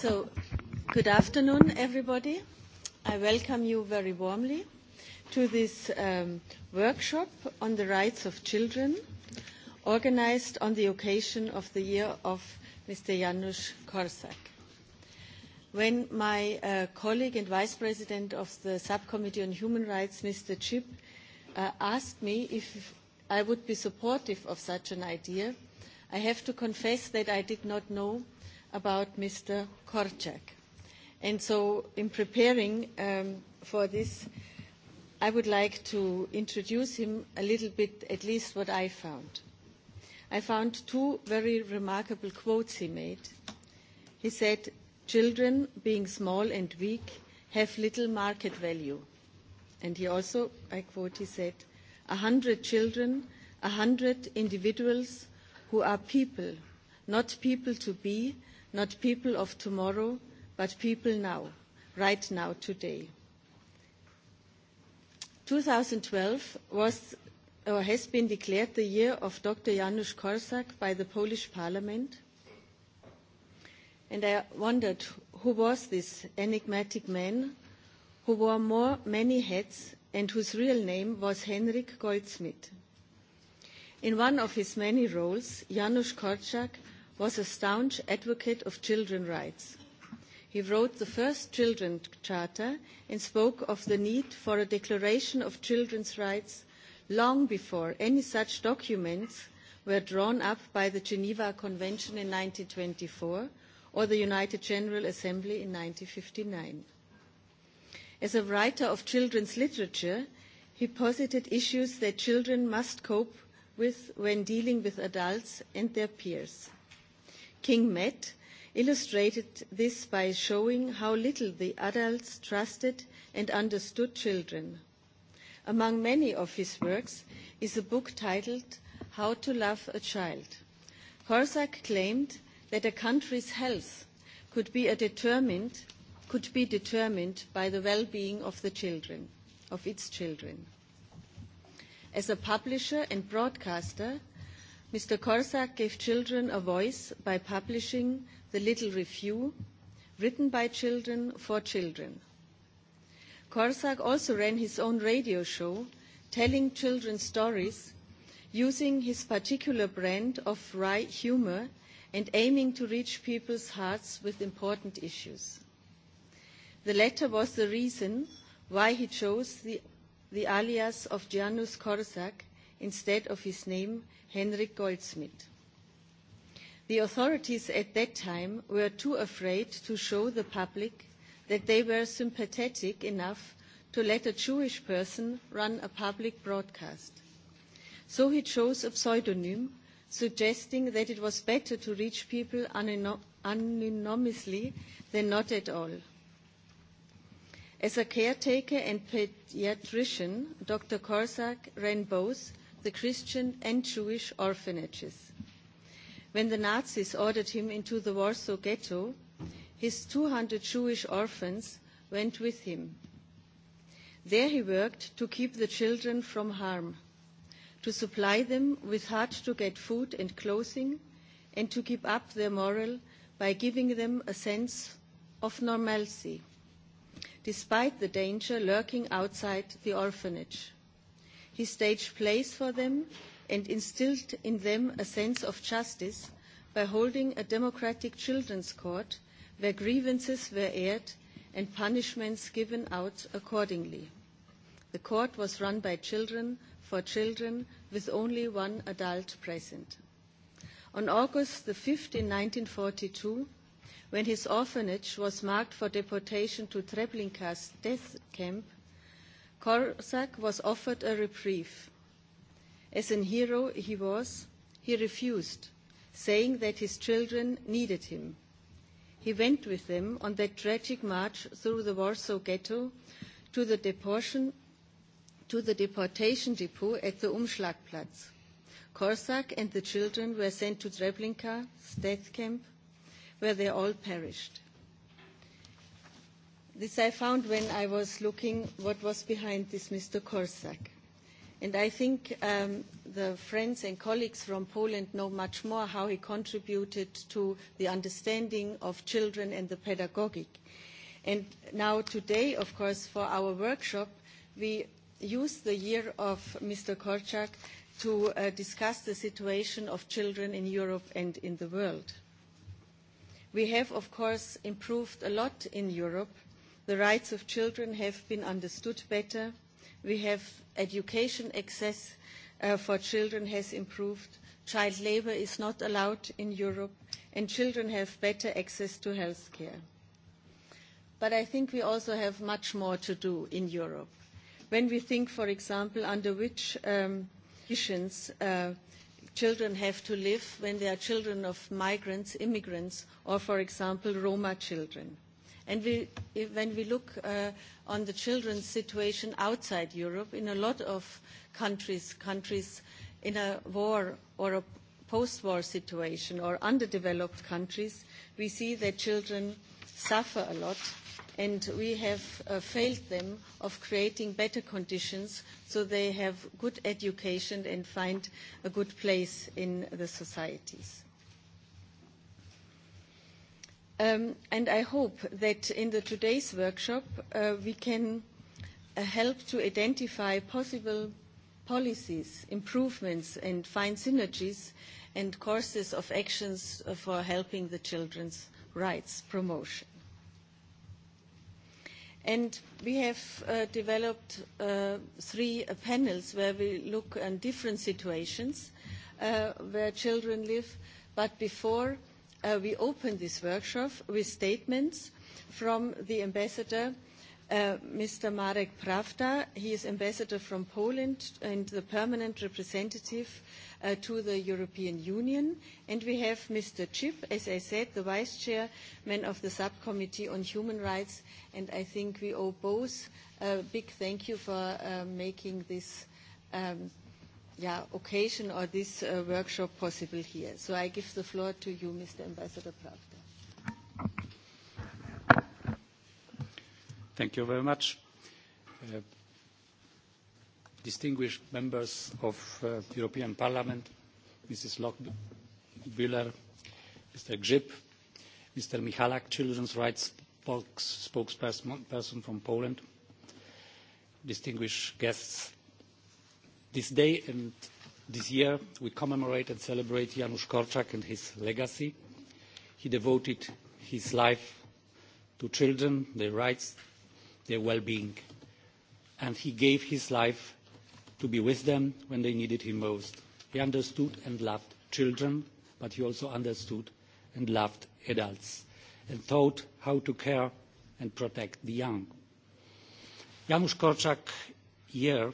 So, good afternoon, everybody. I welcome you very warmly to this workshop on the rights of children, organized on the occasion of the year of Mr. Janusz Korczak. When my colleague and Vice President of the Subcommittee on Human Rights, Mr. Chip, asked me if I would be supportive of such an idea, I have to confess that I did not know about Mr. Korczak. And so in preparing for this, I would like to introduce him a little bit, at least what I found. I found two very remarkable quotes he made. He said, children, being small and weak, have little market value. And he also, I quote, he said, a hundred children, a hundred individuals who are people, not people to be, not people of tomorrow, but people now, right now, today. 2012 was or has been declared the year of Dr. Janusz Korczak by the Polish Parliament. And I wondered who was this enigmatic man who wore more many hats and whose real name was Henrik Goldschmidt. In one of his many roles, Janusz Korczak was a staunch advocate of children's rights. He wrote the first Children's Charter and spoke of the need for a declaration of children's rights long before any such documents were drawn up by the Geneva Convention in 1924 or the United General Assembly in 1959. As a writer of children's literature, he posited issues that children must cope with when dealing with adults and their peers. King Met, illustrated this by showing how little the adults trusted and understood children. Among many of his works is a book titled How to Love a Child. Korsak claimed that a country's health could be determined could be determined by the well-being of the children, of its children. As a publisher and broadcaster, Mr. Korsak gave children a voice by publishing The Little Review, written by children for children. Korsak also ran his own radio show, telling children stories, using his particular brand of wry humor and aiming to reach people's hearts with important issues. The latter was the reason why he chose the alias of Janusz Korsak instead of his name Henrik Goldschmidt. The authorities at that time were too afraid to show the public that they were sympathetic enough to let a Jewish person run a public broadcast. So he chose a pseudonym, suggesting that it was better to reach people anonymously than not at all. As a caretaker and pediatrician, Dr. Korsak ran both the Christian and Jewish orphanages. When the Nazis ordered him into the Warsaw Ghetto, his 200 Jewish orphans went with him. There he worked to keep the children from harm, to supply them with hard-to-get food and clothing, and to keep up their morale by giving them a sense of normalcy, despite the danger lurking outside the orphanage. He staged plays for them and instilled in them a sense of justice by holding a democratic children's court where grievances were aired and punishments given out accordingly. The court was run by children for children with only one adult present. On August 5, in 1942, when his orphanage was marked for deportation to Treblinka's death camp, Korsak was offered a reprieve. As a hero he was, he refused, saying that his children needed him. He went with them on that tragic march through the Warsaw Ghetto to the deportation to the deportation depot at the Umschlagplatz. Korsak and the children were sent to Treblinka, death camp, where they all perished. This I found when I was looking what was behind this Mr. Korsak. And I think the friends and colleagues from Poland know much more how he contributed to the understanding of children and the pedagogic. And now today, of course, for our workshop, we use the year of Mr. korsak to discuss the situation of children in Europe and in the world. We have, of course, improved a lot in Europe The rights of children have been understood better. We have education access for children has improved. Child labour is not allowed in Europe and children have better access to health care. But I think we also have much more to do in Europe. When we think, for example, under which conditions children have to live when they are children of migrants, immigrants, or, for example, Roma children. And when we look on the children's situation outside Europe, in a lot of countries, countries in a war or a post-war situation or underdeveloped countries, we see that children suffer a lot and we have failed them of creating better conditions so they have good education and find a good place in the societies. And I hope that in today's workshop we can help to identify possible policies, improvements and find synergies and courses of actions for helping the children's rights promotion. And we have developed three panels where we look at different situations where children live, but before we open this workshop with statements from the ambassador, Mr. Marek Pravda. He is ambassador from Poland and the permanent representative to the European Union. And we have Mr. Chip, as I said, the vice chairman of the subcommittee on human rights. And I think we owe both a big thank you for making this yeah, occasion or this workshop possible here. So I give the floor to you, Mr. Ambassador Pravda. Thank you very much. Distinguished members of European Parliament, Mrs. Lochbühler, Mr. Grzyb, Mr. Michalak, Children's Rights Spokesperson from Poland, distinguished guests, This day and this year we commemorate and celebrate Janusz Korczak and his legacy. He devoted his life to children, their rights, their well-being, and he gave his life to be with them when they needed him most. He understood and loved children, but he also understood and loved adults and taught how to care and protect the young. Janusz Korczak year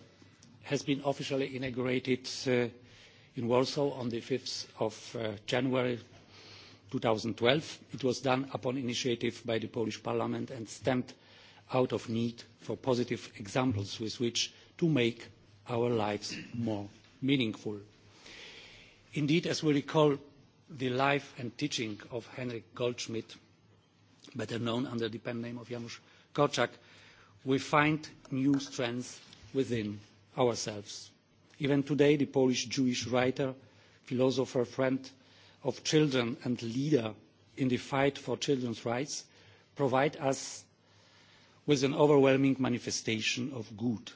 has been officially inaugurated in Warsaw on the 5th of January 2012. It was done upon initiative by the Polish Parliament and stemmed out of need for positive examples with which to make our lives more meaningful. Indeed, as we recall the life and teaching of Henrik Goldschmidt, better known under the pen name of Janusz Korczak, we find new strengths within ourselves. Even today, the Polish Jewish writer, philosopher, friend of children and leader in the fight for children's rights provide us with an overwhelming manifestation of good.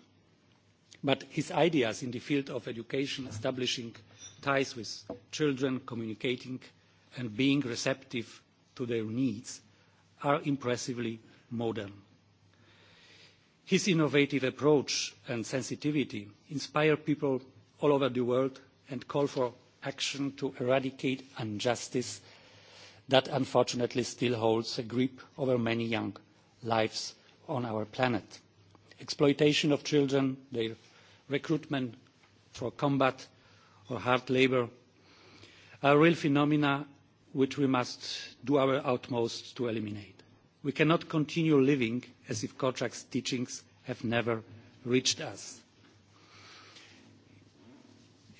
But his ideas in the field of education, establishing ties with children, communicating and being receptive to their needs are impressively modern. His innovative approach and sensitivity inspire people all over the world and call for action to eradicate injustice that unfortunately still holds a grip over many young lives on our planet. Exploitation of children, their recruitment for combat or hard labour are real phenomena which we must do our utmost to eliminate. We cannot continue living as if Korczak's teachings have never reached us.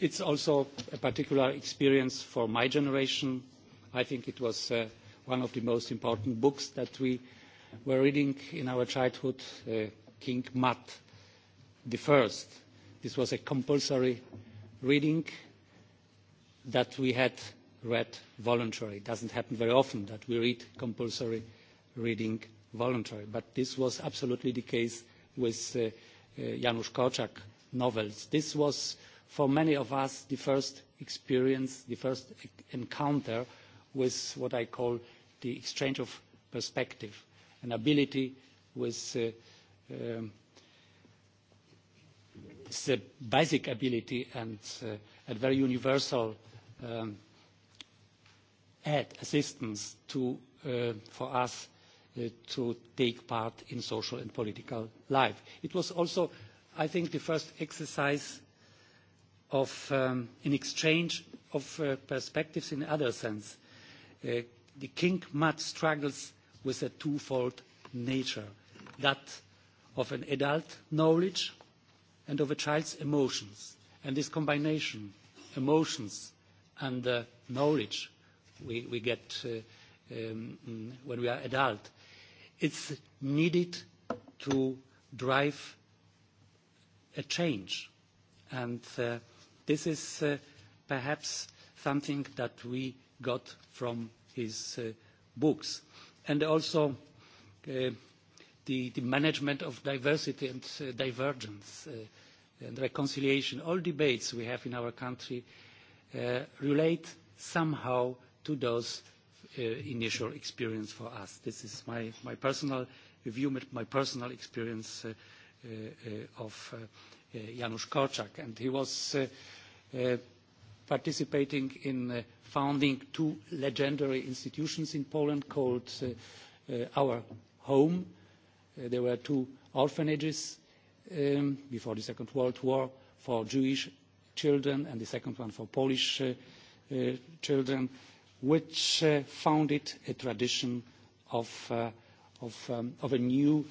It's also a particular experience for my generation. I think it was one of the most important books that we were reading in our childhood, King Mat the First. This was a compulsory reading that we had read voluntarily. It doesn't happen very often that we read compulsory reading voluntary. But this was absolutely the case with Janusz Korczak novels. This was, for many of us, the first experience, the first encounter with what I call the exchange of perspective, an ability with a basic ability and a very universal aid, assistance for us to take part in social and political life. It was also, I think, the first exercise of an exchange of perspectives in other sense. The King mat struggles with a twofold nature, that of an adult knowledge and of a child's emotions. And this combination, emotions and knowledge, we get when we are adult It's needed to drive a change, and this is perhaps something that we got from his books, and also the management of diversity and divergence and reconciliation. All debates we have in our country relate somehow to those initial experience for us. This is my personal view, my personal experience of Janusz Korczak. And he was participating in founding two legendary institutions in Poland called Our Home. There were two orphanages before the Second World War for Jewish children and the second one for Polish children which founded a tradition of a new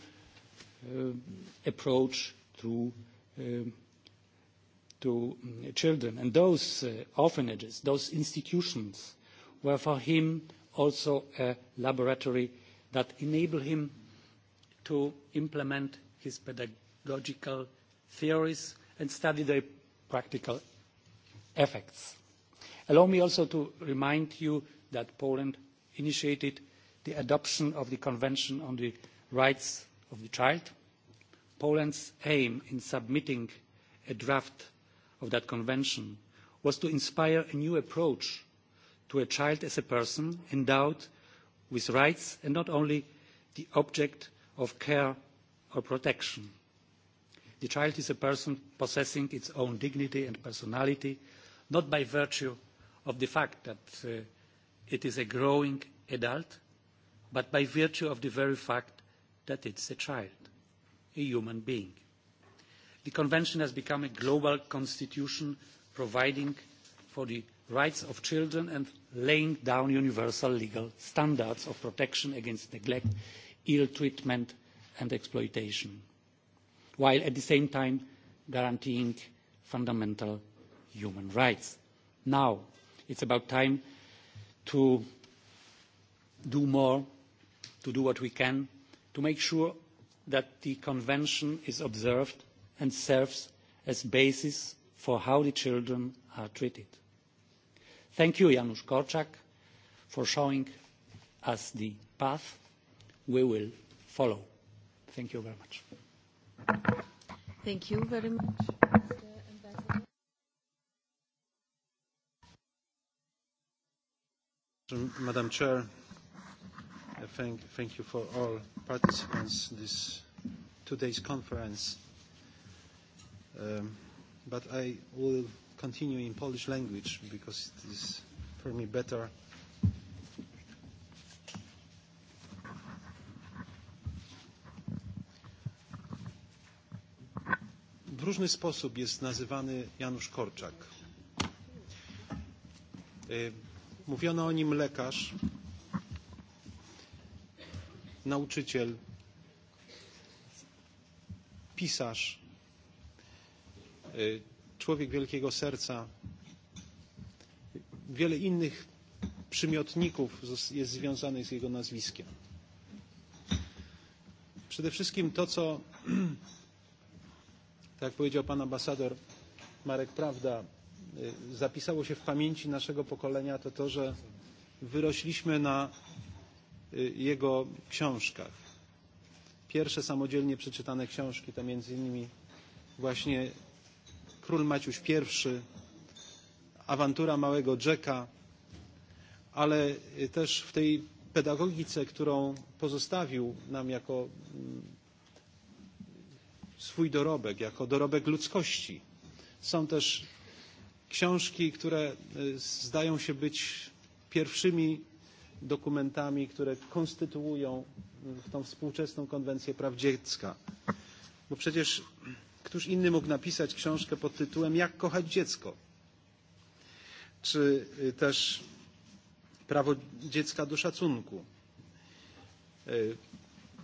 approach to children. And those orphanages, those institutions were for him also a laboratory that enabled him to implement his pedagogical theories and study their practical effects. Allow me also to remind you that Poland initiated the adoption of the Convention on the Rights of the Child. Poland's aim in submitting a draft of that convention was to inspire a new approach to a child as a person endowed with rights and not only the object of care or protection. The child is a person possessing its own dignity and personality, not by virtue of the fact that it is a growing adult, but by virtue of the very fact that it's a child, a human being. The Convention has become a global constitution providing for the rights of children and laying down universal legal standards of protection against neglect, ill treatment and exploitation, while at the same time guaranteeing fundamental human rights. Now, It's about time to do more, to do what we can, to make sure that the Convention is observed and serves as basis for how the children are treated. Thank you, Janusz Korczak, for showing us the path we will follow. Thank you very much. Thank you very much. Madam Chair, thank, thank you for all participants this today's conference. Um, but I will continue in Polish language because it is for me better. W różny sposób jest nazywany Janusz Korczak. Mówiono o nim lekarz, nauczyciel, pisarz, człowiek wielkiego serca. Wiele innych przymiotników jest związanych z jego nazwiskiem. Przede wszystkim to, co, tak jak powiedział pan ambasador Marek Prawda, zapisało się w pamięci naszego pokolenia, to to, że wyrośliśmy na jego książkach. Pierwsze samodzielnie przeczytane książki to między innymi właśnie Król Maciuś I, Awantura Małego Jacka, ale też w tej pedagogice, którą pozostawił nam jako swój dorobek, jako dorobek ludzkości. Są też książki, które zdają się być pierwszymi dokumentami, które konstytuują tą współczesną konwencję praw dziecka. Bo przecież któż inny mógł napisać książkę pod tytułem Jak kochać dziecko? Czy też prawo dziecka do szacunku.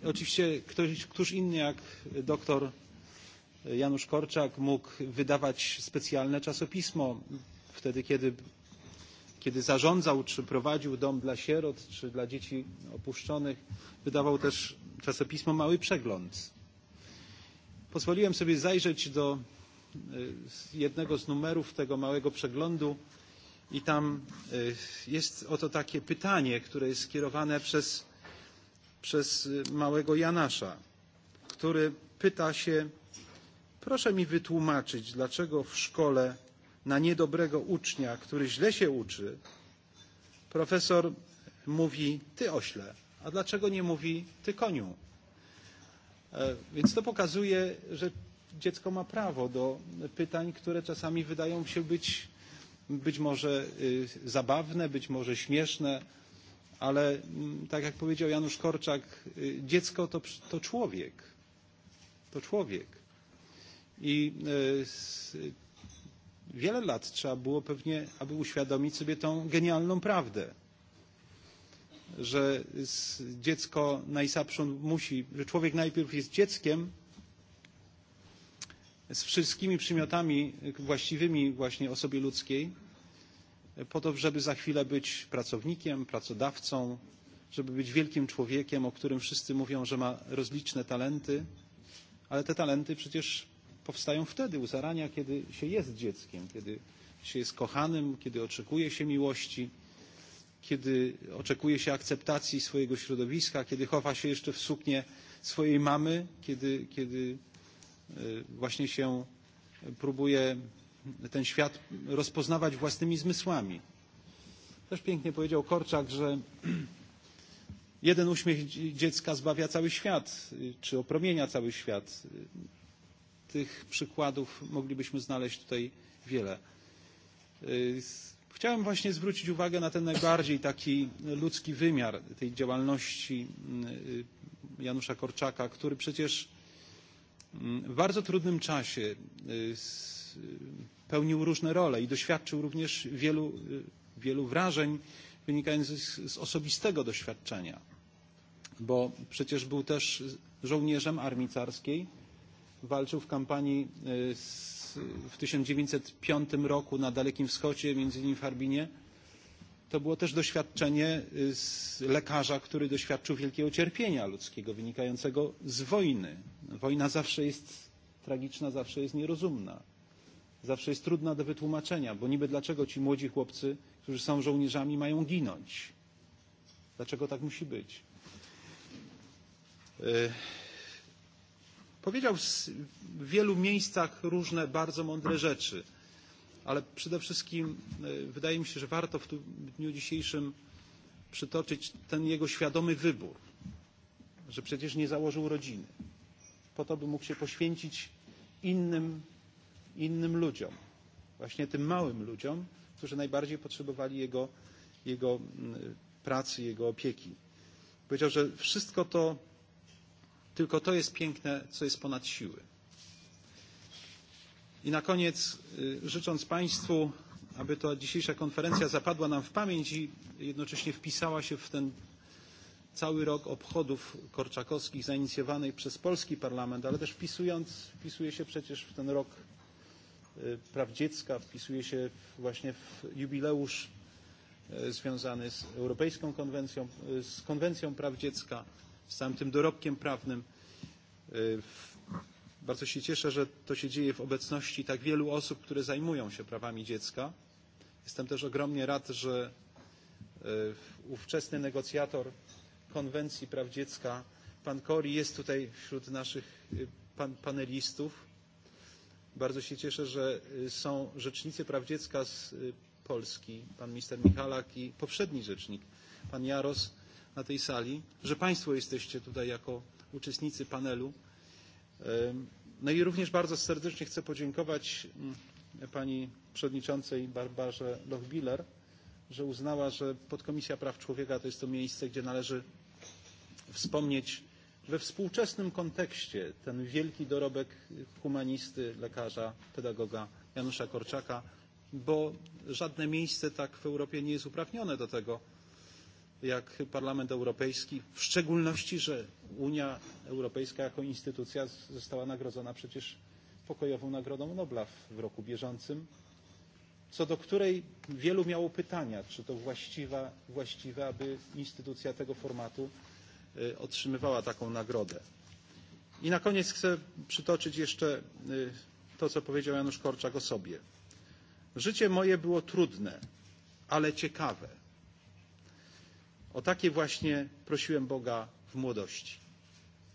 Oczywiście któż inny jak doktor Janusz Korczak mógł wydawać specjalne czasopismo wtedy, kiedy zarządzał czy prowadził dom dla sierot czy dla dzieci opuszczonych. Wydawał też czasopismo Mały Przegląd. Pozwoliłem sobie zajrzeć do jednego z numerów tego małego przeglądu i tam jest oto takie pytanie, które jest skierowane przez, przez małego Janasza, który pyta się, Proszę mi wytłumaczyć, dlaczego w szkole na niedobrego ucznia, który źle się uczy, profesor mówi ty ośle, a dlaczego nie mówi ty koniu? Więc to pokazuje, że dziecko ma prawo do pytań, które czasami wydają się być może zabawne, być może śmieszne, ale tak jak powiedział Janusz Korczak, dziecko to człowiek. To człowiek I wiele lat trzeba było pewnie, aby uświadomić sobie tą genialną prawdę, że dziecko najsapszą musi, że człowiek najpierw jest dzieckiem z wszystkimi przymiotami właściwymi właśnie osobie ludzkiej, po to, żeby za chwilę być pracownikiem, pracodawcą, żeby być wielkim człowiekiem, o którym wszyscy mówią, że ma rozliczne talenty, ale te talenty przecież powstają wtedy u zarania, kiedy się jest dzieckiem, kiedy się jest kochanym, kiedy oczekuje się miłości, kiedy oczekuje się akceptacji swojego środowiska, kiedy chowa się jeszcze w suknię swojej mamy, kiedy właśnie się próbuje ten świat rozpoznawać własnymi zmysłami. Też pięknie powiedział Korczak, że jeden uśmiech dziecka zbawia cały świat, czy opromienia cały świat. Tych przykładów moglibyśmy znaleźć tutaj wiele. Chciałem właśnie zwrócić uwagę na ten najbardziej taki ludzki wymiar tej działalności Janusza Korczaka, który przecież w bardzo trudnym czasie pełnił różne role i doświadczył również wielu wrażeń wynikających z osobistego doświadczenia, bo przecież był też żołnierzem armii carskiej walczył w kampanii w 1905 roku na Dalekim Wschodzie, między innymi w Harbinie. To było też doświadczenie lekarza, który doświadczył wielkiego cierpienia ludzkiego wynikającego z wojny. Wojna zawsze jest tragiczna, zawsze jest nierozumna. Zawsze jest trudna do wytłumaczenia, bo niby dlaczego ci młodzi chłopcy, którzy są żołnierzami, mają ginąć? Dlaczego tak musi być? Powiedział w wielu miejscach różne bardzo mądre rzeczy, ale przede wszystkim wydaje mi się, że warto w dniu dzisiejszym przytoczyć ten jego świadomy wybór, że przecież nie założył rodziny. Po to, by mógł się poświęcić innym ludziom, właśnie tym małym ludziom, którzy najbardziej potrzebowali jego pracy, jego opieki. Powiedział, że wszystko to Tylko to jest piękne, co jest ponad siły. I na koniec życząc Państwu, aby ta dzisiejsza konferencja zapadła nam w pamięć i jednocześnie wpisała się w ten cały rok obchodów korczakowskich zainicjowanych przez polski parlament, ale też wpisując, wpisuje się przecież w ten rok praw dziecka, wpisuje się właśnie w jubileusz związany z Europejską Konwencją, z Konwencją Praw Dziecka, z całym tym dorobkiem prawnym. Bardzo się cieszę, że to się dzieje w obecności tak wielu osób, które zajmują się prawami dziecka. Jestem też ogromnie rad, że ówczesny negocjator Konwencji Praw Dziecka, pan Kori, jest tutaj wśród naszych panelistów. Bardzo się cieszę, że są rzecznicy praw dziecka z Polski, pan minister Michalak i poprzedni rzecznik, pan Jaros na tej sali, że Państwo jesteście tutaj jako uczestnicy panelu. No i również bardzo serdecznie chcę podziękować pani przewodniczącej Barbarze Lochbiller, że uznała, że Podkomisja Praw Człowieka to jest to miejsce, gdzie należy wspomnieć we współczesnym kontekście ten wielki dorobek humanisty, lekarza, pedagoga Janusza Korczaka, bo żadne miejsce tak w Europie nie jest uprawnione do tego, jak Parlament Europejski, w szczególności, że Unia Europejska jako instytucja została nagrodzona przecież pokojową Nagrodą Nobla w roku bieżącym, co do której wielu miało pytania, czy to właściwe, aby instytucja tego formatu otrzymywała taką nagrodę. I na koniec chcę przytoczyć jeszcze to, co powiedział Janusz Korczak o sobie. Życie moje było trudne, ale ciekawe O takie właśnie prosiłem Boga w młodości.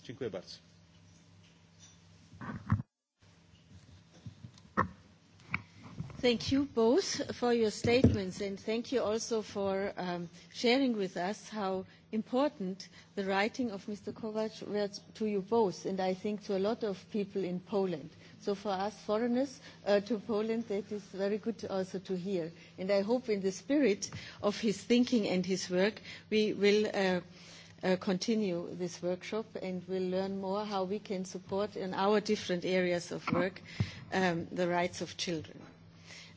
Dziękuję bardzo. Thank you both for your statements and thank you also for sharing with us how important the writing of Mr. Kovac was to you both and I think to a lot of people in Poland. So for us foreigners to Poland, that is very good also to hear. And I hope in the spirit of his thinking and his work, we will continue this workshop and will learn more how we can support in our different areas of work the rights of children.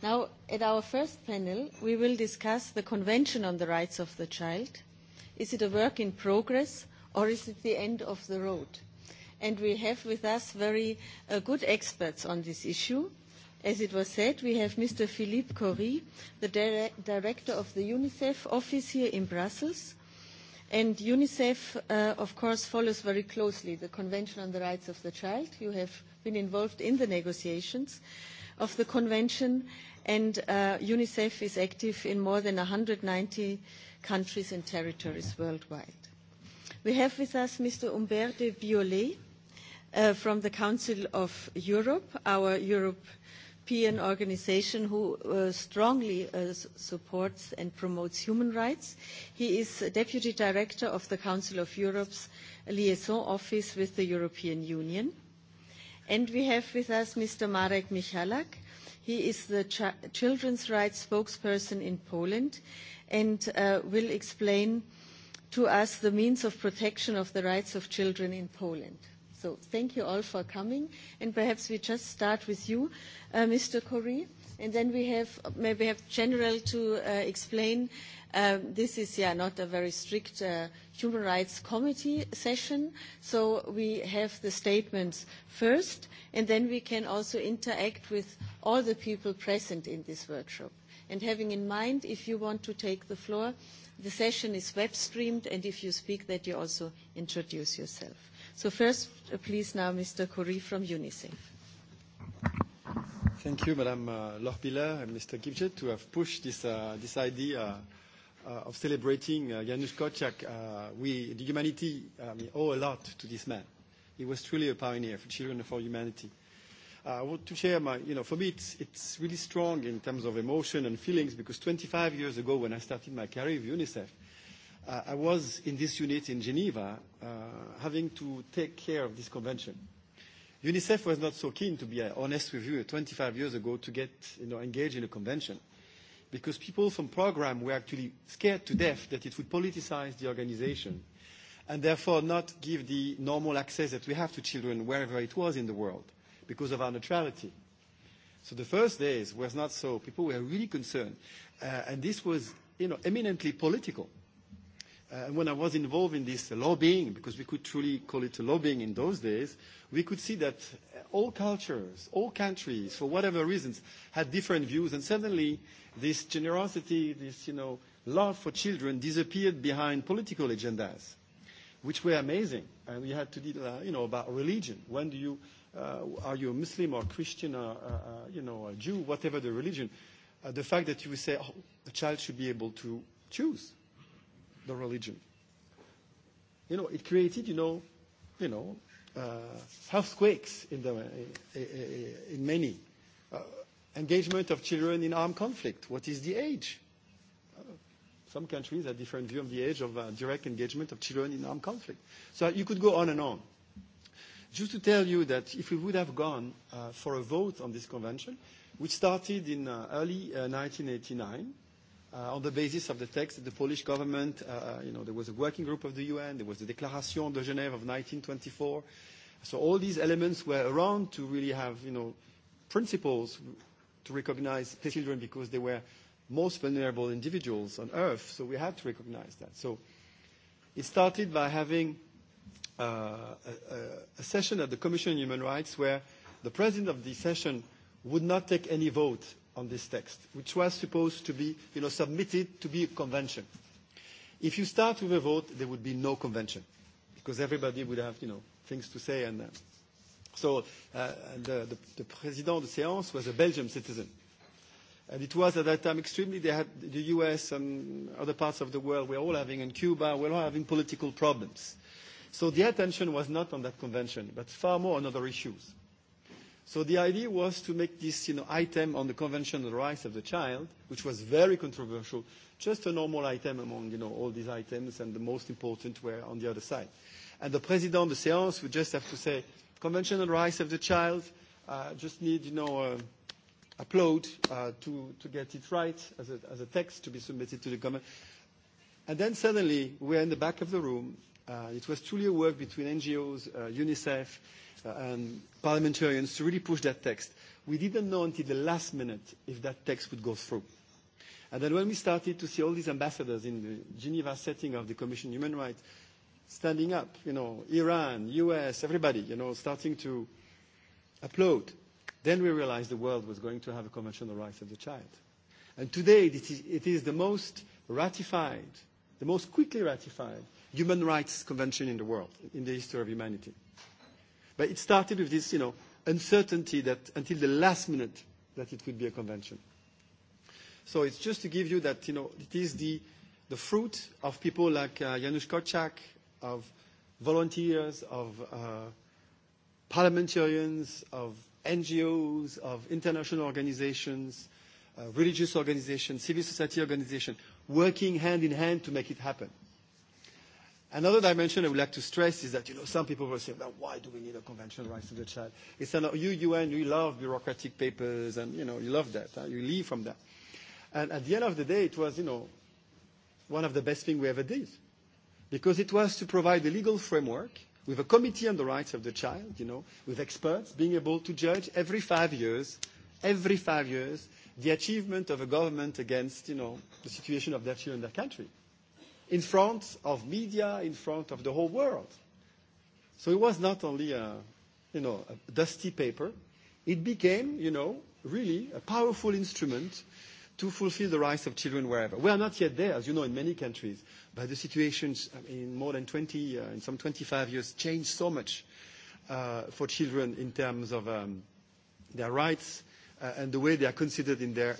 Now, at our first panel, we will discuss the Convention on the Rights of the Child. Is it a work in progress or is it the end of the road? and we have with us very good experts on this issue. As it was said, we have Mr. Philippe Corrie, the director of the UNICEF office here in Brussels. And UNICEF, of course, follows very closely the Convention on the Rights of the Child. You have been involved in the negotiations of the Convention, and UNICEF is active in more than 190 countries and territories worldwide. We have with us Mr. Umberto de from the Council of Europe, our European organisation, who strongly supports and promotes human rights. He is Deputy Director of the Council of Europe's liaison office with the European Union. And we have with us Mr. Marek Michalak. He is the children's rights spokesperson in Poland and will explain to us the means of protection of the rights of children in Poland. So thank you all for coming. And perhaps we just start with you, Mr. Corrie, and then we have maybe have general to explain. This is not a very strict Human Rights Committee session, so we have the statements first, and then we can also interact with all the people present in this workshop. And having in mind, if you want to take the floor, the session is web streamed, and if you speak, that you also introduce yourself. So first, please now, Mr. Kouri from UNICEF. Thank you, Madam Lorpiller and Mr. Gibchet, to have pushed this this idea of celebrating Janusz Korczak. We, the humanity, owe a lot to this man. He was truly a pioneer for children and for humanity. I want to share my, you know, for me it's, it's really strong in terms of emotion and feelings because 25 years ago when I started my career with UNICEF, I was in this unit in Geneva having to take care of this convention. UNICEF was not so keen, to be honest with you, 25 years ago to get engaged in a convention because people from program were actually scared to death that it would politicize the organization and therefore not give the normal access that we have to children wherever it was in the world because of our neutrality. So the first days was not so. People were really concerned. And this was, you know, eminently political. And when I was involved in this lobbying, because we could truly call it lobbying in those days, we could see that all cultures, all countries, for whatever reasons, had different views. And suddenly, this generosity, this you know, love for children disappeared behind political agendas, which were amazing. And we had to deal, you know, about religion. When do you, are you a Muslim or Christian or, you know, a Jew, whatever the religion? The fact that you would say, a child should be able to choose the religion. You know, it created, you know, you know, uh, earthquakes in, the, in many. Uh, engagement of children in armed conflict. What is the age? Some countries have different view of the age of uh, direct engagement of children in armed conflict. So you could go on and on. Just to tell you that if we would have gone uh, for a vote on this convention, which started in uh, early uh, 1989, on the basis of the text, the Polish government, you know, there was a working group of the UN, there was the Declaration de Genève of 1924. So all these elements were around to really have, you know, principles to recognize children because they were most vulnerable individuals on earth. So we had to recognize that. So it started by having a session at the Commission on Human Rights where the president of the session would not take any vote on this text, which was supposed to be submitted to be a convention. If you start with a vote, there would be no convention, because everybody would have things to say. And so the president de séance was a Belgian citizen. And it was at that time extremely, they had the US and other parts of the world were all having, in Cuba, were all having political problems. So the attention was not on that convention, but far more on other issues. So the idea was to make this item on the Convention on the Rights of the Child, which was very controversial, just a normal item among all these items, and the most important were on the other side. And the President of the Séance would just have to say, Convention on the Rights of the Child, just need, you know, upload to get it right as a text to be submitted to the government. And then suddenly, we're in the back of the room, It was truly a work between NGOs, UNICEF, and parliamentarians to really push that text. We didn't know until the last minute if that text would go through. And then when we started to see all these ambassadors in the Geneva setting of the Commission on Human Rights standing up, you know, Iran, US, everybody, you know, starting to applaud, then we realized the world was going to have a Convention on the Rights of the Child. And today it is the most ratified, the most quickly ratified human rights convention in the world, in the history of humanity. But it started with this, you know, uncertainty that until the last minute that it could be a convention. So it's just to give you that, you know, it is the, the fruit of people like Janusz Korczak, of volunteers, of parliamentarians, of NGOs, of international organizations, religious organizations, civil society organizations, working hand in hand to make it happen. Another dimension I would like to stress is that, you know, some people will say, well, why do we need a convention rights of the child? It's an you, UN, you love bureaucratic papers and, you know, you love that. You leave from that. And at the end of the day, it was, you know, one of the best things we ever did. Because it was to provide a legal framework with a committee on the rights of the child, you know, with experts being able to judge every five years, every five years, the achievement of a government against, you know, the situation of their children in their country in front of media, in front of the whole world. So it was not only a, you know, a dusty paper. It became, you know, really a powerful instrument to fulfill the rights of children wherever. We are not yet there, as you know, in many countries. But the situations in more than 20, in some 25 years, changed so much for children in terms of their rights and the way they are considered in their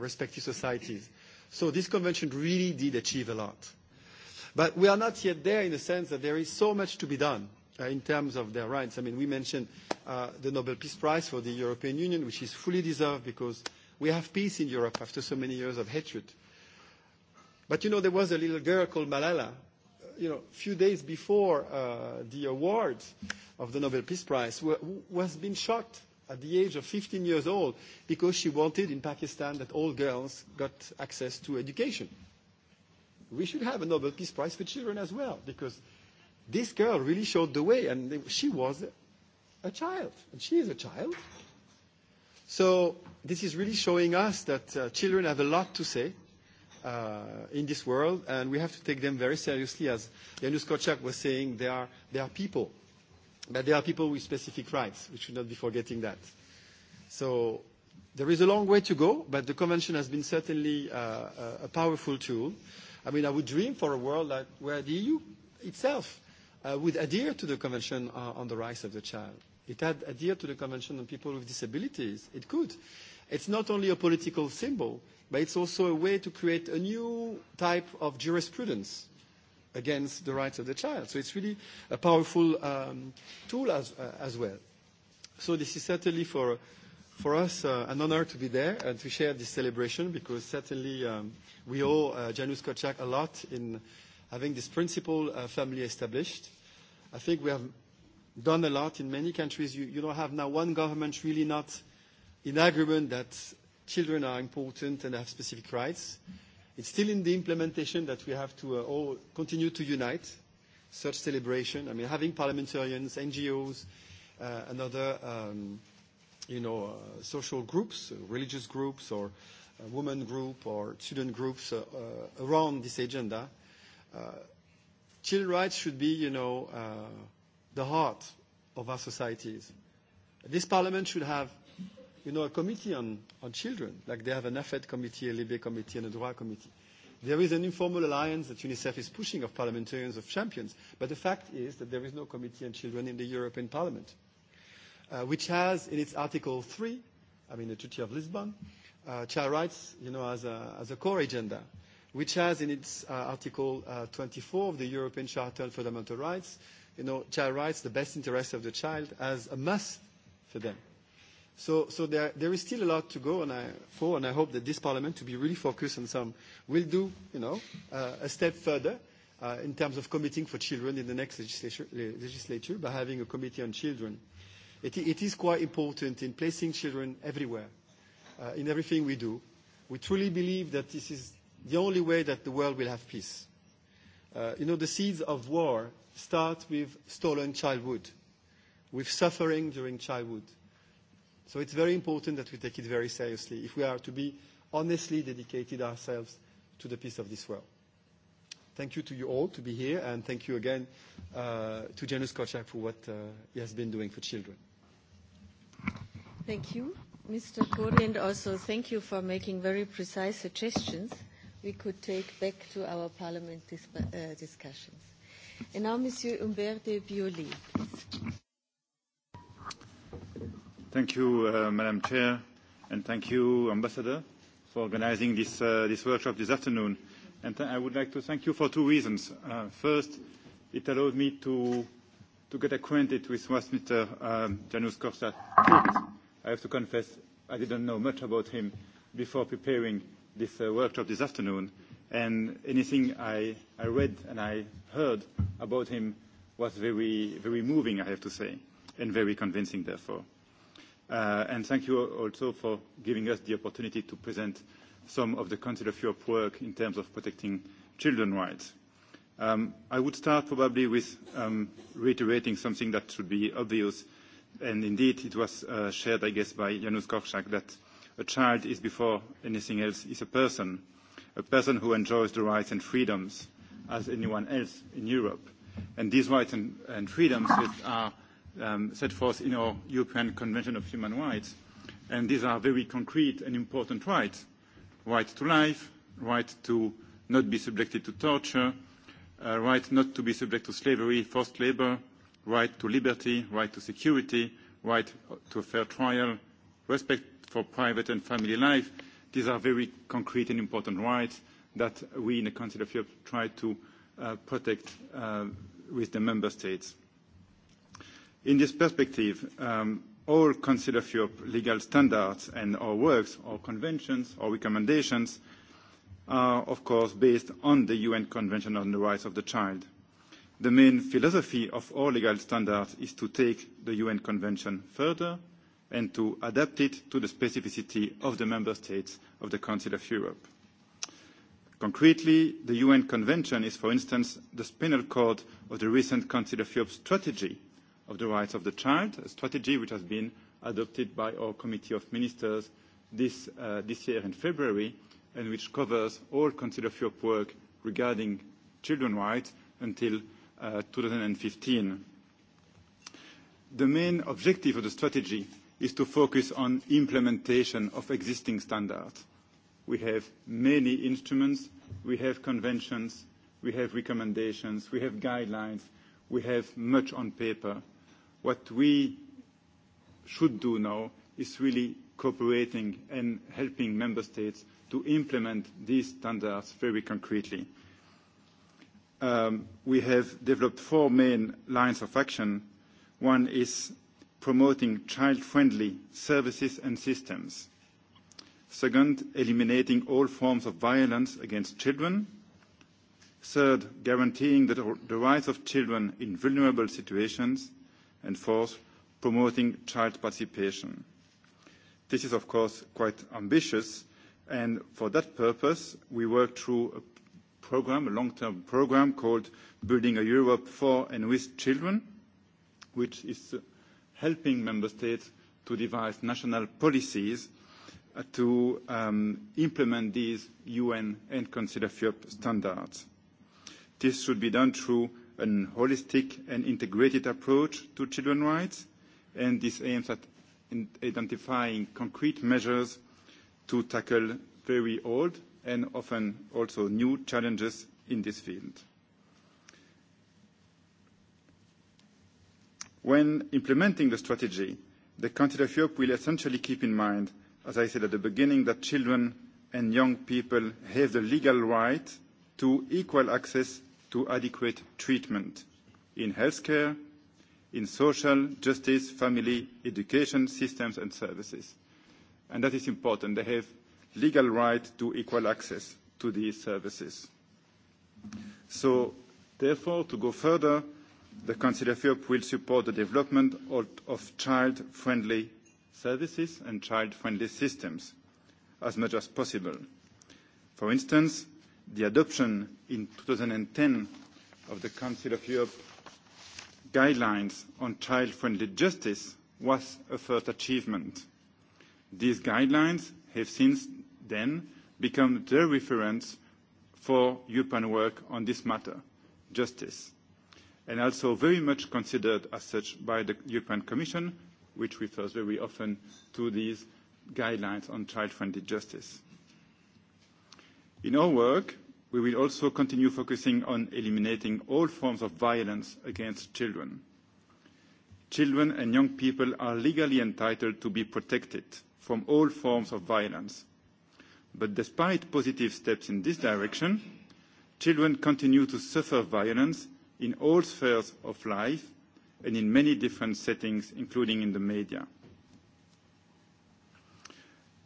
respective societies. So this convention really did achieve a lot. But we are not yet there in the sense that there is so much to be done in terms of their rights. I mean, we mentioned the Nobel Peace Prize for the European Union, which is fully deserved because we have peace in Europe after so many years of hatred. But, you know, there was a little girl called Malala, you know, a few days before the award of the Nobel Peace Prize, who has been shot at the age of 15 years old because she wanted in Pakistan that all girls got access to education. We should have a Nobel Peace Prize for children as well because this girl really showed the way and she was a child and she is a child. So this is really showing us that children have a lot to say in this world and we have to take them very seriously as Janusz Kocak was saying they are, they are people But there are people with specific rights. We should not be forgetting that. So there is a long way to go, but the Convention has been certainly a powerful tool. I mean, I would dream for a world where the EU itself would adhere to the Convention on the Rights of the Child. It had adhered to the Convention on People with Disabilities. It could. It's not only a political symbol, but it's also a way to create a new type of jurisprudence against the rights of the child. So it's really a powerful tool as well. So this is certainly for for us an honor to be there and to share this celebration because certainly we owe Janusz Kocak a lot in having this principle family established. I think we have done a lot in many countries. You don't have now one government really not in agreement that children are important and have specific rights. It's still in the implementation that we have to all continue to unite such celebration. I mean, having parliamentarians, NGOs, and other, you know, social groups, religious groups, or women group, or student groups around this agenda. Child rights should be, you know, the heart of our societies. This parliament should have you know, a committee on, on children, like they have an AFED committee, a Libé committee, and a DROIT committee. There is an informal alliance that UNICEF is pushing of parliamentarians, of champions, but the fact is that there is no committee on children in the European Parliament, which has in its Article 3, I mean the Treaty of Lisbon, child rights you know, as, a, as a core agenda, which has in its Article 24 of the European Charter on Fundamental Rights, you know, child rights, the best interests of the child, as a must for them. So there is still a lot to go for, and I hope that this Parliament to be really focused on some will do, you know, a step further in terms of committing for children in the next legislature by having a committee on children. It is quite important in placing children everywhere, in everything we do. We truly believe that this is the only way that the world will have peace. You know, the seeds of war start with stolen childhood, with suffering during childhood So it's very important that we take it very seriously if we are to be honestly dedicated ourselves to the peace of this world. Thank you to you all to be here, and thank you again to Janusz Kochak for what he has been doing for children. Thank you, Mr. Kohn, and also thank you for making very precise suggestions we could take back to our Parliament discussions. And now, Monsieur Humbert de Bioli, Thank you, Madam Chair, and thank you, Ambassador, for organizing this this workshop this afternoon. And I would like to thank you for two reasons. First, it allowed me to to get acquainted with what Mr. Janusz Korczak I have to confess, I didn't know much about him before preparing this workshop this afternoon, and anything I I read and I heard about him was very very moving, I have to say, and very convincing, therefore. And thank you also for giving us the opportunity to present some of the Council of Europe work in terms of protecting children's rights. I would start probably with reiterating something that should be obvious, and indeed it was shared, I guess, by Janusz Korczak, that a child is before anything else is a person, a person who enjoys the rights and freedoms as anyone else in Europe. And these rights and freedoms are set forth in our European Convention of Human Rights. And these are very concrete and important rights. Right to life, right to not be subjected to torture, right not to be subject to slavery, forced labor, right to liberty, right to security, right to a fair trial, respect for private and family life. These are very concrete and important rights that we in the Council of Europe try to protect with the member states. In this perspective, all Council of Europe legal standards and our works, our conventions, or recommendations are, of course, based on the UN Convention on the Rights of the Child. The main philosophy of all legal standards is to take the UN Convention further and to adapt it to the specificity of the member states of the Council of Europe. Concretely, the UN Convention is, for instance, the spinal cord of the recent Council of Europe strategy of the Rights of the Child, a strategy which has been adopted by our Committee of Ministers this year in February, and which covers all Council of Europe work regarding children's rights until 2015. The main objective of the strategy is to focus on implementation of existing standards. We have many instruments, we have conventions, we have recommendations, we have guidelines, we have much on paper What we should do now is really cooperating and helping member states to implement these standards very concretely. We have developed four main lines of action. One is promoting child-friendly services and systems. Second, eliminating all forms of violence against children. Third, guaranteeing the rights of children in vulnerable situations and fourth, promoting child participation. This is, of course, quite ambitious, and for that purpose, we work through a program, a long-term program called Building a Europe for and with Children, which is helping member states to devise national policies to implement these UN and of Europe standards. This should be done through a holistic and integrated approach to children's rights, and this aims at identifying concrete measures to tackle very old and often also new challenges in this field. When implementing the strategy, the Council of Europe will essentially keep in mind, as I said at the beginning, that children and young people have the legal right to equal access to adequate treatment in healthcare, in social justice, family, education systems and services. And that is important. They have legal right to equal access to these services. So, therefore, to go further, the Council of Europe will support the development of child-friendly services and child-friendly systems as much as possible. For instance, the adoption in 2010 of the Council of Europe guidelines on child-friendly justice was a first achievement. These guidelines have since then become the reference for European work on this matter, justice, and also very much considered as such by the European Commission, which refers very often to these guidelines on child-friendly justice. In our work, we will also continue focusing on eliminating all forms of violence against children. Children and young people are legally entitled to be protected from all forms of violence. But despite positive steps in this direction, children continue to suffer violence in all spheres of life and in many different settings, including in the media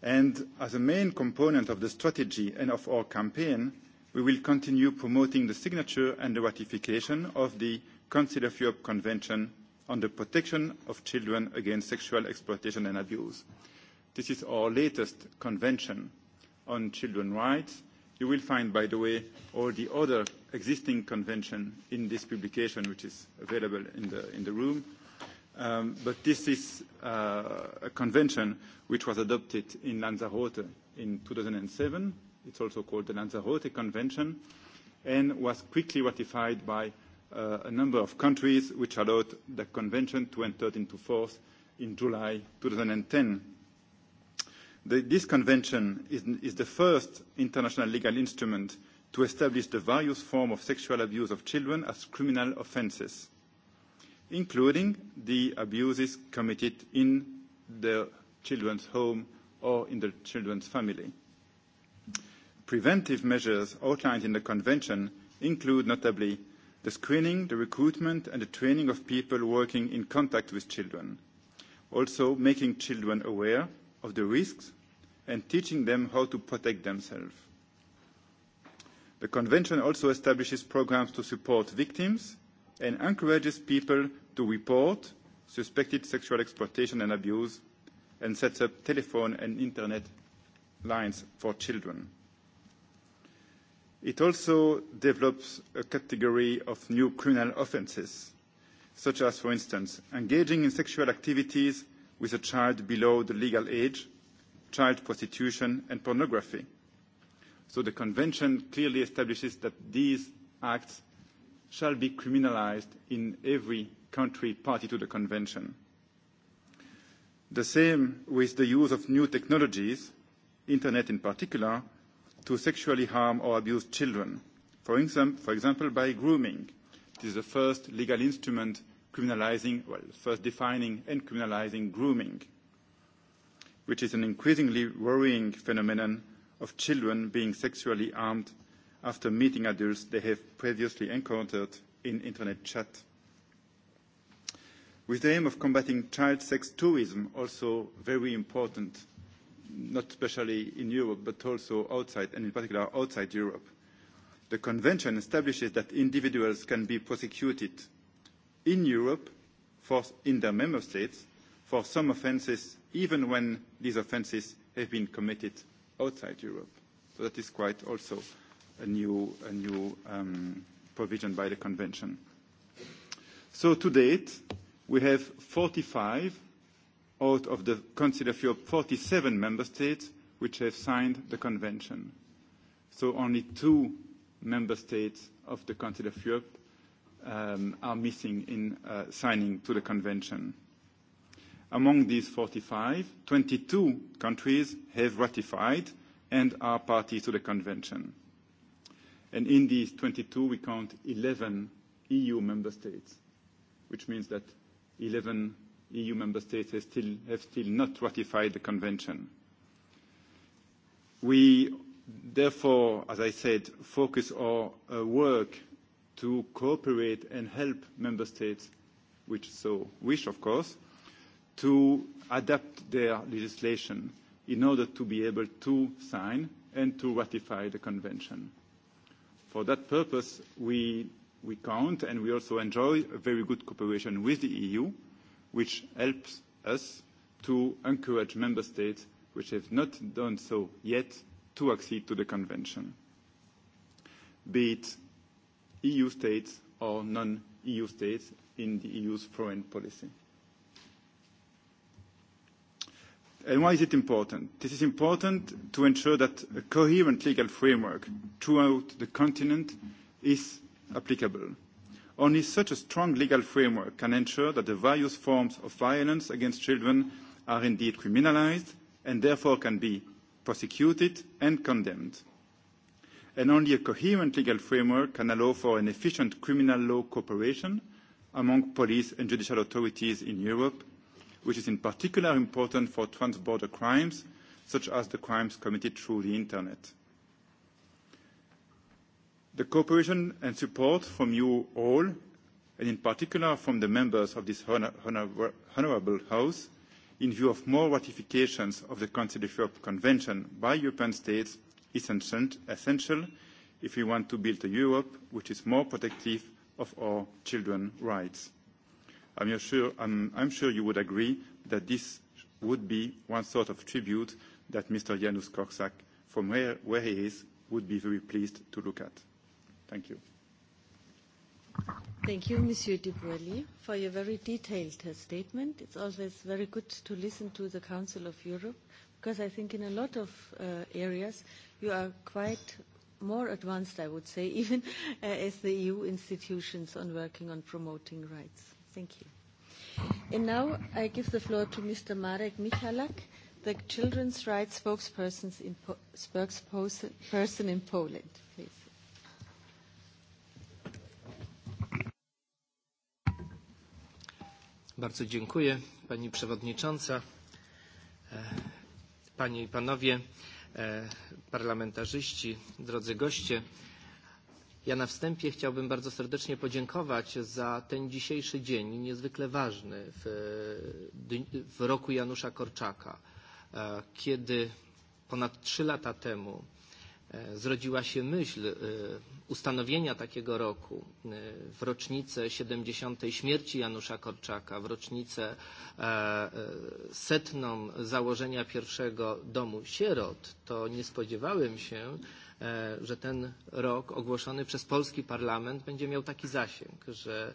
as a main component of the strategy and of our campaign, we will continue promoting the signature and the ratification of the Council of Europe Convention on the Protection of Children Against Sexual Exploitation and Abuse. This is our latest convention on children rights. You will find, by the way, all the other existing conventions in this publication, which is available in the room but this is a convention which was adopted in Lanzarote in 2007. It's also called the Lanzarote Convention and was quickly ratified by a number of countries which allowed the convention to enter into force in July 2010. This convention is the first international legal instrument to establish the various forms of sexual abuse of children as criminal offences including the abuses committed in the children's home or in the children's family. Preventive measures outlined in the Convention include notably the screening, the recruitment and the training of people working in contact with children, also making children aware of the risks and teaching them how to protect themselves. The Convention also establishes programs to support victims and encourages people to report suspected sexual exploitation and abuse and sets up telephone and internet lines for children. It also develops a category of new criminal offences, such as, for instance, engaging in sexual activities with a child below the legal age, child prostitution and pornography. So the Convention clearly establishes that these acts shall be criminalized in every country party to the Convention. The same with the use of new technologies, Internet in particular, to sexually harm or abuse children, for example by grooming. It is the first legal instrument criminalizing, well, first defining and criminalizing grooming, which is an increasingly worrying phenomenon of children being sexually armed after meeting adults they have previously encountered in Internet chat. With the aim of combating child sex tourism, also very important, not especially in Europe, but also outside, and in particular outside Europe, the Convention establishes that individuals can be prosecuted in Europe, in their member states, for some offences, even when these offences have been committed outside Europe. So that is quite also a new provision by the Convention. So to date, we have 45 out of the Council of Europe 47 member states which have signed the Convention. So only two member states of the Council of Europe are missing in signing to the Convention. Among these 45, 22 countries have ratified and are party to the Convention. And in these 22, we count 11 EU member states, which means that 11 EU member states have still, have still not ratified the convention. We therefore, as I said, focus our work to cooperate and help member states, which so wish, of course, to adapt their legislation in order to be able to sign and to ratify the convention. For that purpose, we count and we also enjoy a very good cooperation with the EU, which helps us to encourage member states which have not done so yet to accede to the Convention, be it EU states or non-EU states in the EU's foreign policy. And why is it important? This is important to ensure that a coherent legal framework throughout the continent is applicable. Only such a strong legal framework can ensure that the various forms of violence against children are indeed criminalised and therefore can be prosecuted and condemned. And only a coherent legal framework can allow for an efficient criminal law cooperation among police and judicial authorities in Europe which is in particular important for transborder crimes, such as the crimes committed through the Internet. The cooperation and support from you all, and in particular from the members of this Honourable House, in view of more ratifications of the Council of Europe Convention by European states, is essential if we want to build a Europe which is more protective of our children's rights. I'm sure you would agree that this would be one sort of tribute that Mr. Janusz Korczak, from where where he is, would be very pleased to look at. Thank you. Thank you, Monsieur Dubrelli, for your very detailed statement. It's always very good to listen to the Council of Europe, because I think in a lot of areas you are quite more advanced, I would say, even as the EU institutions on working on promoting rights. Thank you. And now I Marek Michalak, the children's rights spokesperson in, Bardzo dziękuję Pani Przewodnicząca, Panie i Panowie Parlamentarzyści, drodzy goście. Ja na wstępie chciałbym bardzo serdecznie podziękować za ten dzisiejszy dzień, niezwykle ważny w roku Janusza Korczaka, kiedy ponad trzy lata temu zrodziła się myśl ustanowienia takiego roku w rocznicę 70. śmierci Janusza Korczaka, w rocznicę setną założenia pierwszego domu sierot, to nie spodziewałem się, że ten rok ogłoszony przez polski parlament będzie miał taki zasięg, że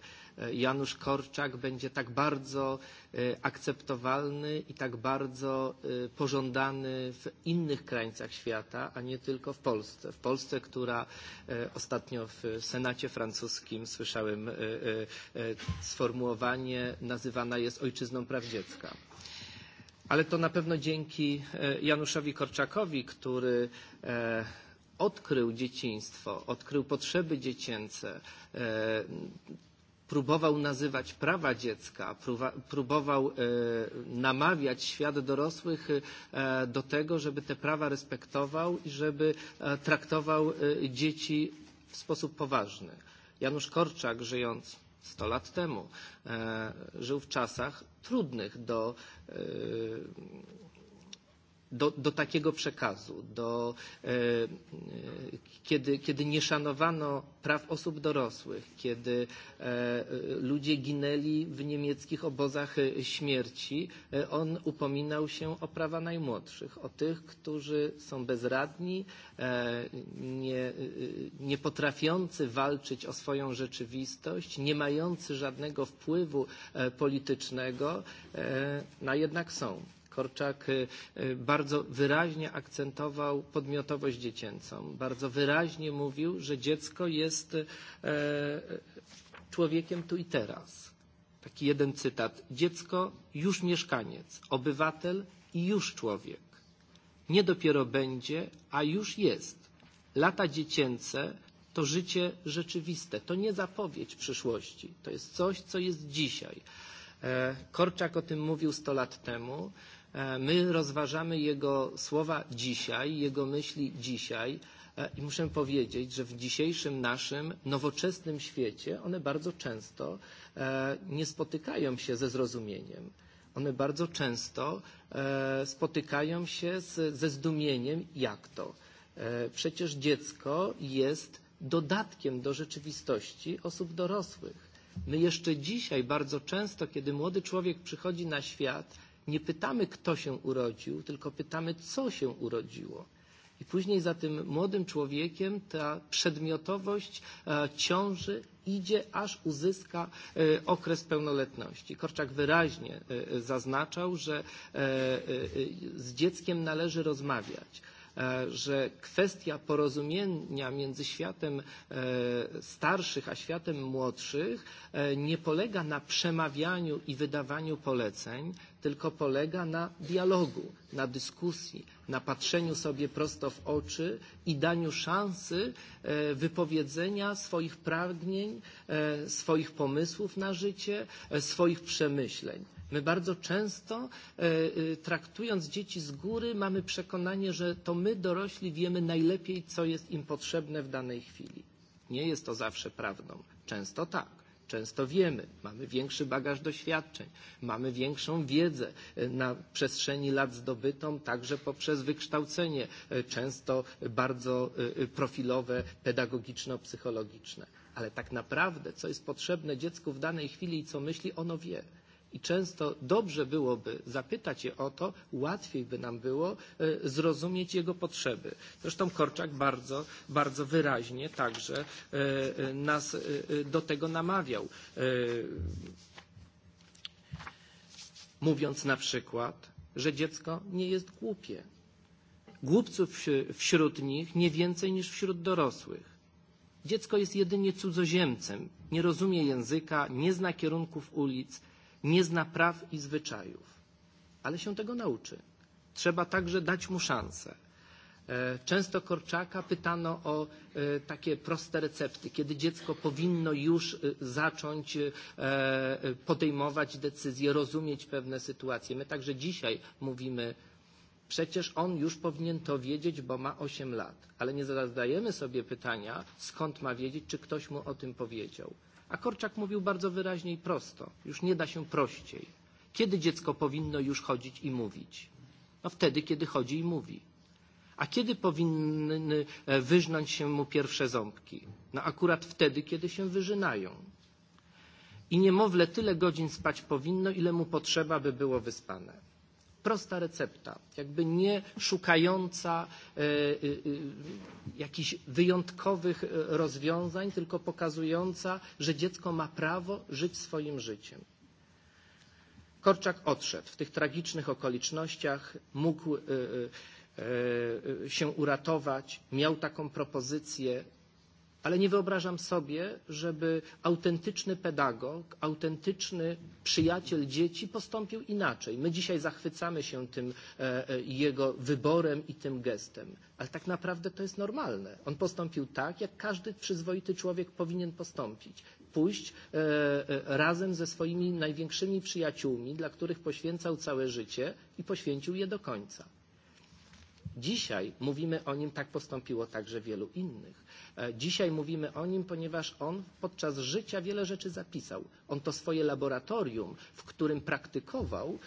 Janusz Korczak będzie tak bardzo akceptowalny i tak bardzo pożądany w innych krańcach świata, a nie tylko w Polsce. W Polsce, która ostatnio w Senacie francuskim słyszałem sformułowanie nazywana jest ojczyzną praw dziecka. Ale to na pewno dzięki Januszowi Korczakowi, który odkrył dzieciństwo, odkrył potrzeby dziecięce, próbował nazywać prawa dziecka, próbował namawiać świat dorosłych do tego, żeby te prawa respektował i żeby traktował dzieci w sposób poważny. Janusz Korczak, żyjąc 100 lat temu, żył w czasach trudnych do do takiego przekazu, kiedy nie szanowano praw osób dorosłych, kiedy ludzie ginęli w niemieckich obozach śmierci, on upominał się o prawa najmłodszych, o tych, którzy są bezradni, nie potrafiący walczyć o swoją rzeczywistość, nie mający żadnego wpływu politycznego, a jednak są. Korczak bardzo wyraźnie akcentował podmiotowość dziecięcą. Bardzo wyraźnie mówił, że dziecko jest człowiekiem tu i teraz. Taki jeden cytat. Dziecko już mieszkaniec, obywatel i już człowiek. Nie dopiero będzie, a już jest. Lata dziecięce to życie rzeczywiste. To nie zapowiedź przyszłości. To jest coś, co jest dzisiaj. Korczak o tym mówił 100 lat temu. My rozważamy jego słowa dzisiaj, jego myśli dzisiaj i muszę powiedzieć, że w dzisiejszym naszym nowoczesnym świecie one bardzo często nie spotykają się ze zrozumieniem. One bardzo często spotykają się ze zdumieniem, jak to. Przecież dziecko jest dodatkiem do rzeczywistości osób dorosłych. My jeszcze dzisiaj bardzo często, kiedy młody człowiek przychodzi na świat, nie pytamy, kto się urodził, tylko pytamy, co się urodziło. I później za tym młodym człowiekiem ta przedmiotowość ciąży idzie, aż uzyska okres pełnoletności. Korczak wyraźnie zaznaczał, że z dzieckiem należy rozmawiać że kwestia porozumienia między światem starszych a światem młodszych nie polega na przemawianiu i wydawaniu poleceń, tylko polega na dialogu, na dyskusji, na patrzeniu sobie prosto w oczy i daniu szansy wypowiedzenia swoich pragnień, swoich pomysłów na życie, swoich przemyśleń. My bardzo często traktując dzieci z góry mamy przekonanie, że to my dorośli wiemy najlepiej, co jest im potrzebne w danej chwili. Nie jest to zawsze prawdą. Często tak. Często wiemy, mamy większy bagaż doświadczeń, mamy większą wiedzę na przestrzeni lat zdobytą, także poprzez wykształcenie, często bardzo profilowe, pedagogiczno-psychologiczne. Ale tak naprawdę, co jest potrzebne dziecku w danej chwili i co myśli, ono wie. I często dobrze byłoby zapytać je o to, łatwiej by nam było zrozumieć jego potrzeby. Zresztą Korczak bardzo, bardzo wyraźnie także nas do tego namawiał. Mówiąc na przykład, że dziecko nie jest głupie. Głupców wśród nich nie więcej niż wśród dorosłych. Dziecko jest jedynie cudzoziemcem, nie rozumie języka, nie zna kierunków ulic, nie zna praw i zwyczajów, ale się tego nauczy. Trzeba także dać mu szansę. Często Korczaka pytano o takie proste recepty, kiedy dziecko powinno już zacząć podejmować decyzje, rozumieć pewne sytuacje. My także dzisiaj mówimy, przecież on już powinien to wiedzieć, bo ma 8 lat, ale nie zadajemy sobie pytania, skąd ma wiedzieć, czy ktoś mu o tym powiedział. A Korczak mówił bardzo wyraźnie i prosto. Już nie da się prościej. Kiedy dziecko powinno już chodzić i mówić? No wtedy, kiedy chodzi i mówi. A kiedy powinny wyżnąć się mu pierwsze ząbki? No akurat wtedy, kiedy się wyżynają. I niemowlę tyle godzin spać powinno, ile mu potrzeba, by było wyspane prosta recepta, jakby nie szukająca jakichś wyjątkowych rozwiązań, tylko pokazująca, że dziecko ma prawo żyć swoim życiem. Korczak odszedł w tych tragicznych okolicznościach, mógł się uratować, miał taką propozycję, ale nie wyobrażam sobie, żeby autentyczny pedagog, autentyczny przyjaciel dzieci postąpił inaczej. My dzisiaj zachwycamy się tym jego wyborem i tym gestem, ale tak naprawdę to jest normalne. On postąpił tak, jak każdy przyzwoity człowiek powinien postąpić. Pójść razem ze swoimi największymi przyjaciółmi, dla których poświęcał całe życie i poświęcił je do końca. Dzisiaj mówimy o nim, tak postąpiło także wielu innych. Dzisiaj mówimy o nim, ponieważ on podczas życia wiele rzeczy zapisał. On to swoje laboratorium, w którym praktykował,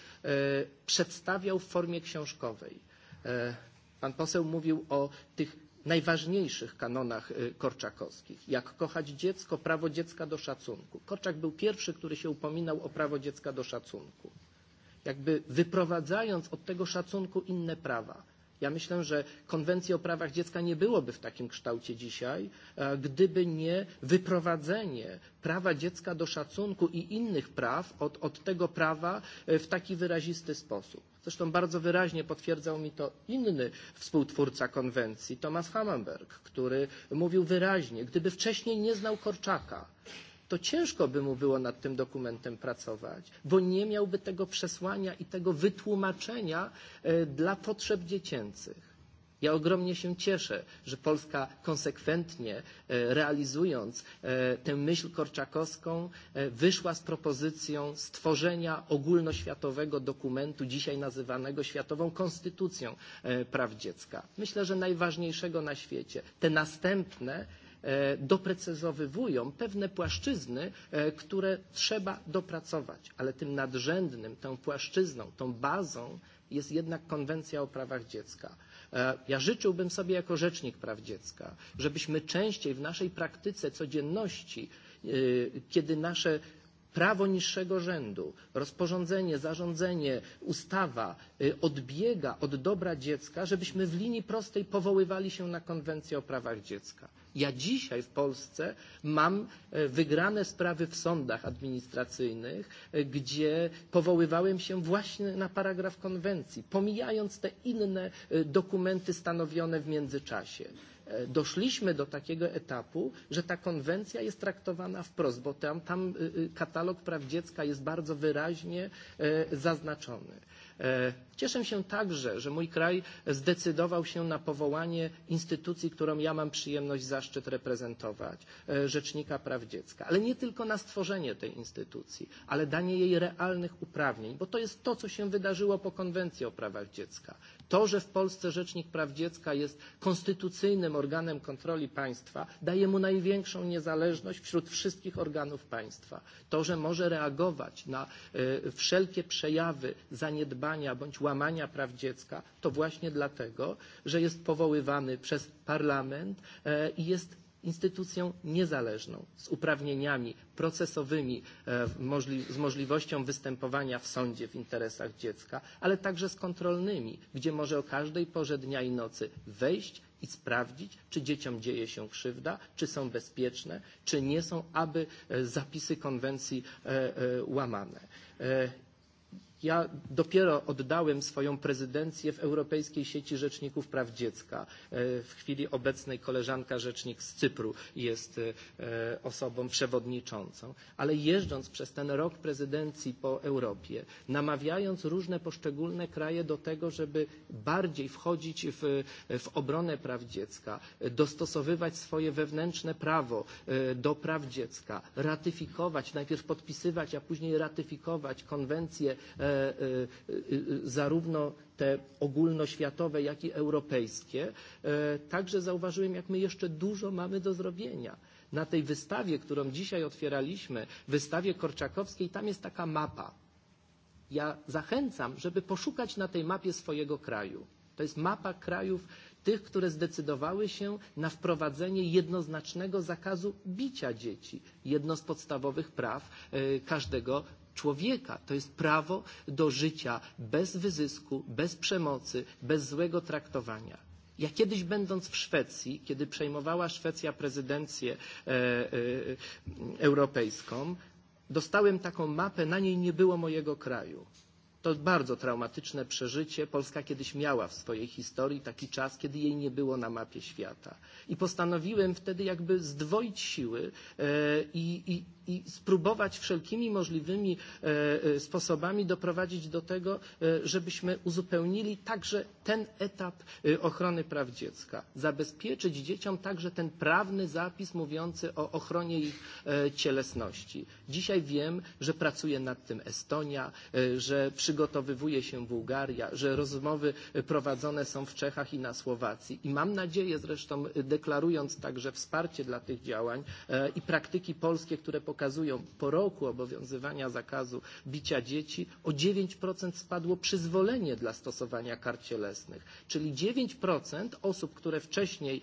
przedstawiał w formie książkowej. Pan poseł mówił o tych najważniejszych kanonach korczakowskich. Jak kochać dziecko, prawo dziecka do szacunku. Korczak był pierwszy, który się upominał o prawo dziecka do szacunku. Jakby wyprowadzając od tego szacunku inne prawa Ja myślę, że konwencji o prawach dziecka nie byłoby w takim kształcie dzisiaj, gdyby nie wyprowadzenie prawa dziecka do szacunku i innych praw od tego prawa w taki wyrazisty sposób. Zresztą bardzo wyraźnie potwierdzał mi to inny współtwórca konwencji, Thomas Hammerberg, który mówił wyraźnie, gdyby wcześniej nie znał Korczaka, to ciężko by mu było nad tym dokumentem pracować, bo nie miałby tego przesłania i tego wytłumaczenia dla potrzeb dziecięcych. Ja ogromnie się cieszę, że Polska konsekwentnie realizując tę myśl korczakowską wyszła z propozycją stworzenia ogólnoświatowego dokumentu, dzisiaj nazywanego Światową Konstytucją Praw Dziecka. Myślę, że najważniejszego na świecie. Te następne doprecyzowywują pewne płaszczyzny, które trzeba dopracować, ale tym nadrzędnym, tą płaszczyzną, tą bazą jest jednak konwencja o prawach dziecka. Ja życzyłbym sobie jako rzecznik praw dziecka, żebyśmy częściej w naszej praktyce codzienności, kiedy nasze prawo niższego rzędu, rozporządzenie, zarządzenie, ustawa odbiega od dobra dziecka, żebyśmy w linii prostej powoływali się na konwencję o prawach dziecka. Ja dzisiaj w Polsce mam wygrane sprawy w sądach administracyjnych, gdzie powoływałem się właśnie na paragraf konwencji, pomijając te inne dokumenty stanowione w międzyczasie. Doszliśmy do takiego etapu, że ta konwencja jest traktowana wprost, bo tam katalog praw dziecka jest bardzo wyraźnie zaznaczony. Cieszę się także, że mój kraj zdecydował się na powołanie instytucji, którą ja mam przyjemność, zaszczyt reprezentować, Rzecznika Praw Dziecka. Ale nie tylko na stworzenie tej instytucji, ale danie jej realnych uprawnień, bo to jest to, co się wydarzyło po konwencji o prawach dziecka. To, że w Polsce Rzecznik Praw Dziecka jest konstytucyjnym organem kontroli państwa, daje mu największą niezależność wśród wszystkich organów państwa. To, że może reagować na wszelkie przejawy zaniedbania bądź łamania praw dziecka, to właśnie dlatego, że jest powoływany przez parlament i jest instytucją niezależną, z uprawnieniami procesowymi, z możliwością występowania w sądzie w interesach dziecka, ale także z kontrolnymi, gdzie może o każdej porze dnia i nocy wejść i sprawdzić, czy dzieciom dzieje się krzywda, czy są bezpieczne, czy nie są, aby zapisy konwencji łamane. Ja dopiero oddałem swoją prezydencję w Europejskiej Sieci Rzeczników Praw Dziecka. W chwili obecnej koleżanka rzecznik z Cypru jest osobą przewodniczącą. Ale jeżdżąc przez ten rok prezydencji po Europie, namawiając różne poszczególne kraje do tego, żeby bardziej wchodzić w obronę praw dziecka, dostosowywać swoje wewnętrzne prawo do praw dziecka, ratyfikować, najpierw podpisywać, a później ratyfikować konwencję zarówno te ogólnoświatowe, jak i europejskie, także zauważyłem, jak my jeszcze dużo mamy do zrobienia. Na tej wystawie, którą dzisiaj otwieraliśmy, wystawie Korczakowskiej, tam jest taka mapa. Ja zachęcam, żeby poszukać na tej mapie swojego kraju. To jest mapa krajów tych, które zdecydowały się na wprowadzenie jednoznacznego zakazu bicia dzieci. Jedno z podstawowych praw każdego człowieka. To jest prawo do życia bez wyzysku, bez przemocy, bez złego traktowania. Ja kiedyś będąc w Szwecji, kiedy przejmowała Szwecja prezydencję europejską, dostałem taką mapę, na niej nie było mojego kraju. To bardzo traumatyczne przeżycie. Polska kiedyś miała w swojej historii taki czas, kiedy jej nie było na mapie świata. I postanowiłem wtedy jakby zdwoić siły i i spróbować wszelkimi możliwymi sposobami doprowadzić do tego, żebyśmy uzupełnili także ten etap ochrony praw dziecka. Zabezpieczyć dzieciom także ten prawny zapis mówiący o ochronie ich cielesności. Dzisiaj wiem, że pracuje nad tym Estonia, że przy przygotowywuje się Bułgaria, że rozmowy prowadzone są w Czechach i na Słowacji. I mam nadzieję zresztą, deklarując także wsparcie dla tych działań i praktyki polskie, które pokazują po roku obowiązywania zakazu bicia dzieci, o 9% spadło przyzwolenie dla stosowania kar cielesnych. Czyli 9% osób, które wcześniej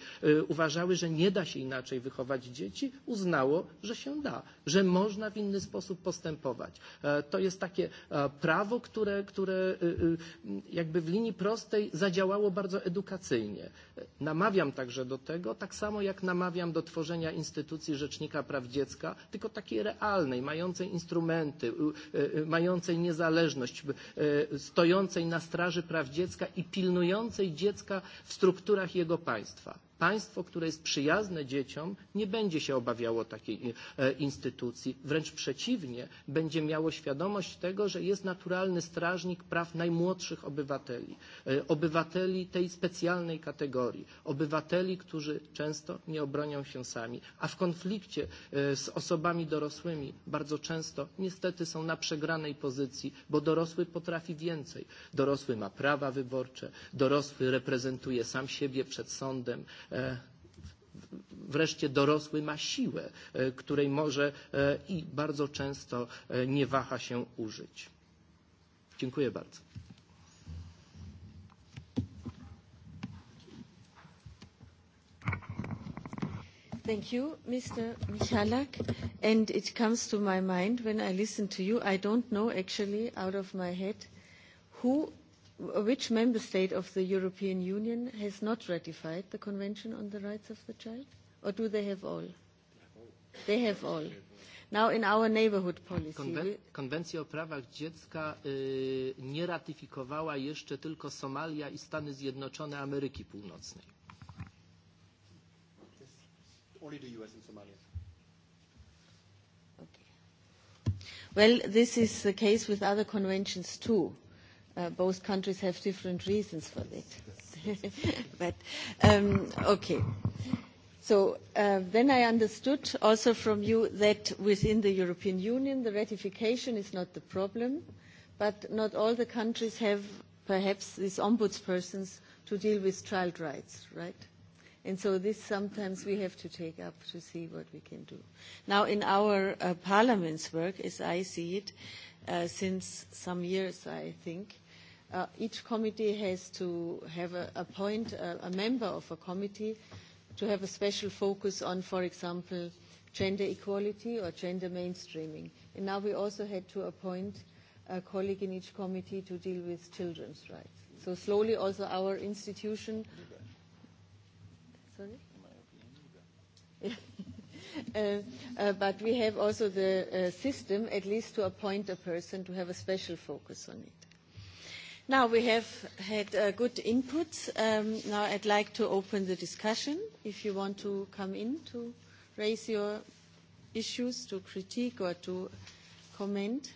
uważały, że nie da się inaczej wychować dzieci, uznało, że się da, że można w inny sposób postępować. To jest takie prawo, które, które jakby w linii prostej zadziałało bardzo edukacyjnie. Namawiam także do tego, tak samo jak namawiam do tworzenia instytucji Rzecznika Praw Dziecka, tylko takiej realnej, mającej instrumenty, mającej niezależność, stojącej na straży praw dziecka i pilnującej dziecka w strukturach jego państwa. Państwo, które jest przyjazne dzieciom, nie będzie się obawiało takiej instytucji. Wręcz przeciwnie, będzie miało świadomość tego, że jest naturalny strażnik praw najmłodszych obywateli. Obywateli tej specjalnej kategorii. Obywateli, którzy często nie obronią się sami. A w konflikcie z osobami dorosłymi bardzo często niestety są na przegranej pozycji, bo dorosły potrafi więcej. Dorosły ma prawa wyborcze, dorosły reprezentuje sam siebie przed sądem, wreszcie dorosły ma siłę, której może i bardzo często nie waha się użyć. Dziękuję bardzo. Thank you, Mr. Michalak. And it comes to my mind when I listen to you, I don't know actually out of my head who Which member state of the European Union has not ratified the Convention on the Rights of the Child? Or do they have all? They have all. Now in our neighborhood policy. Konwencja o prawach dziecka nie ratyfikowała jeszcze tylko Somalia i Stany Zjednoczone Ameryki Północnej. Only the US and Somalia. Well, this is the case with other conventions too both countries have different reasons for that. But, okay. So then I understood also from you that within the European Union the ratification is not the problem, but not all the countries have perhaps these ombudspersons to deal with child rights, right? And so this sometimes we have to take up to see what we can do. Now in our Parliament's work, as I see it, since some years I think, each committee has to have appoint a member of a committee to have a special focus on, for example, gender equality or gender mainstreaming. And now we also had to appoint a colleague in each committee to deal with children's rights. So slowly also our institution... Sorry? But we have also the system at least to appoint a person to have a special focus on it. Now we have had good inputs. Now I'd like to open the discussion. If you want to come in to raise your issues, to critique or to comment,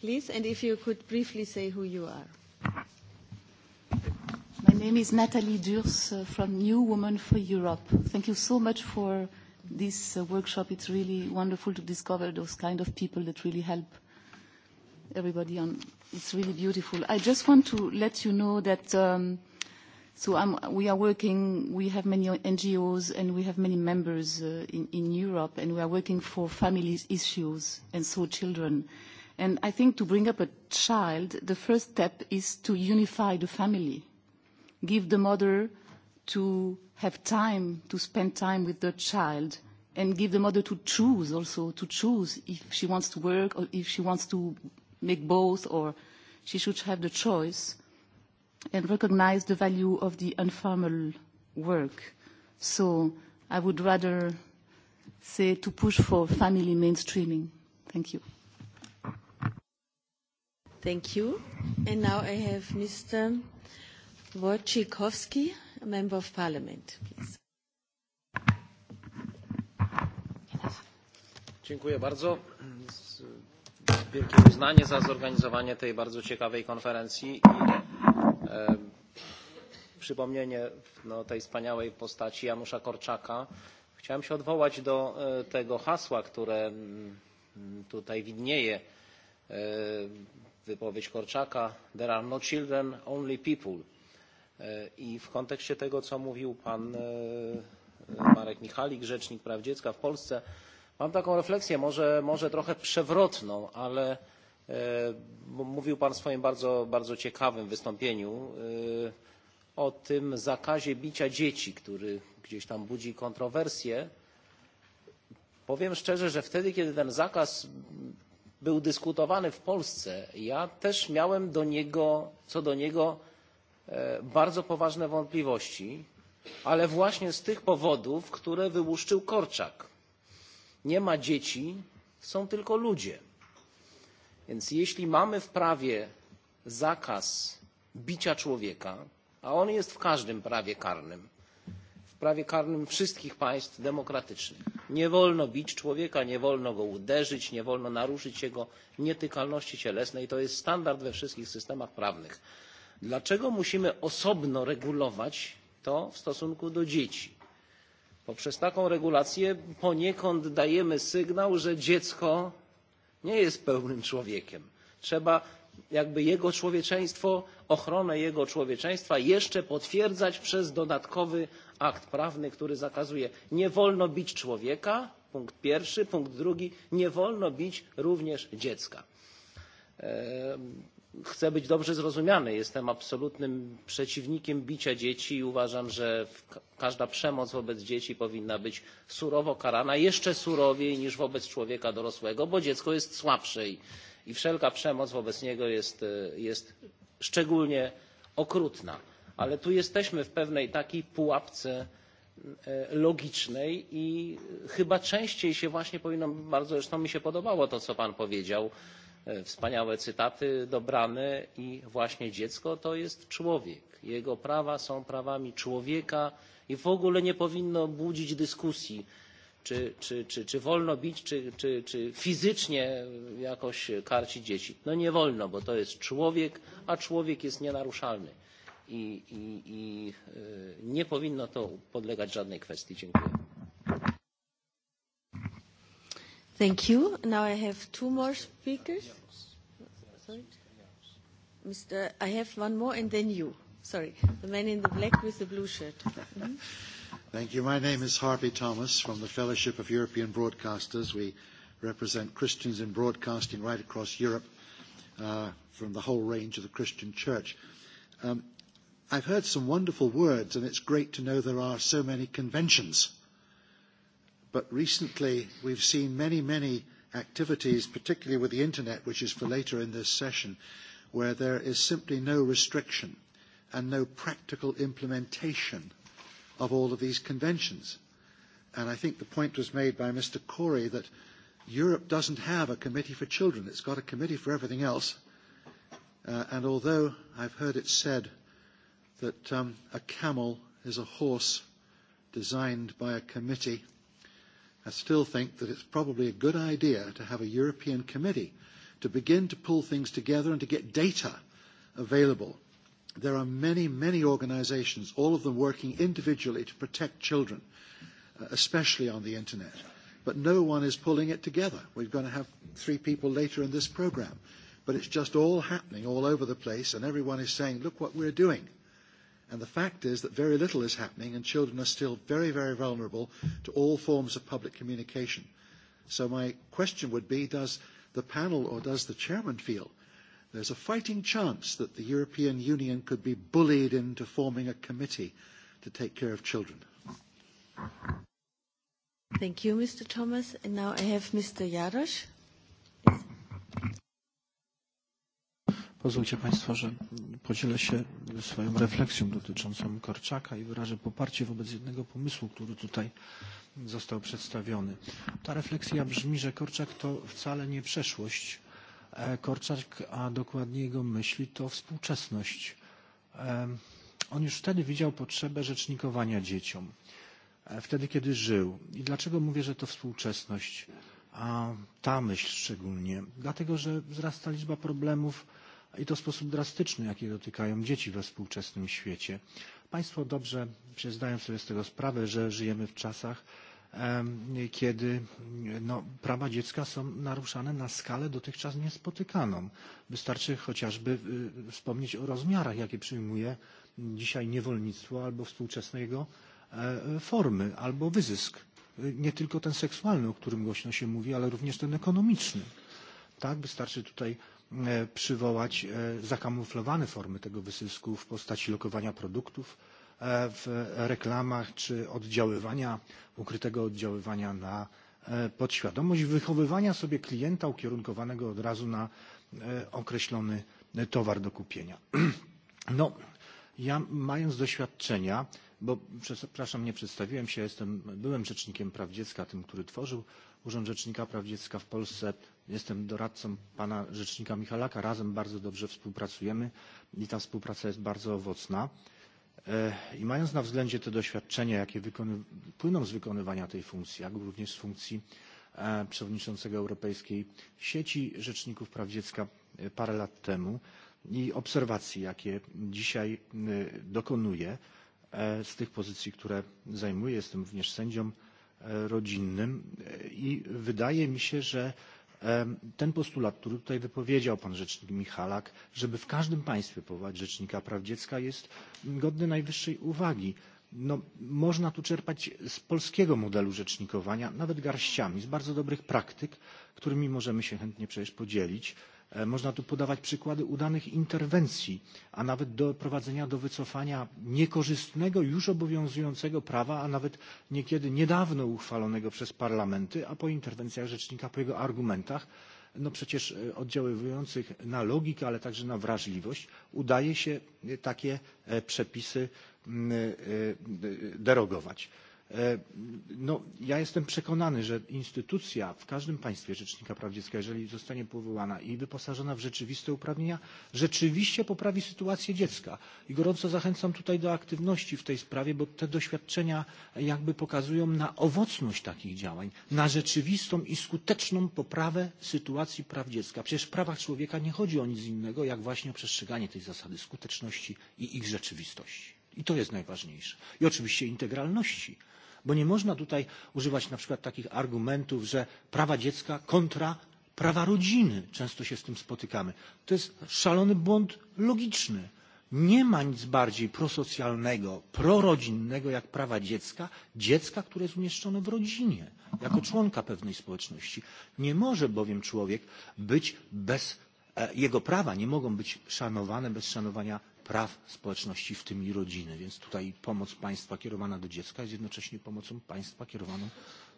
please. And if you could briefly say who you are. My name is Nathalie Durs from New Woman for Europe. Thank you so much for this workshop. It's really wonderful to discover those kind of people that really help everybody on. It's really beautiful. I just want to let you know that so we are working, we have many NGOs and we have many members in Europe and we are working for families issues and so children. And I think to bring up a child, the first step is to unify the family, give the mother to have time to spend time with the child and give the mother to choose also, to choose if she wants to work or if she wants to make both or she should have the choice and recognize the value of the informal work. So I would rather say to push for family mainstreaming. Thank you. Thank you. And now I have Mr. Wojciechowski, a member of parliament, please. Dziękuję bardzo wielkie uznanie za zorganizowanie tej bardzo ciekawej konferencji i przypomnienie tej wspaniałej postaci Janusza Korczaka. Chciałem się odwołać do tego hasła, które tutaj widnieje, wypowiedź Korczaka, there are no children, only people. I w kontekście tego, co mówił pan Marek Michalik, rzecznik praw dziecka w Polsce, Mam taką refleksję, może trochę przewrotną, ale mówił Pan w swoim bardzo ciekawym wystąpieniu o tym zakazie bicia dzieci, który gdzieś tam budzi kontrowersje. Powiem szczerze, że wtedy, kiedy ten zakaz był dyskutowany w Polsce, ja też miałem do co do niego bardzo poważne wątpliwości, ale właśnie z tych powodów, które wyłuszczył Korczak nie ma dzieci, są tylko ludzie. Więc jeśli mamy w prawie zakaz bicia człowieka, a on jest w każdym prawie karnym, w prawie karnym wszystkich państw demokratycznych, nie wolno bić człowieka, nie wolno go uderzyć, nie wolno naruszyć jego nietykalności cielesnej. To jest standard we wszystkich systemach prawnych. Dlaczego musimy osobno regulować to w stosunku do dzieci? poprzez taką regulację poniekąd dajemy sygnał że dziecko nie jest pełnym człowiekiem trzeba jakby jego człowieczeństwo ochronę jego człowieczeństwa jeszcze potwierdzać przez dodatkowy akt prawny który zakazuje nie wolno bić człowieka punkt pierwszy punkt drugi nie wolno bić również dziecka chcę być dobrze zrozumiany jestem absolutnym przeciwnikiem bicia dzieci i uważam że każda przemoc wobec dzieci powinna być surowo karana jeszcze surowiej niż wobec człowieka dorosłego bo dziecko jest słabsze i wszelka przemoc wobec niego jest szczególnie okrutna ale tu jesteśmy w pewnej takiej pułapce logicznej i chyba częściej się właśnie powinno bardzo zresztą mi się podobało to co pan powiedział wspaniałe cytaty dobrane i właśnie dziecko to jest człowiek jego prawa są prawami człowieka i w ogóle nie powinno budzić dyskusji czy wolno bić czy fizycznie jakoś karcić dzieci. no nie wolno bo to jest człowiek a człowiek jest nienaruszalny i nie powinno to podlegać żadnej kwestii. dziękuję. Thank you. Now I have two more speakers. Sorry. Mr. I have one more and then you. Sorry. The man in the black with the blue shirt. Thank you. My name is Harvey Thomas from the Fellowship of European Broadcasters. We represent Christians in broadcasting right across Europe from the whole range of the Christian church. I've heard some wonderful words and it's great to know there are so many conventions but recently we've seen many, many activities, particularly with the Internet, which is for later in this session, where there is simply no restriction and no practical implementation of all of these conventions. And I think the point was made by Mr. Corey that Europe doesn't have a committee for children. It's got a committee for everything else. And although I've heard it said that a camel is a horse designed by a committee, I still think that it's probably a good idea to have a European committee to begin to pull things together and to get data available. There are many, many organisations, all of them working individually to protect children, especially on the Internet. But no one is pulling it together. We're going to have three people later in this programme. But it's just all happening all over the place, and everyone is saying, look what we're doing. And the fact is that very little is happening and children are still very, very vulnerable to all forms of public communication. So my question would be, does the panel or does the chairman feel there's a fighting chance that the European Union could be bullied into forming a committee to take care of children? Thank you, Mr. Thomas. And now I have Mr. Jarosz. Pozwólcie Państwo, że podzielę się swoją refleksją dotyczącą Korczaka i wyrażę poparcie wobec jednego pomysłu, który tutaj został przedstawiony. Ta refleksja brzmi, że Korczak to wcale nie przeszłość. Korczak, a dokładnie jego myśli, to współczesność. On już wtedy widział potrzebę rzecznikowania dzieciom, wtedy kiedy żył. I dlaczego mówię, że to współczesność, a ta myśl szczególnie? Dlatego, że wzrasta liczba problemów, i to w sposób drastyczny, jakie dotykają dzieci we współczesnym świecie. Państwo dobrze się zdają sobie z tego sprawę, że żyjemy w czasach, kiedy no, prawa dziecka są naruszane na skalę dotychczas niespotykaną. Wystarczy chociażby wspomnieć o rozmiarach, jakie przyjmuje dzisiaj niewolnictwo albo współczesne jego formy, albo wyzysk. Nie tylko ten seksualny, o którym głośno się mówi, ale również ten ekonomiczny. Tak, wystarczy tutaj przywołać zakamuflowane formy tego wysysku w postaci lokowania produktów w reklamach czy oddziaływania, ukrytego oddziaływania na podświadomość, wychowywania sobie klienta ukierunkowanego od razu na określony towar do kupienia. No, ja mając doświadczenia, bo przepraszam, nie przedstawiłem się, jestem byłem rzecznikiem praw dziecka, tym, który tworzył Urząd Rzecznika Praw Dziecka w Polsce. Jestem doradcą pana rzecznika Michalaka. Razem bardzo dobrze współpracujemy i ta współpraca jest bardzo owocna. I mając na względzie te doświadczenia, jakie płyną z wykonywania tej funkcji, jak również z funkcji przewodniczącego Europejskiej Sieci Rzeczników Praw Dziecka parę lat temu i obserwacji, jakie dzisiaj dokonuję z tych pozycji, które zajmuję, jestem również sędzią rodzinnym i wydaje mi się, że ten postulat, który tutaj wypowiedział pan rzecznik Michalak, żeby w każdym państwie powołać rzecznika praw dziecka jest godny najwyższej uwagi. Można tu czerpać z polskiego modelu rzecznikowania, nawet garściami, z bardzo dobrych praktyk, którymi możemy się chętnie przecież podzielić. Można tu podawać przykłady udanych interwencji, a nawet doprowadzenia do wycofania niekorzystnego, już obowiązującego prawa, a nawet niekiedy niedawno uchwalonego przez parlamenty, a po interwencjach rzecznika, po jego argumentach, no przecież oddziaływujących na logikę, ale także na wrażliwość, udaje się takie przepisy derogować. No, ja jestem przekonany, że instytucja w każdym państwie Rzecznika Praw Dziecka, jeżeli zostanie powołana i wyposażona w rzeczywiste uprawnienia, rzeczywiście poprawi sytuację dziecka. I gorąco zachęcam tutaj do aktywności w tej sprawie, bo te doświadczenia jakby pokazują na owocność takich działań, na rzeczywistą i skuteczną poprawę sytuacji praw dziecka. Przecież w prawach człowieka nie chodzi o nic innego, jak właśnie o przestrzeganie tej zasady skuteczności i ich rzeczywistości. I to jest najważniejsze. I oczywiście integralności Bo nie można tutaj używać na przykład takich argumentów, że prawa dziecka kontra prawa rodziny. Często się z tym spotykamy. To jest szalony błąd logiczny. Nie ma nic bardziej prosocjalnego, prorodzinnego jak prawa dziecka, dziecka, które jest umieszczone w rodzinie, jako członka pewnej społeczności. Nie może bowiem człowiek być bez jego prawa, nie mogą być szanowane bez szanowania praw społeczności, w tym i rodziny. Więc tutaj pomoc państwa kierowana do dziecka jest jednocześnie pomocą państwa kierowaną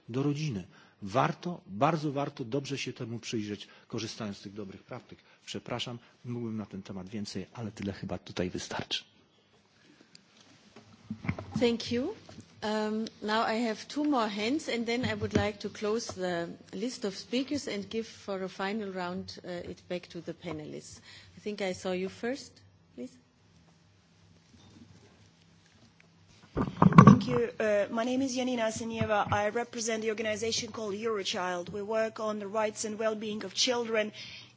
do rodziny. Warto, bardzo warto dobrze się temu przyjrzeć, korzystając z tych dobrych praktyk. Przepraszam, mógłbym na ten temat więcej, ale tyle chyba tutaj wystarczy. Thank you. My name is Yanina Asenieva. I represent the organisation called Eurochild. We work on the rights and well-being of children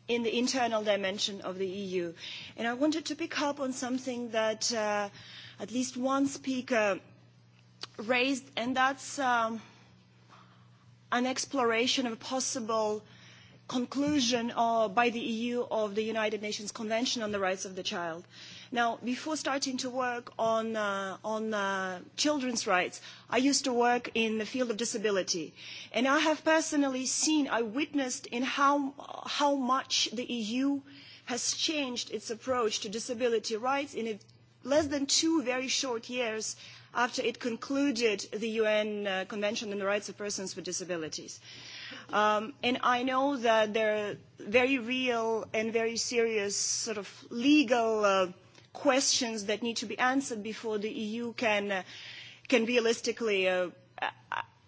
in the internal dimension of the EU. And I wanted to pick up on something that at least one speaker raised, and that's an exploration of a possible conclusion by the EU of the United Nations Convention on the Rights of the Child. Now, before starting to work on children's rights, I used to work in the field of disability, and I have personally seen, I witnessed in how much the EU has changed its approach to disability rights in less than two very short years after it concluded the UN Convention on the Rights of Persons with Disabilities. And I know that there are very real and very serious sort of legal questions that need to be answered before the EU can can realistically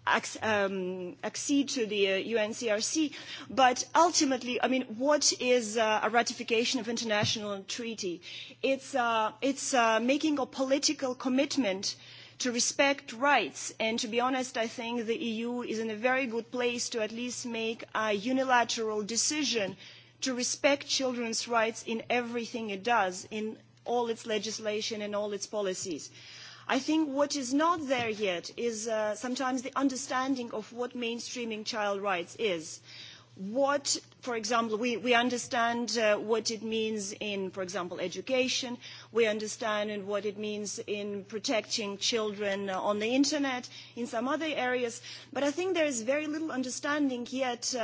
accede to the UNCRC. But ultimately, I mean, what is a ratification of international treaty? It's it's making a political commitment to respect rights. And to be honest, I think the EU is in a very good place to at least make a unilateral decision to respect children's rights in everything it does, in all its legislation and all its policies. I think what is not there yet is sometimes the understanding of what mainstreaming child rights is. What, for example, we understand what it means in, for example, education. We understand what it means in protecting children on the Internet, in some other areas. But I think there is very little understanding yet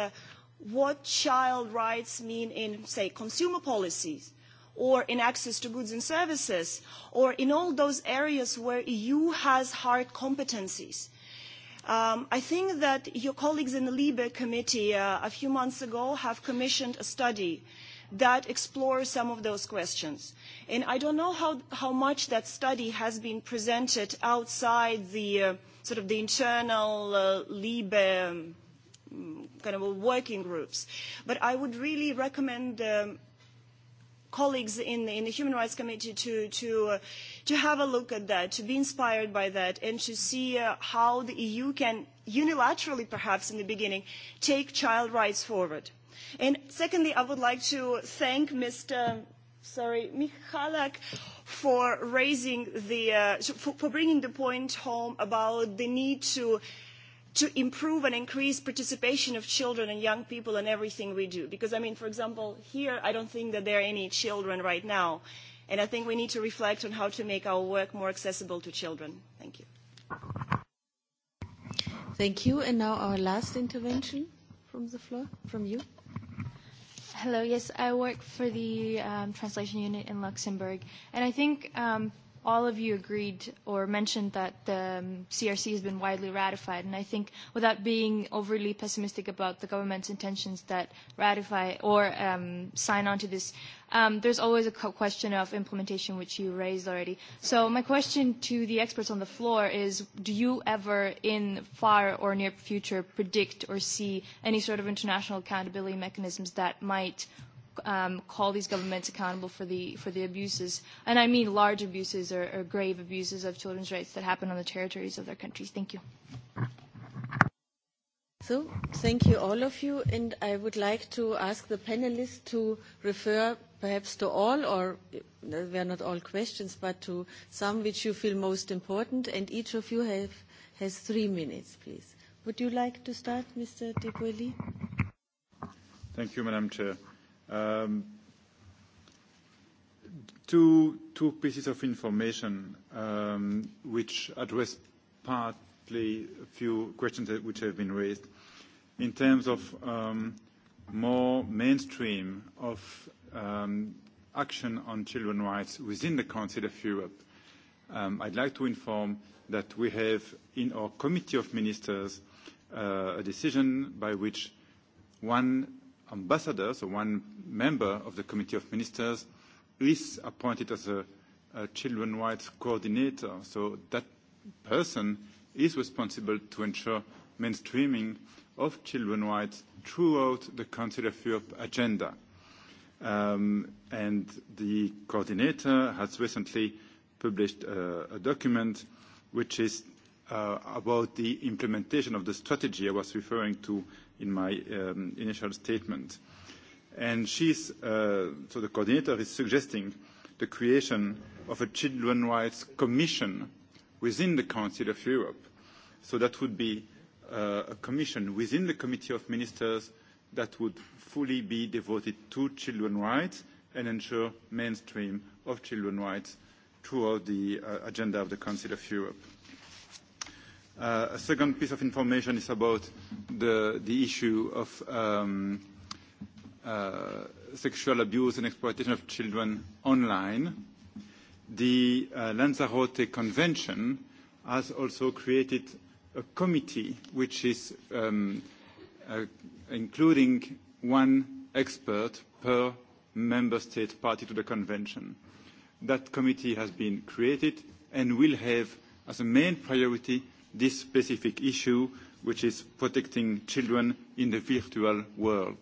what child rights mean in, say, consumer policies or in access to goods and services, or in all those areas where the EU has hard competencies. I think that your colleagues in the LIBE committee a few months ago have commissioned a study that explores some of those questions. And I don't know how much that study has been presented outside the sort of the internal LIBE kind of working groups. But I would really recommend colleagues in the Human Rights Committee to to have a look at that, to be inspired by that, and to see how the EU can unilaterally, perhaps in the beginning, take child rights forward. And secondly, I would like to thank Mr. Sorry, Michalak, for raising the, for bringing the point home about the need to to improve and increase participation of children and young people in everything we do. Because, I mean, for example, here I don't think that there are any children right now. And I think we need to reflect on how to make our work more accessible to children. Thank you. Thank you. And now our last intervention from the floor, from you. Hello. Yes, I work for the translation unit in Luxembourg. And I think... Um, all of you agreed or mentioned that the CRC has been widely ratified, and I think without being overly pessimistic about the government's intentions that ratify or sign on to this, there's always a question of implementation, which you raised already. So my question to the experts on the floor is, do you ever in far or near future predict or see any sort of international accountability mechanisms that might um, call these governments accountable for the for the abuses, and I mean large abuses or, grave abuses of children's rights that happen on the territories of their countries. Thank you. So, thank you all of you, and I would like to ask the panelists to refer perhaps to all, or they are not all questions, but to some which you feel most important, and each of you have, has three minutes, please. Would you like to start, Mr. De Thank you, Madam Chair. Two pieces of information which address partly a few questions which have been raised. In terms of more mainstream of action on children's rights within the Council of Europe, I'd like to inform that we have in our Committee of Ministers a decision by which one ambassador, so one member of the Committee of Ministers, is appointed as a children rights coordinator. So that person is responsible to ensure mainstreaming of children rights throughout the Council of Europe agenda. And the coordinator has recently published a document which is about the implementation of the strategy I was referring to in my initial statement. And she's, so the coordinator is suggesting the creation of a children's rights commission within the Council of Europe. So that would be a commission within the Committee of Ministers that would fully be devoted to children's rights and ensure mainstream of children's rights throughout the agenda of the Council of Europe. A second piece of information is about the issue of sexual abuse and exploitation of children online. The Lanzarote Convention has also created a committee which is including one expert per member state party to the convention. That committee has been created and will have as a main priority this specific issue, which is protecting children in the virtual world.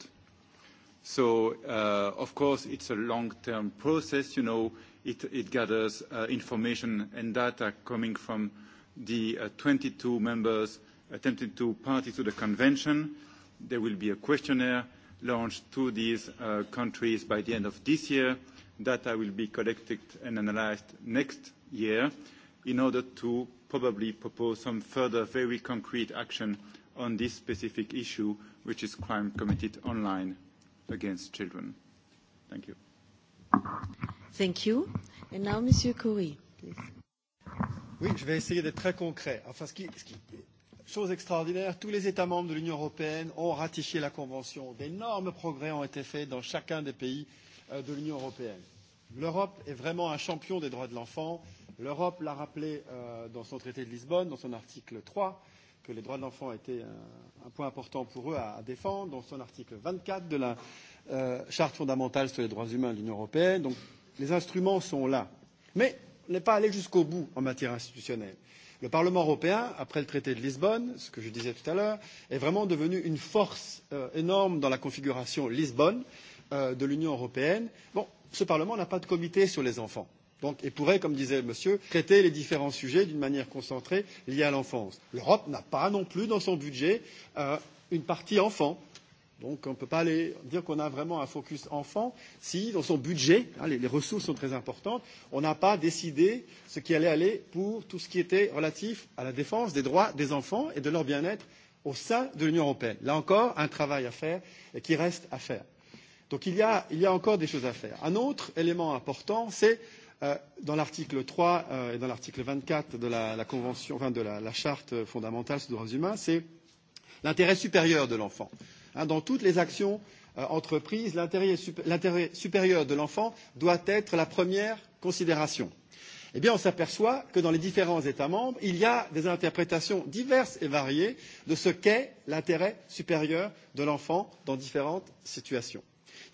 So, of course, it's a long-term process. You know, it gathers information and data coming from the 22 members attempting to party to the convention. There will be a questionnaire launched to these countries by the end of this year. Data will be collected and analyzed next year in order to probably propose some further very concrete action on this specific issue, which is crime committed online against children. Thank you. Thank you. And now, Monsieur Khoury, please. Oui, je vais essayer d'être très concret. Enfin, ce qui, chose extraordinaire, tous les États membres de l'Union européenne ont ratifié la Convention. D'énormes progrès ont été faits dans chacun des pays de l'Union européenne. L'Europe est vraiment un champion des droits de l'enfant L'Europe l'a rappelé dans son traité de Lisbonne, dans son article 3, que les droits de l'enfant étaient un point important pour eux à défendre, dans son article 24 de la Charte fondamentale sur les droits humains de l'Union européenne. Donc les instruments sont là. Mais on n'est pas allé jusqu'au bout en matière institutionnelle. Le Parlement européen, après le traité de Lisbonne, ce que je disais tout à l'heure, est vraiment devenu une force énorme dans la configuration Lisbonne de l'Union européenne. Bon, ce Parlement n'a pas de comité sur les enfants donc, et pourrait, comme disait monsieur, traiter les différents sujets d'une manière concentrée liée à l'enfance. L'Europe n'a pas non plus dans son budget une partie enfant. Donc on ne peut pas dire qu'on a vraiment un focus enfant si dans son budget, les ressources sont très importantes, on n'a pas décidé ce qui allait aller pour tout ce qui était relatif à la défense des droits des enfants et de leur bien-être au sein de l'Union européenne. Là encore, un travail à faire et qui reste à faire. Donc il y a encore des choses à faire. Un autre élément important, c'est Dans l'article 3 et dans l'article 24 de la Convention, enfin de la Charte fondamentale des droits humains, c'est l'intérêt supérieur de l'enfant. Dans toutes les actions entreprises, l'intérêt supérieur de l'enfant doit être la première considération. Eh bien, on s'aperçoit que dans les différents États membres, il y a des interprétations diverses et variées de ce qu'est l'intérêt supérieur de l'enfant dans différentes situations.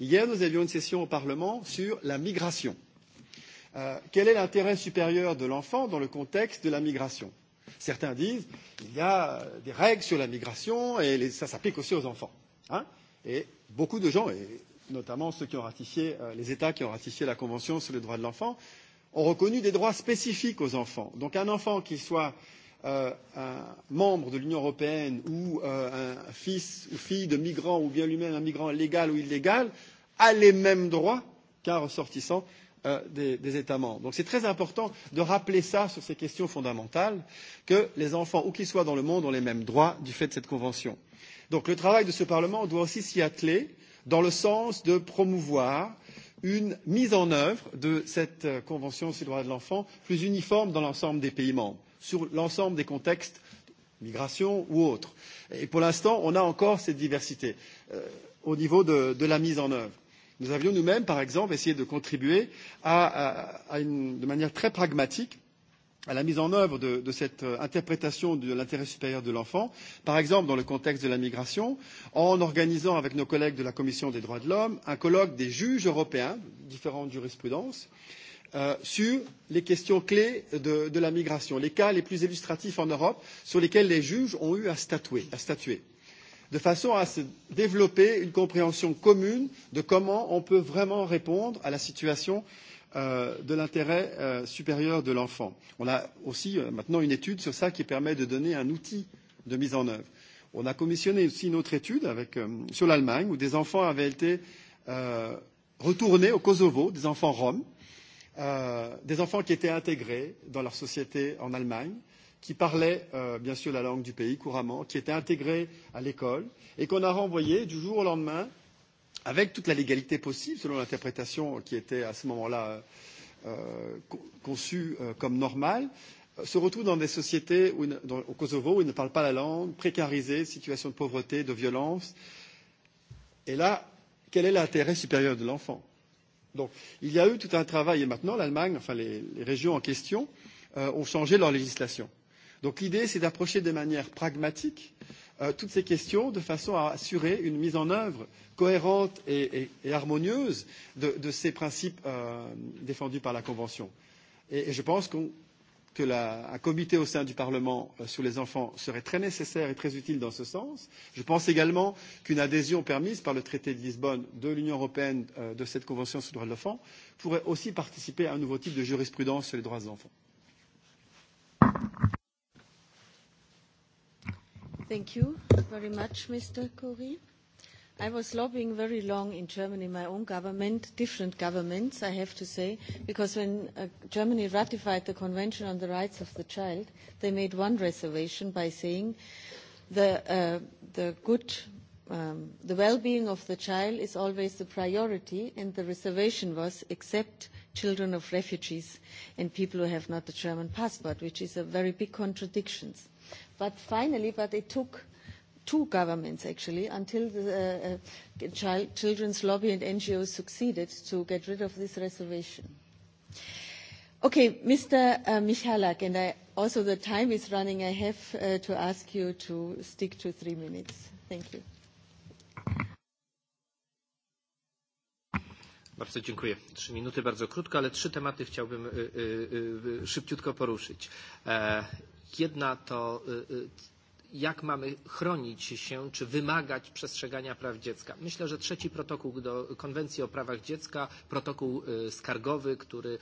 Hier, nous avions une session au Parlement sur la migration quel est l'intérêt supérieur de l'enfant dans le contexte de la migration? certains disent il y a des règles sur la migration et ça s'applique aussi aux enfants. et beaucoup de gens et notamment ceux qui ont ratifié les états qui ont ratifié la convention sur les droits de l'enfant ont reconnu des droits spécifiques aux enfants. donc un enfant qui soit un membre de l'union européenne ou un fils ou fille de migrant ou bien lui même un migrant légal ou illégal a les mêmes droits qu'un ressortissant des États membres. Donc c'est très important de rappeler ça sur ces questions fondamentales, que les enfants, où qu'ils soient dans le monde, ont les mêmes droits du fait de cette Convention. Donc le travail de ce Parlement doit aussi s'y atteler dans le sens de promouvoir une mise en œuvre de cette Convention sur les droits de l'enfant plus uniforme dans l'ensemble des pays membres, sur l'ensemble des contextes, migration ou autres. Et pour l'instant, on a encore cette diversité au niveau de la mise en œuvre. Nous avions nous-mêmes, par exemple, essayé de contribuer de manière très pragmatique à la mise en œuvre de cette interprétation de l'intérêt supérieur de l'enfant, par exemple dans le contexte de la migration, en organisant avec nos collègues de la Commission des droits de l'homme un colloque des juges européens, différentes jurisprudences, sur les questions clés de la migration, les cas les plus illustratifs en Europe sur lesquels les juges ont eu à statuer de façon à se développer une compréhension commune de comment on peut vraiment répondre à la situation de l'intérêt supérieur de l'enfant. On a aussi maintenant une étude sur ça qui permet de donner un outil de mise en œuvre. On a commissionné aussi une autre étude sur l'Allemagne où des enfants avaient été retournés au Kosovo, des enfants roms, des enfants qui étaient intégrés dans leur société en Allemagne qui parlaient bien sûr la langue du pays couramment, qui était intégrée à l'école et qu'on a renvoyé du jour au lendemain, avec toute la légalité possible, selon l'interprétation qui était à ce moment-là conçue comme normale, se retrouve dans des sociétés au Kosovo où ils ne parlent pas la langue, précarisés, situation de pauvreté, de violence. Et là, quel est l'intérêt supérieur de l'enfant Donc, il y a eu tout un travail. Et maintenant, l'Allemagne, enfin les régions en question, ont changé leur législation. Donc l'idée, c'est d'approcher de manière pragmatique toutes ces questions de façon à assurer une mise en œuvre cohérente et harmonieuse de ces principes défendus par la Convention. Et je pense que qu'un comité au sein du Parlement sur les enfants serait très nécessaire et très utile dans ce sens. Je pense également qu'une adhésion permise par le traité de Lisbonne de l'Union européenne de cette Convention sur les droits de l'enfant pourrait aussi participer à un nouveau type de jurisprudence sur les droits de l'enfant. Thank you very much, Mr. Khoury. I was lobbying very long in Germany, my own government, different governments, I have to say, because when Germany ratified the Convention on the Rights of the Child, they made one reservation by saying the good, the well-being of the child is always the priority, and the reservation was except children of refugees and people who have not a German passport, which is a very big contradiction But finally, but it took two governments actually until the children's lobby and NGOs succeeded to get rid of this reservation. Okay, Mr. Michalak, and I also the time is running. I have to ask you to stick to three minutes. Thank you. Bardzo dziękuję. Trzy minuty bardzo krótko, ale trzy tematy chciałbym szybciutko poruszyć. Jedna to jak mamy chronić się czy wymagać przestrzegania praw dziecka. Myślę, że trzeci protokół do Konwencji o prawach dziecka, protokół skargowy, który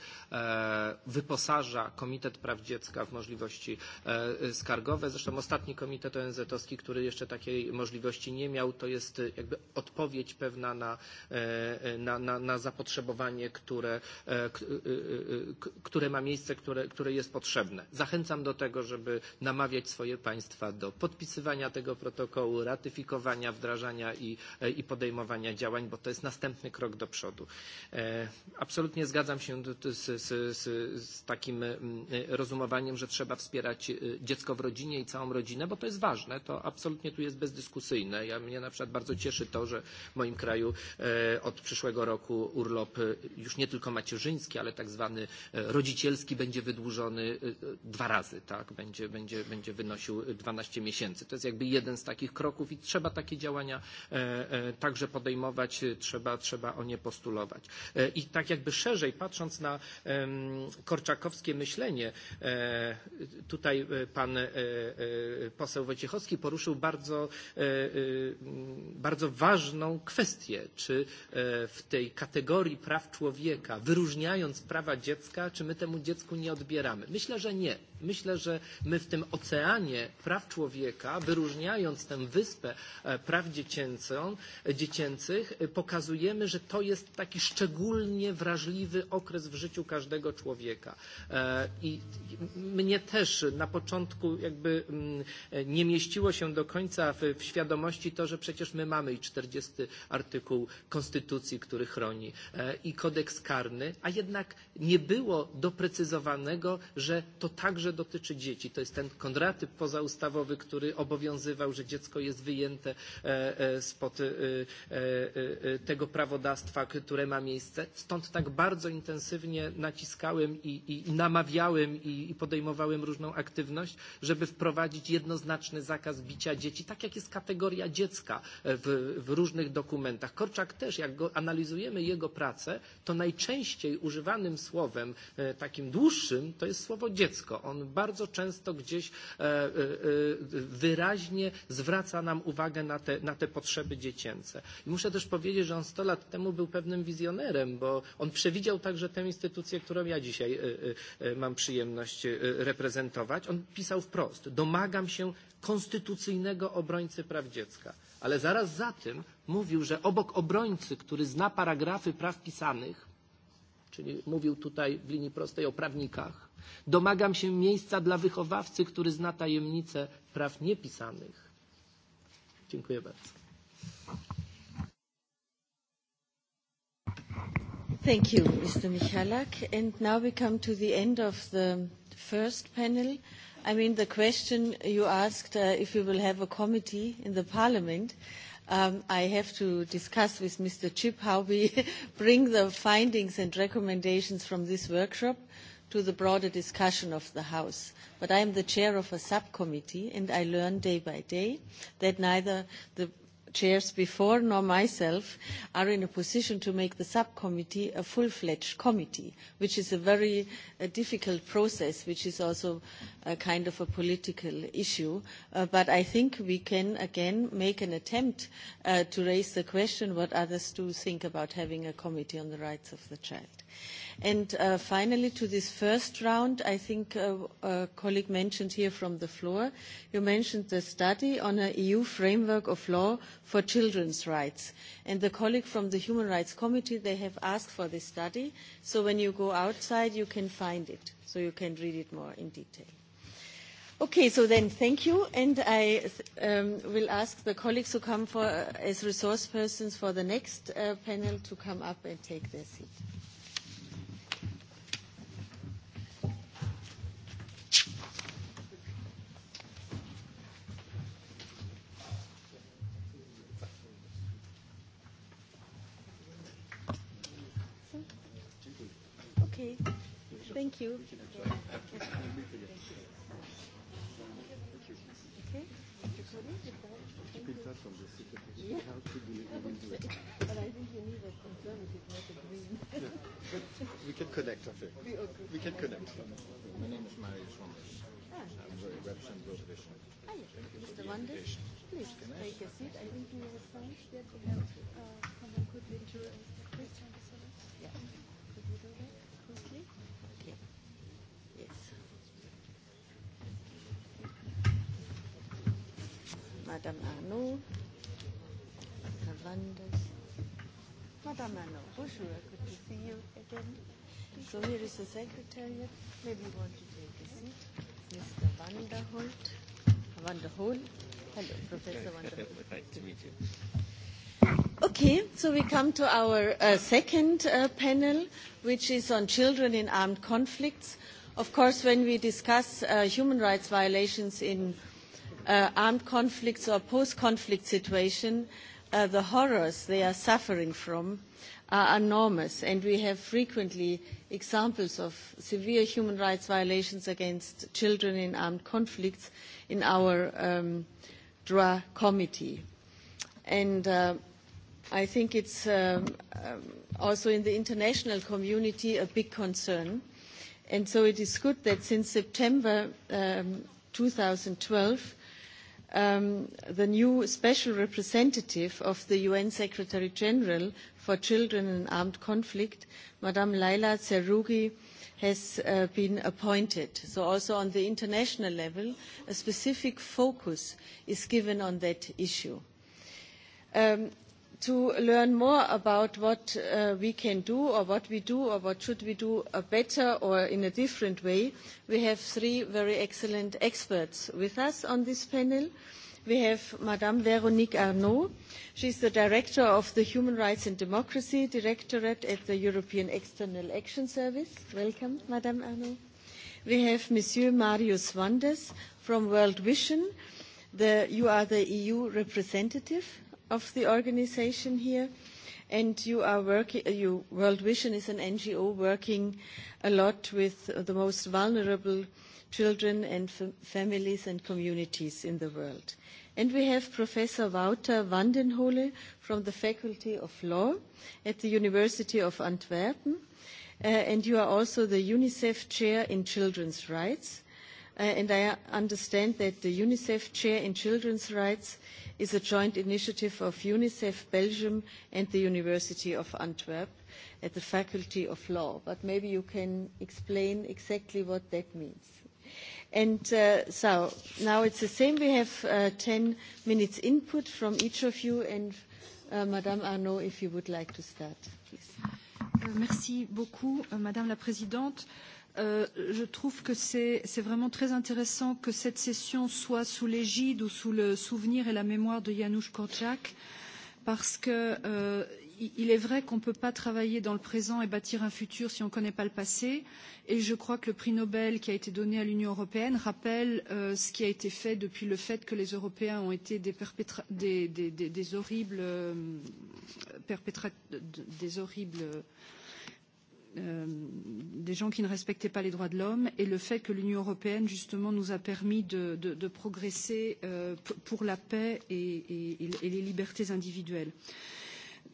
wyposaża Komitet Praw Dziecka w możliwości skargowe. Zresztą ostatni komitet ONZ-owski, który jeszcze takiej możliwości nie miał, to jest jakby odpowiedź pewna na, na, na, na zapotrzebowanie, które, które ma miejsce, które, które jest potrzebne. Zachęcam do tego, żeby namawiać swoje państwa do podpisywania tego protokołu, ratyfikowania, wdrażania i podejmowania działań, bo to jest następny krok do przodu. Absolutnie zgadzam się z takim rozumowaniem, że trzeba wspierać dziecko w rodzinie i całą rodzinę, bo to jest ważne. To absolutnie tu jest bezdyskusyjne. Ja mnie na przykład bardzo cieszy to, że w moim kraju od przyszłego roku urlop już nie tylko macierzyński, ale tak zwany rodzicielski będzie wydłużony dwa razy. Będzie wynosił 12 miesięcy miesięcy. To jest jakby jeden z takich kroków i trzeba takie działania także podejmować, trzeba o nie postulować. I tak jakby szerzej patrząc na korczakowskie myślenie, tutaj pan poseł Wojciechowski poruszył bardzo bardzo ważną kwestię, czy w tej kategorii praw człowieka, wyróżniając prawa dziecka, czy my temu dziecku nie odbieramy. Myślę, że nie Myślę, że my w tym oceanie praw człowieka, wyróżniając tę wyspę praw dziecięcych, pokazujemy, że to jest taki szczególnie wrażliwy okres w życiu każdego człowieka. I mnie też na początku jakby nie mieściło się do końca w świadomości to, że przecież my mamy i 40 artykuł Konstytucji, który chroni, i kodeks karny, a jednak nie było doprecyzowanego, że to także dotyczy dzieci. To jest ten kontratyp pozaustawowy, który obowiązywał, że dziecko jest wyjęte spod tego prawodawstwa, które ma miejsce. Stąd tak bardzo intensywnie naciskałem i namawiałem i podejmowałem różną aktywność, żeby wprowadzić jednoznaczny zakaz bicia dzieci, tak jak jest kategoria dziecka w różnych dokumentach. Korczak też, jak go analizujemy jego pracę, to najczęściej używanym słowem, takim dłuższym, to jest słowo dziecko. On bardzo często gdzieś wyraźnie zwraca nam uwagę na te potrzeby dziecięce. I muszę też powiedzieć, że on 100 lat temu był pewnym wizjonerem, bo on przewidział także tę instytucję, którą ja dzisiaj mam przyjemność reprezentować. On pisał wprost, domagam się konstytucyjnego obrońcy praw dziecka. Ale zaraz za tym mówił, że obok obrońcy, który zna paragrafy praw pisanych, czyli mówił tutaj w linii prostej o prawnikach, Domagam się miejsca dla wychowawcy, który zna tajemnicę praw niepisanych. Dziękuję bardzo. Thank you, Mr. Michalak. And now we come to the end of the first panel. I mean, the question you asked if we will have a committee in the Parliament. I have to discuss with Mr. Chip how we bring the findings and recommendations from this workshop to the broader discussion of the House. But I am the chair of a subcommittee, and I learn day by day that neither the chairs before nor myself are in a position to make the subcommittee a full-fledged committee, which is a very difficult process, which is also a kind of a political issue. But I think we can, again, make an attempt to raise the question what others do think about having a committee on the rights of the child. And finally, to this first round, I think a colleague mentioned here from the floor, you mentioned the study on an EU framework of law for children's rights. And the colleague from the Human Rights Committee, they have asked for this study. So when you go outside, you can find it. So you can read it more in detail. Okay, so then thank you, and I will ask the colleagues who come as resource persons for the next panel to come up and take their seat. Thank you. We can connect, I think. We can connect. My name is Marius Wanders. I'm very represent Ah, yes. Mr. Wanders, please take a seat. I think you have a sign that someone could venture. Please, yes. Madame Arnaud. Madame Arnaud, bonjour. Good to see you again. So here is the secretariat. Maybe you want to take a seat. Mr. Vanderholt. Vanderholt. Hello, Professor Vanderholt. Nice to meet you. Okay, so we come to our uh second uh panel, which is on children in armed conflicts. Of course, when we discuss uh human rights violations in armed conflicts or post-conflict situation, the horrors they are suffering from are enormous, and we have frequently examples of severe human rights violations against children in armed conflicts in our DRA committee. And I think it's also in the international community a big concern. And so it is good that since September 2012, the new special representative of the UN Secretary General for Children in Armed Conflict, Madame Laila Zerougi, has been appointed. So also on the international level, a specific focus is given on that issue to learn more about what we can do or what we do or what should we do better or in a different way, we have three very excellent experts with us on this panel. We have Madame Véronique Arnaud. She is the Director of the Human Rights and Democracy Directorate at the European External Action Service. Welcome, Madame Arnaud. We have Monsieur Marius Wanders from World Vision. You are the EU representative of the organization here. And you are working, World Vision is an NGO working a lot with the most vulnerable children and families and communities in the world. And we have Professor Wouter Vandenhole from the Faculty of Law at the University of Antwerpen. And you are also the UNICEF Chair in Children's Rights and I understand that the UNICEF Chair in Children's Rights is a joint initiative of UNICEF Belgium and the University of Antwerp at the Faculty of Law. But maybe you can explain exactly what that means. And so now it's the same. We have 10 minutes input from each of you. And Madame Arnaud, if you would like to start, please. Merci beaucoup, Madame la Présidente je trouve que c'est vraiment très intéressant que cette session soit sous l'égide ou sous le souvenir et la mémoire de Janusz Korczak, parce qu'il est vrai qu'on ne peut pas travailler dans le présent et bâtir un futur si on ne connaît pas le passé. Et je crois que le prix Nobel qui a été donné à l'Union européenne rappelle ce qui a été fait depuis le fait que les Européens ont été des horribles des gens qui ne respectaient pas les droits de l'homme et le fait que l'Union européenne, justement, nous a permis de progresser pour la paix et les libertés individuelles.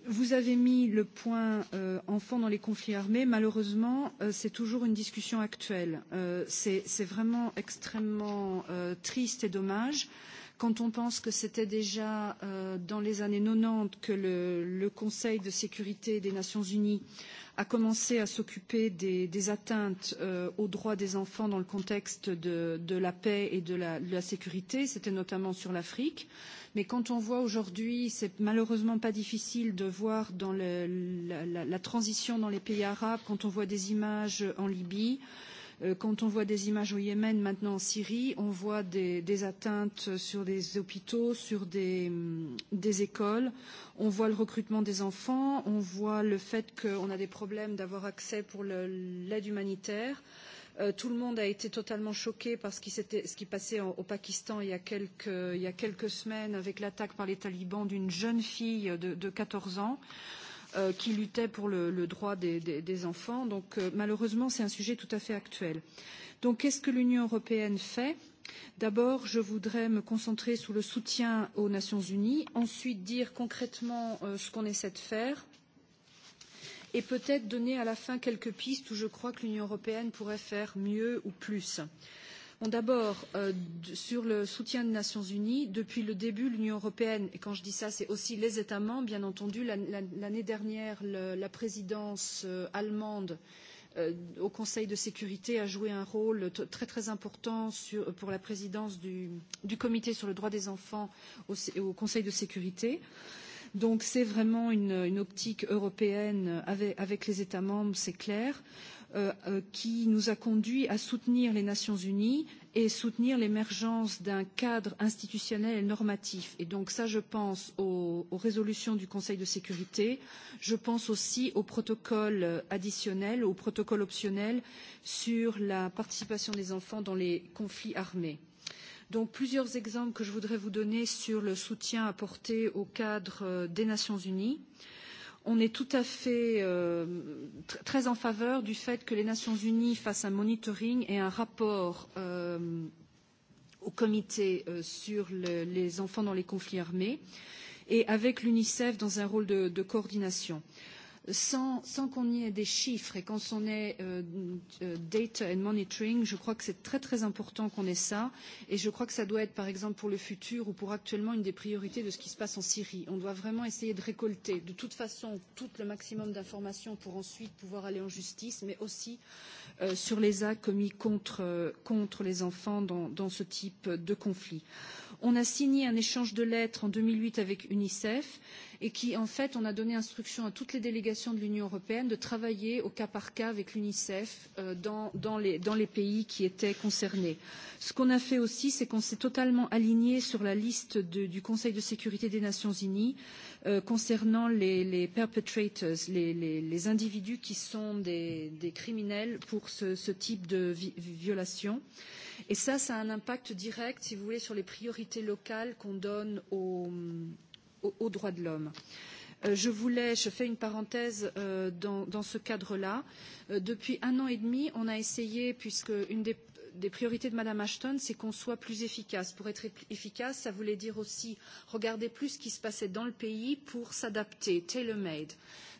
Vous avez mis le point enfant dans les conflits armés. Malheureusement, c'est toujours une discussion actuelle. C'est vraiment extrêmement triste et dommage quand on pense que c'était déjà dans les années 90 que le Conseil de sécurité des Nations Unies a commencé à s'occuper des atteintes aux droits des enfants dans le contexte de la paix et de la sécurité. C'était notamment sur l'Afrique. Mais quand on voit aujourd'hui, c'est malheureusement pas difficile de voir dans la transition dans les pays arabes, quand on voit des images en Libye, Quand on voit des images au Yémen, maintenant en Syrie, on voit des atteintes sur des hôpitaux, sur des écoles. On voit le recrutement des enfants, on voit le fait qu'on a des problèmes d'avoir accès pour l'aide humanitaire. Tout le monde a été totalement choqué par ce qui passait au Pakistan il y a quelques semaines avec l'attaque par les talibans d'une jeune fille de 14 ans qui luttaient pour le droit des enfants. Donc malheureusement, c'est un sujet tout à fait actuel. Donc qu'est-ce que l'Union européenne fait D'abord, je voudrais me concentrer sur le soutien aux Nations unies, ensuite dire concrètement ce qu'on essaie de faire et peut-être donner à la fin quelques pistes où je crois que l'Union européenne pourrait faire mieux ou plus d'abord, sur le soutien des Nations Unies, depuis le début, l'Union européenne, et quand je dis ça, c'est aussi les États membres, bien entendu, l'année dernière, la présidence allemande au Conseil de sécurité a joué un rôle très très important pour la présidence du comité sur le droit des enfants au Conseil de sécurité. Donc c'est vraiment une optique européenne avec les États membres, c'est clair qui nous a conduit à soutenir les Nations Unies et soutenir l'émergence d'un cadre institutionnel et normatif. Et donc ça, je pense aux résolutions du Conseil de sécurité. Je pense aussi au protocole additionnel, au protocole optionnel sur la participation des enfants dans les conflits armés. Donc plusieurs exemples que je voudrais vous donner sur le soutien apporté au cadre des Nations Unies on est tout à fait très en faveur du fait que les Nations Unies fassent un monitoring et un rapport au comité sur les enfants dans les conflits armés et avec l'UNICEF dans un rôle de coordination sans qu'on y ait des chiffres et quand on ait data and monitoring, je crois que c'est très très important qu'on ait ça et je crois que ça doit être par exemple pour le futur ou pour actuellement une des priorités de ce qui se passe en Syrie. On doit vraiment essayer de récolter de toute façon tout le maximum d'informations pour ensuite pouvoir aller en justice mais aussi sur les actes commis contre les enfants dans ce type de conflit on a signé un échange de lettres en 2008 avec UNICEF et qui, en fait, on a donné instruction à toutes les délégations de l'Union européenne de travailler au cas par cas avec l'UNICEF dans les pays qui étaient concernés. Ce qu'on a fait aussi, c'est qu'on s'est totalement aligné sur la liste du Conseil de sécurité des Nations unies concernant les perpetrators, les individus qui sont des criminels pour ce type de violation. Et ça, ça a un impact direct, si vous voulez, sur les priorités locales qu'on donne aux droits de l'homme. Je voulais, je fais une parenthèse dans ce cadre-là. Depuis un an et demi, on a essayé, puisque une des des priorités de madame Ashton, c'est qu'on soit plus efficace. Pour être efficace, ça voulait dire aussi regarder plus ce qui se passait dans le pays pour s'adapter, tailor-made.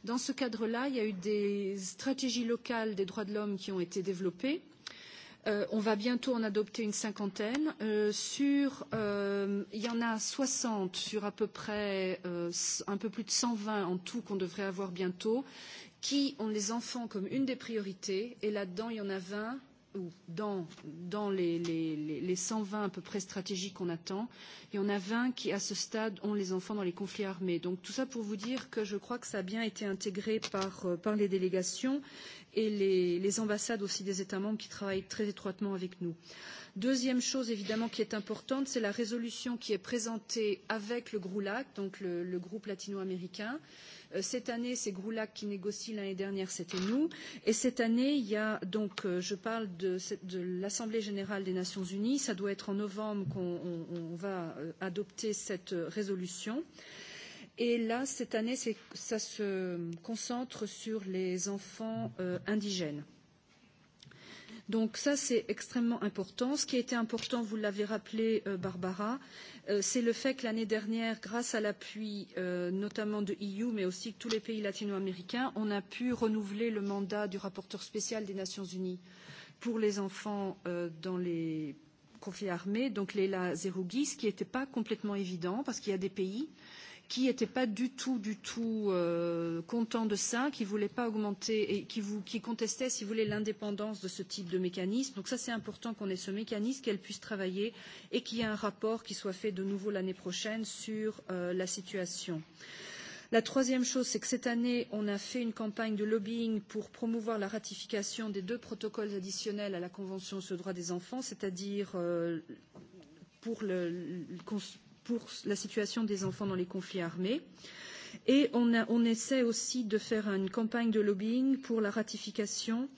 Dans ce cadre-là, il y a eu des stratégies locales des droits de l'homme qui ont été développées On va bientôt en adopter une cinquantaine. Sur, il y en a 60 sur à peu près un peu plus de 120 en tout qu'on devrait avoir bientôt, qui ont les enfants comme une des priorités. Et là-dedans, il y en a 20 ou dans, les, les, les 120 à peu près stratégiques qu'on attend, il y en a 20 qui, à ce stade, ont les enfants dans les conflits armés. Donc tout ça pour vous dire que je crois que ça a bien été intégré par les délégations et les ambassades aussi des États membres qui travaillent très étroitement avec nous. Deuxième chose évidemment qui est importante, c'est la résolution qui est présentée avec le GRULAC, donc le groupe latino-américain. Cette année, c'est GRULAC qui négocie, l'année dernière c'était nous. Et cette année, il y a donc, je parle de l'Assemblée générale des Nations unies, ça doit être en novembre qu'on va adopter cette résolution. Et là, cette année, ça se concentre sur les enfants indigènes. Donc ça, c'est extrêmement important. Ce qui a été important, vous l'avez rappelé, Barbara, c'est le fait que l'année dernière, grâce à l'appui notamment de EU, mais aussi de tous les pays latino-américains, on a pu renouveler le mandat du rapporteur spécial des Nations Unies pour les enfants dans les conflits armés, donc Leila Zerougui, ce qui n'était pas complètement évident, parce qu'il y a des pays qui n'étaient pas du tout, du tout contents de ça, qui ne voulaient pas augmenter et qui contestaient, si vous voulez, l'indépendance de ce type de mécanisme. Donc ça, c'est important qu'on ait ce mécanisme, qu'elle puisse travailler et qu'il y ait un rapport qui soit fait de nouveau l'année prochaine sur la situation. La troisième chose, c'est que cette année, on a fait une campagne de lobbying pour promouvoir la ratification des deux protocoles additionnels à la Convention sur le droit des enfants, c'est-à-dire pour le pour la situation des enfants dans les conflits armés. Et on essaie aussi de faire une campagne de lobbying pour la ratification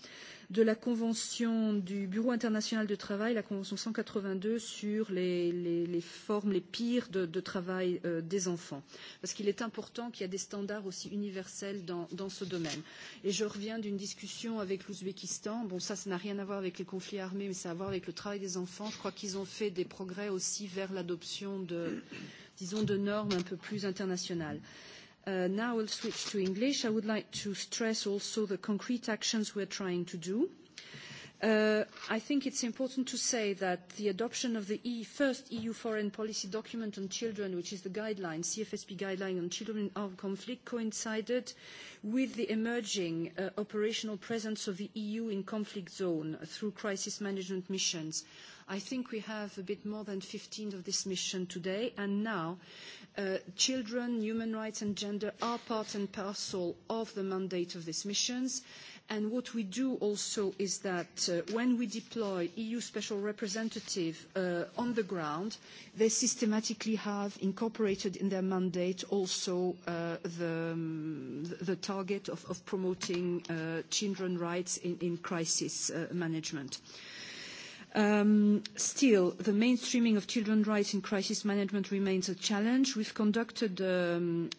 de la Convention du Bureau international de travail, la Convention 182, sur les formes les pires de travail des enfants. Parce qu'il est important qu'il y ait des standards aussi universels dans ce domaine. Et je reviens d'une discussion avec l'Ouzbékistan. Bon, ça, ça n'a rien à voir avec les conflits armés, mais ça a à voir avec le travail des enfants. Je crois qu'ils ont fait des progrès aussi vers l'adoption de, disons, de normes un peu plus internationales. Now I'll switch to English. I would like to stress also the concrete actions we are trying to do. I think it's important to say that the adoption of the first EU foreign policy document on children, which is the guideline, CFSP guideline on children in armed conflict, coincided with the emerging operational presence of the EU in conflict zone through crisis management missions. I think we have a bit more than 15 of this mission today, and now children, human rights and gender are part and parcel of the mandate of these missions. And what we do also is that when we deploy EU special representative on the ground, they systematically have incorporated in their mandate also the target of promoting children's rights in crisis management. Still, the mainstreaming of children's rights in crisis management remains a challenge. We've conducted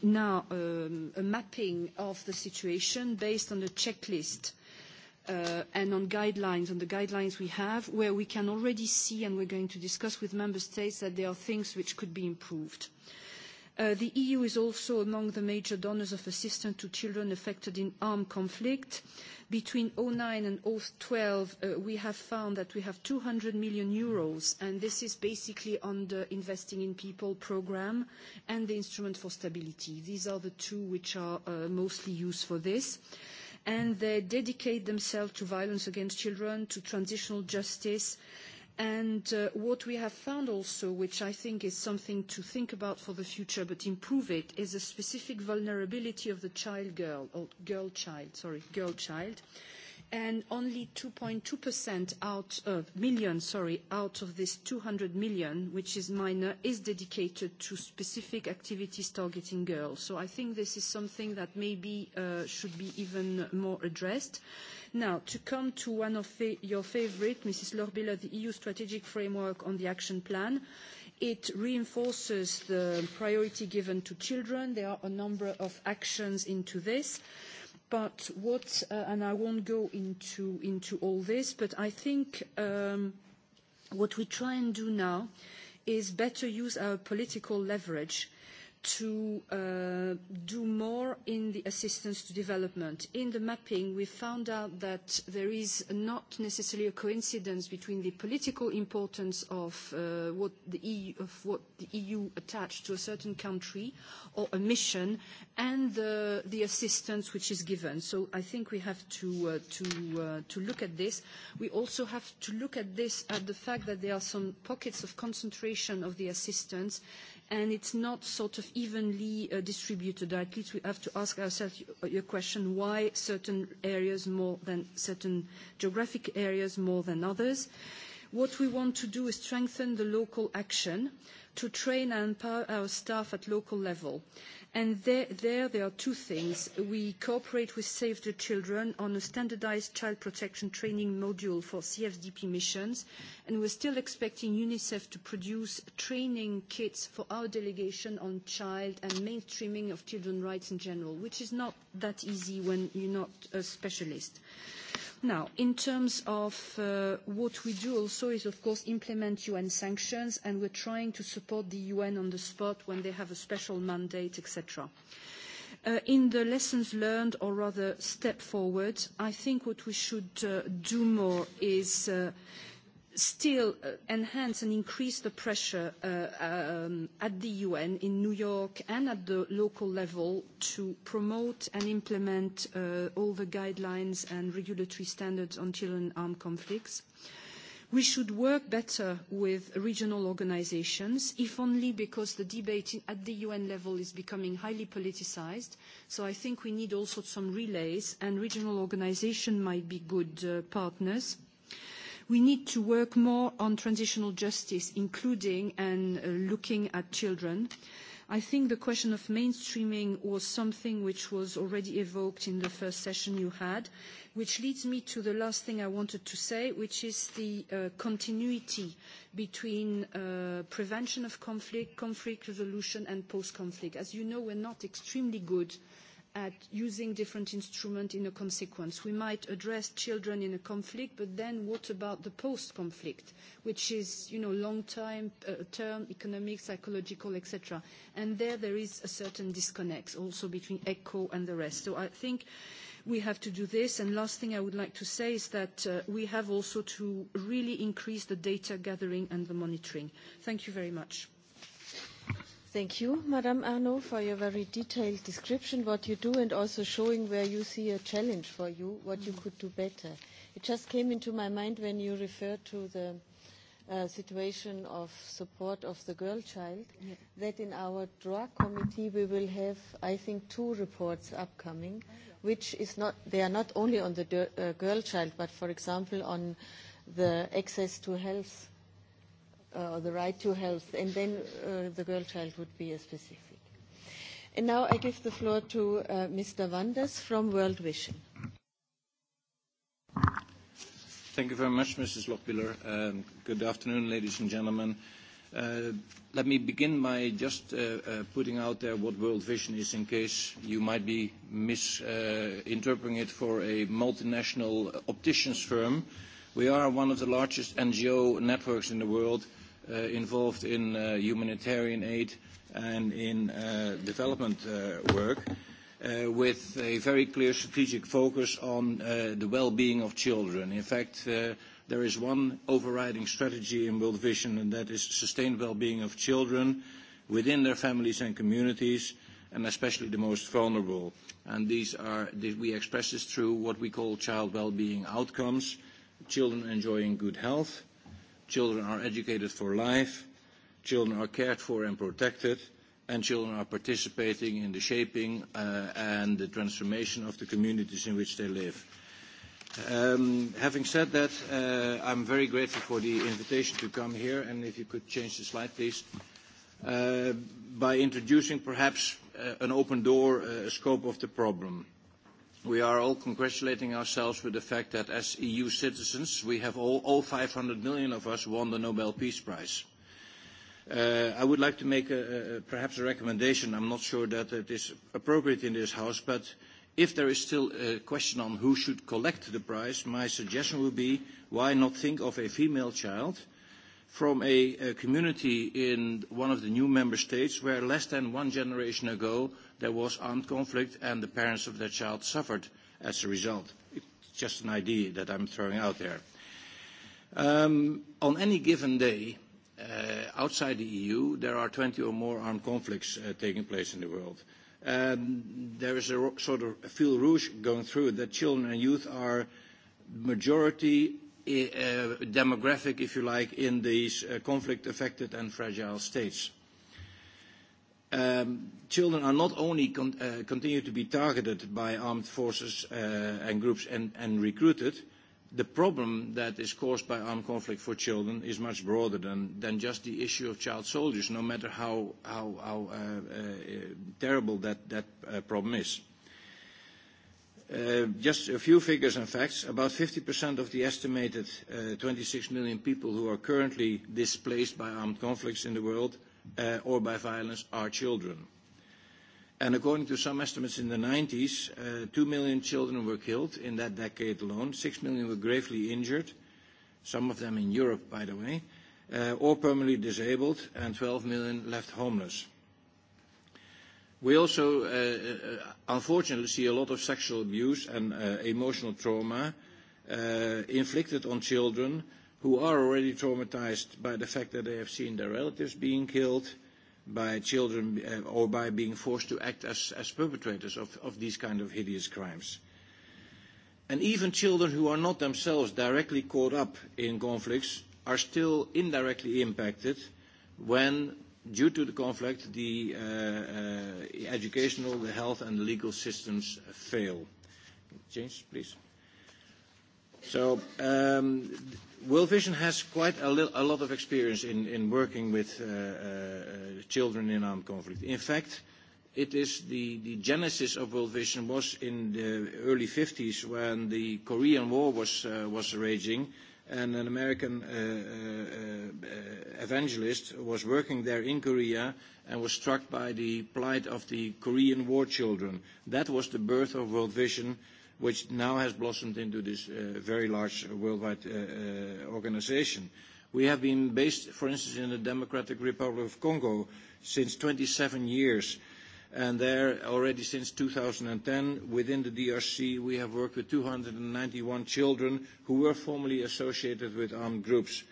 now a mapping of the situation based on the checklist and on guidelines, on the guidelines we have, where we can already see, and we're going to discuss with member states, that there are things which could be improved. The EU is also among the major donors of assistance to children affected in armed conflict. Between 2009 and 2012, we have found that we have 200 million euros, and this is basically on the Investing in People programme and the Instrument for Stability. These are the two which are mostly used for this. And they dedicate themselves to violence against children, to transitional justice And what we have found also, which I think is something to think about for the future but improve it, is a specific vulnerability of the child girl, or girl child, sorry, girl child. And only 2.2% out of million, sorry, out of this 200 million, which is minor, is dedicated to specific activities targeting girls. So I think this is something that maybe should be even more addressed. Now, to come to one of your favorite, Mrs. Lorbiller, the EU strategic framework on the action plan. It reinforces the priority given to children. There are a number of actions into this. But what, and I won't go into all this, but I think what we try and do now is better use our political leverage to do more in the assistance to development. In the mapping, we found out that there is not necessarily a coincidence between the political importance of what the EU attached to a certain country or a mission and the assistance which is given. So I think we have to look at this. We also have to look at this at the fact that there are some pockets of concentration of the assistance and it's not sort of evenly distributed. At least we have to ask ourselves your question, why certain areas more than certain geographic areas more than others. What we want to do is strengthen the local action to train and empower our staff at local level. And there, there are two things. We cooperate with Save the Children on a standardized child protection training module for CFDP missions, and we are still expecting UNICEF to produce training kits for our delegation on child and mainstreaming of children's rights in general, which is not that easy when you're not a specialist. Now, in terms of what we do also is, of course, implement UN sanctions, and we're trying to support the UN on the spot when they have a special mandate, etc. In the lessons learned, or rather step forward, I think what we should do more is still enhance and increase the pressure at the UN in New York and at the local level to promote and implement all the guidelines and regulatory standards on children armed conflicts. We should work better with regional organisations, if only because the debate at the UN level is becoming highly politicised. So I think we need also some relays, and regional organisations might be good partners. We need to work more on transitional justice, including and looking at children. I think the question of mainstreaming was something which was already evoked in the first session you had, which leads me to the last thing I wanted to say, which is the continuity between prevention of conflict, conflict resolution and post-conflict. As you know, we're not extremely good at using different instruments in a consequence. We might address children in a conflict, but then what about the post-conflict, which is, you know, long-term, economic, psychological, etc. And there, there is a certain disconnect also between ECHO and the rest. So I think we have to do this. And last thing I would like to say is that we have also to really increase the data gathering and the monitoring. Thank you very much. Thank you, Madam Arnaud, for your very detailed description, what you do, and also showing where you see a challenge for you, what you could do better. It just came into my mind when you referred to the situation of support of the girl child, that in our draw committee we will have, I think, two reports upcoming, which is not, they are not only on the girl child, but for example on the access to health or the right to health, and then the girl child would be a specific. And now I give the floor to Mr. Wanders from World Vision. Thank you very much, Mrs. Lockbiller. Good afternoon, ladies and gentlemen. Let me begin by just putting out there what World Vision is in case you might be misinterpreting it for a multinational opticians firm. We are one of the largest NGO networks in the world involved in humanitarian aid and in development work with a very clear strategic focus on the well-being of children. In fact, there is one overriding strategy in World Vision, and that is sustained well-being of children within their families and communities, and especially the most vulnerable. And these are, we express this through what we call child well-being outcomes, children enjoying good health, children are educated for life, children are cared for and protected, and children are participating in the shaping and the transformation of the communities in which they live. Having said that, I'm very grateful for the invitation to come here, and if you could change the slide, please. By introducing perhaps an open door scope of the problem we are all congratulating ourselves with the fact that as EU citizens, we have all 500 million of us won the Nobel Peace Prize. I would like to make perhaps a recommendation. I'm not sure that it is appropriate in this House, but if there is still a question on who should collect the prize, my suggestion would be why not think of a female child from a community in one of the new member states where less than one generation ago there was armed conflict and the parents of their child suffered as a result. It's just an idea that I'm throwing out there. On any given day, outside the EU, there are 20 or more armed conflicts taking place in the world. There is a sort of fil rouge going through that children and youth are majority demographic, if you like, in these conflict-affected and fragile states. Children are not only continue to be targeted by armed forces and groups and recruited, the problem that is caused by armed conflict for children is much broader than just the issue of child soldiers, no matter how terrible that problem is. Just a few figures and facts. About 50% of the estimated 26 million people who are currently displaced by armed conflicts in the world or by violence are children. And according to some estimates in the 90s, 2 million children were killed in that decade alone. 6 million were gravely injured, some of them in Europe, by the way, or permanently disabled, and 12 million left homeless. We also, unfortunately, see a lot of sexual abuse and emotional trauma inflicted on children who are already traumatized by the fact that they have seen their relatives being killed, by children or by being forced to act as perpetrators of these kind of hideous crimes. And even children who are not themselves directly caught up in conflicts are still indirectly impacted when, due to the conflict, the educational, the health and the legal systems fail. please. So World Vision has quite a lot of experience in working with children in armed conflict. In fact, it is the genesis of World Vision was in the early 50s when the Korean War was raging, and an American evangelist was working there in Korea and was struck by the plight of the Korean War children. That was the birth of World Vision which now has blossomed into this very large worldwide organization. We have been based, for instance, in the Democratic Republic of Congo since 27 years, and there already since 2010, within the DRC, we have worked with 291 children who were formerly associated with armed groups.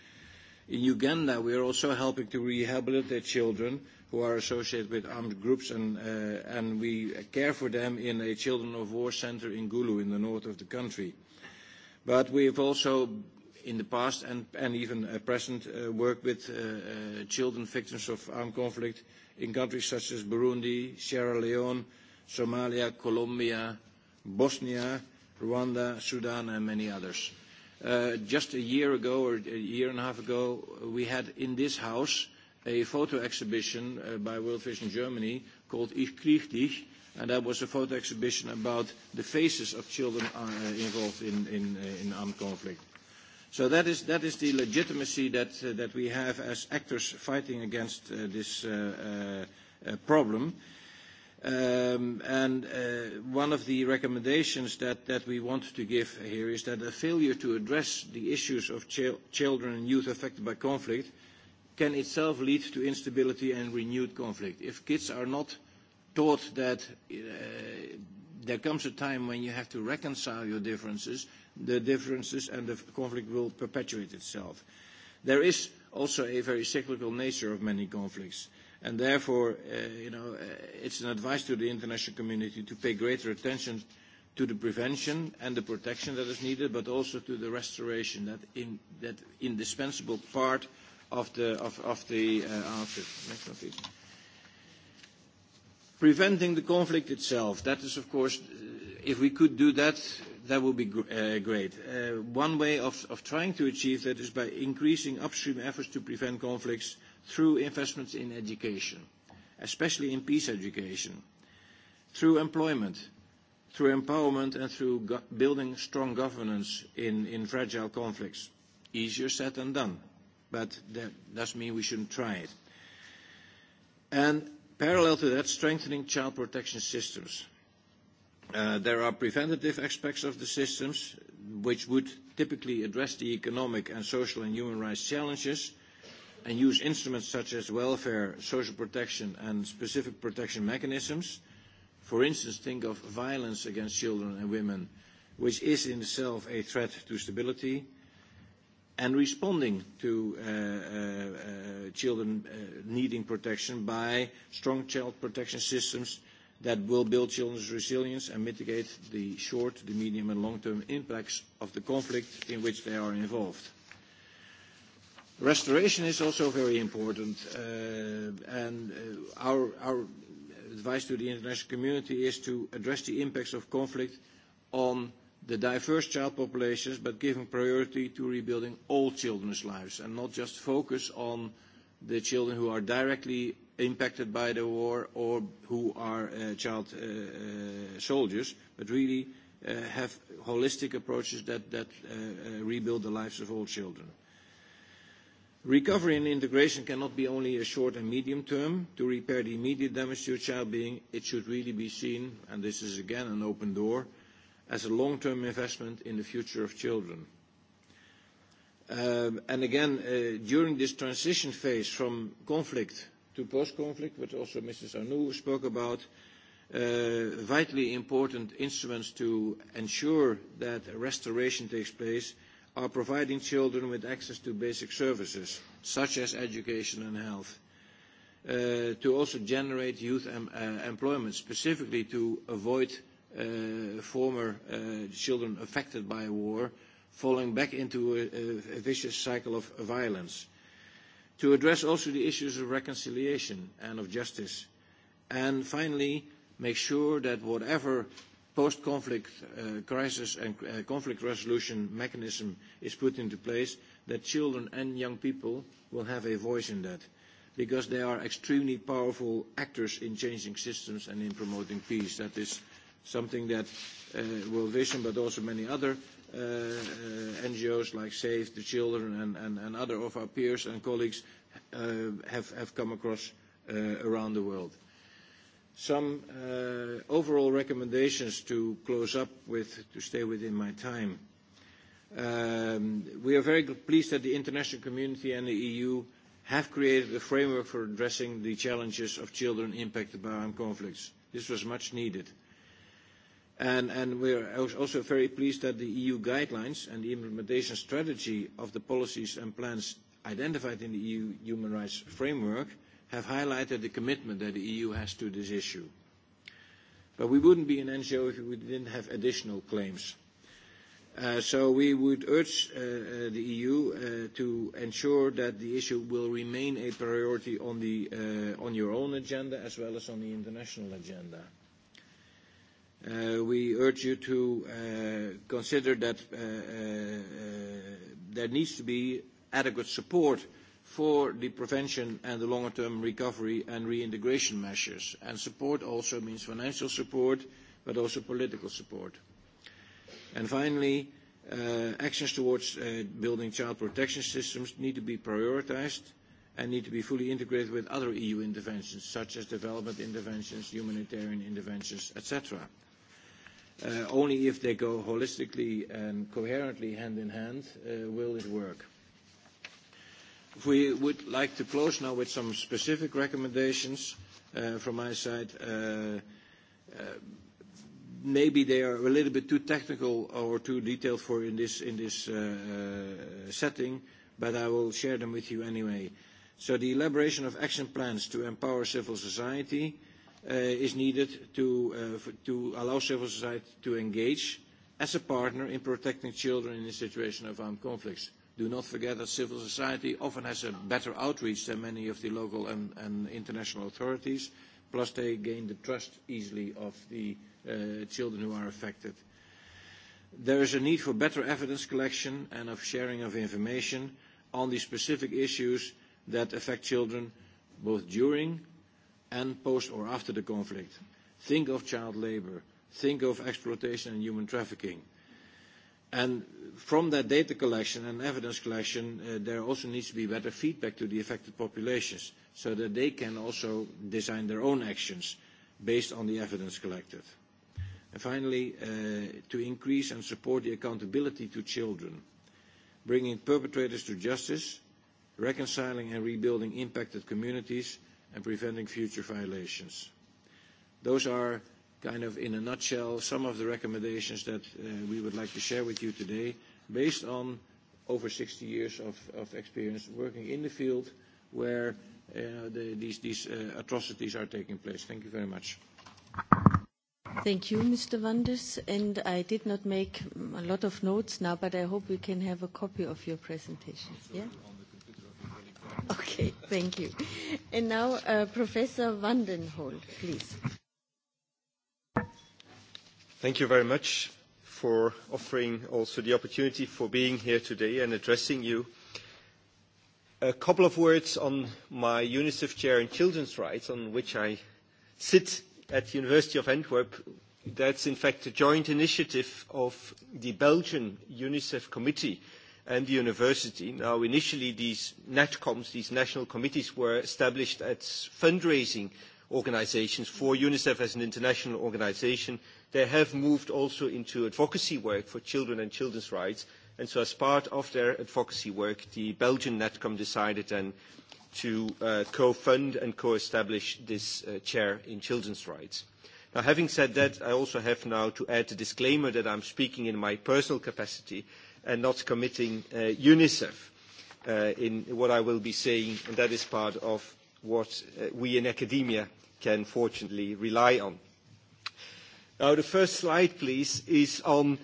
In Uganda, we are also helping to rehabilitate children who are associated with armed groups, and we care for them in a children of war center in Gulu, in the north of the country. But we have also, in the past and even at present, worked with children victims of armed conflict in countries such as Burundi, Sierra Leone, Somalia, Colombia, Bosnia, Rwanda, Sudan, and many others. Just a year ago or a year and a half ago, we had in this house a photo exhibition by World Vision Germany called Ich krieg dich, and that was a photo exhibition about the faces of children involved in armed conflict. So that is the legitimacy that we have as actors fighting against this problem. And one of the recommendations that we want to give here is that a failure to address the issues of children and youth affected by conflict can itself lead to instability and renewed conflict. If kids are not taught that there comes a time when you have to reconcile your differences, the differences and the conflict will perpetuate itself. There is also a very cyclical nature of many conflicts. And therefore, you know, it's an advice to the international community to pay greater attention to the prevention and the protection that is needed, but also to the restoration, that that indispensable part of the of the Preventing the conflict itself. That is, of course, if we could do that, that would be great. One way of trying to achieve that is by increasing upstream efforts to prevent conflicts through investments in education, especially in peace education, through employment, through empowerment and through building strong governance in fragile conflicts. Easier said than done, but that doesn't mean we shouldn't try it. And parallel to that, strengthening child protection systems. There are preventative aspects of the systems which would typically address the economic and social and human rights challenges and use instruments such as welfare, social protection and specific protection mechanisms. For instance, think of violence against children and women, which is in itself a threat to stability, and responding to children needing protection by strong child protection systems that will build children's resilience and mitigate the short, the medium and long-term impacts of the conflict in which they are involved. Restoration is also very important, and our advice to the international community is to address the impacts of conflict on the diverse child populations, but giving priority to rebuilding all children's lives, and not just focus on the children who are directly impacted by the war or who are child soldiers, but really have holistic approaches that rebuild the lives of all children. Recovery and integration cannot be only a short and medium term. To repair the immediate damage to a child being, it should really be seen, and this is again an open door, as a long-term investment in the future of children. And again, during this transition phase from conflict to post-conflict, which also Mrs. Arnoux spoke about, vitally important instruments to ensure that restoration takes place are providing children with access to basic services, such as education and health, to also generate youth employment, specifically to avoid former children affected by war falling back into a vicious cycle of violence, to address also the issues of reconciliation and of justice, and finally, make sure that whatever post-conflict crisis and conflict resolution mechanism is put into place, that children and young people will have a voice in that, because they are extremely powerful actors in changing systems and in promoting peace. That is something that World Vision, but also many other NGOs like Save the Children and other of our peers and colleagues have come across around the world. Some overall recommendations to close up with, to stay within my time. We are very pleased that the international community and the EU have created a framework for addressing the challenges of children impacted by armed conflicts. This was much needed. And we are also very pleased that the EU guidelines and the implementation strategy of the policies and plans identified in the EU human rights framework have highlighted the commitment that the EU has to this issue. But we wouldn't be an NGO if we didn't have additional claims. So we would urge the EU to ensure that the issue will remain a priority on your own agenda as well as on the international agenda. We urge you to consider that there needs to be adequate support for the prevention and the longer-term recovery and reintegration measures. And support also means financial support, but also political support. And finally, actions towards building child protection systems need to be prioritized and need to be fully integrated with other EU interventions, such as development interventions, humanitarian interventions, etc. Only if they go holistically and coherently hand in hand will it work. We would like to close now with some specific recommendations from my side. Maybe they are a little bit too technical or too detailed for in this in this setting, but I will share them with you anyway. So the elaboration of action plans to empower civil society is needed to to allow civil society to engage as a partner in protecting children in a situation of armed conflicts do not forget that civil society often has a better outreach than many of the local and international authorities, plus they gain the trust easily of the children who are affected. There is a need for better evidence collection and of sharing of information on the specific issues that affect children both during and post or after the conflict. Think of child labour. Think of exploitation and human trafficking. And from that data collection and evidence collection, there also needs to be better feedback to the affected populations so that they can also design their own actions based on the evidence collected. And finally, to increase and support the accountability to children, bringing perpetrators to justice, reconciling and rebuilding impacted communities, and preventing future violations. Those are kind of in a nutshell some of the recommendations that we would like to share with you today based on over 60 years of experience working in the field where these atrocities are taking place. Thank you very much. Thank you, Mr. Wanders. And I did not make a lot of notes now, but I hope we can have a copy of your presentation. Yeah? Okay, thank you. And now, Professor Hol, please. Thank you very much for offering also the opportunity for being here today and addressing you. A couple of words on my UNICEF chair in children's rights, on which I sit at the University of Antwerp. That's in fact a joint initiative of the Belgian UNICEF committee and the university. Now, initially, these NATCOMs, these national committees, were established as fundraising organisations for UNICEF as an international organisation. They have moved also into advocacy work for children and children's rights. And so as part of their advocacy work, the Belgian NETCOM decided then to co-fund and co-establish this chair in children's rights. Now, having said that, I also have now to add the disclaimer that I'm speaking in my personal capacity and not committing UNICEF in what I will be saying, and that is part of what we in academia can fortunately rely on. Now, the first slide, please, is on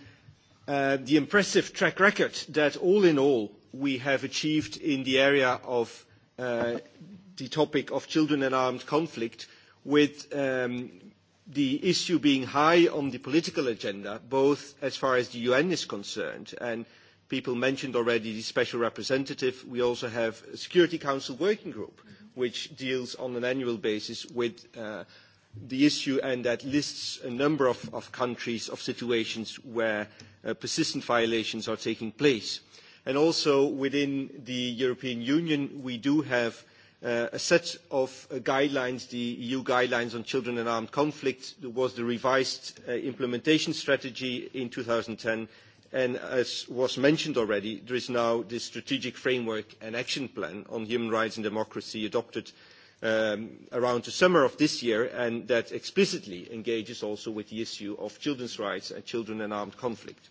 the impressive track record that, all in all, we have achieved in the area of the topic of children and armed conflict, with the issue being high on the political agenda, both as far as the UN is concerned, and people mentioned already the Special Representative. We also have a Security Council Working Group which deals on an annual basis with the issue and that lists a number of countries, of situations where persistent violations are taking place. And also within the European Union, we do have a set of guidelines, the EU guidelines on children and armed conflict. There was the revised implementation strategy in 2010 And as was mentioned already, there is now this strategic framework and action plan on human rights and democracy adopted around the summer of this year, and that explicitly engages also with the issue of children's rights and children in armed conflict.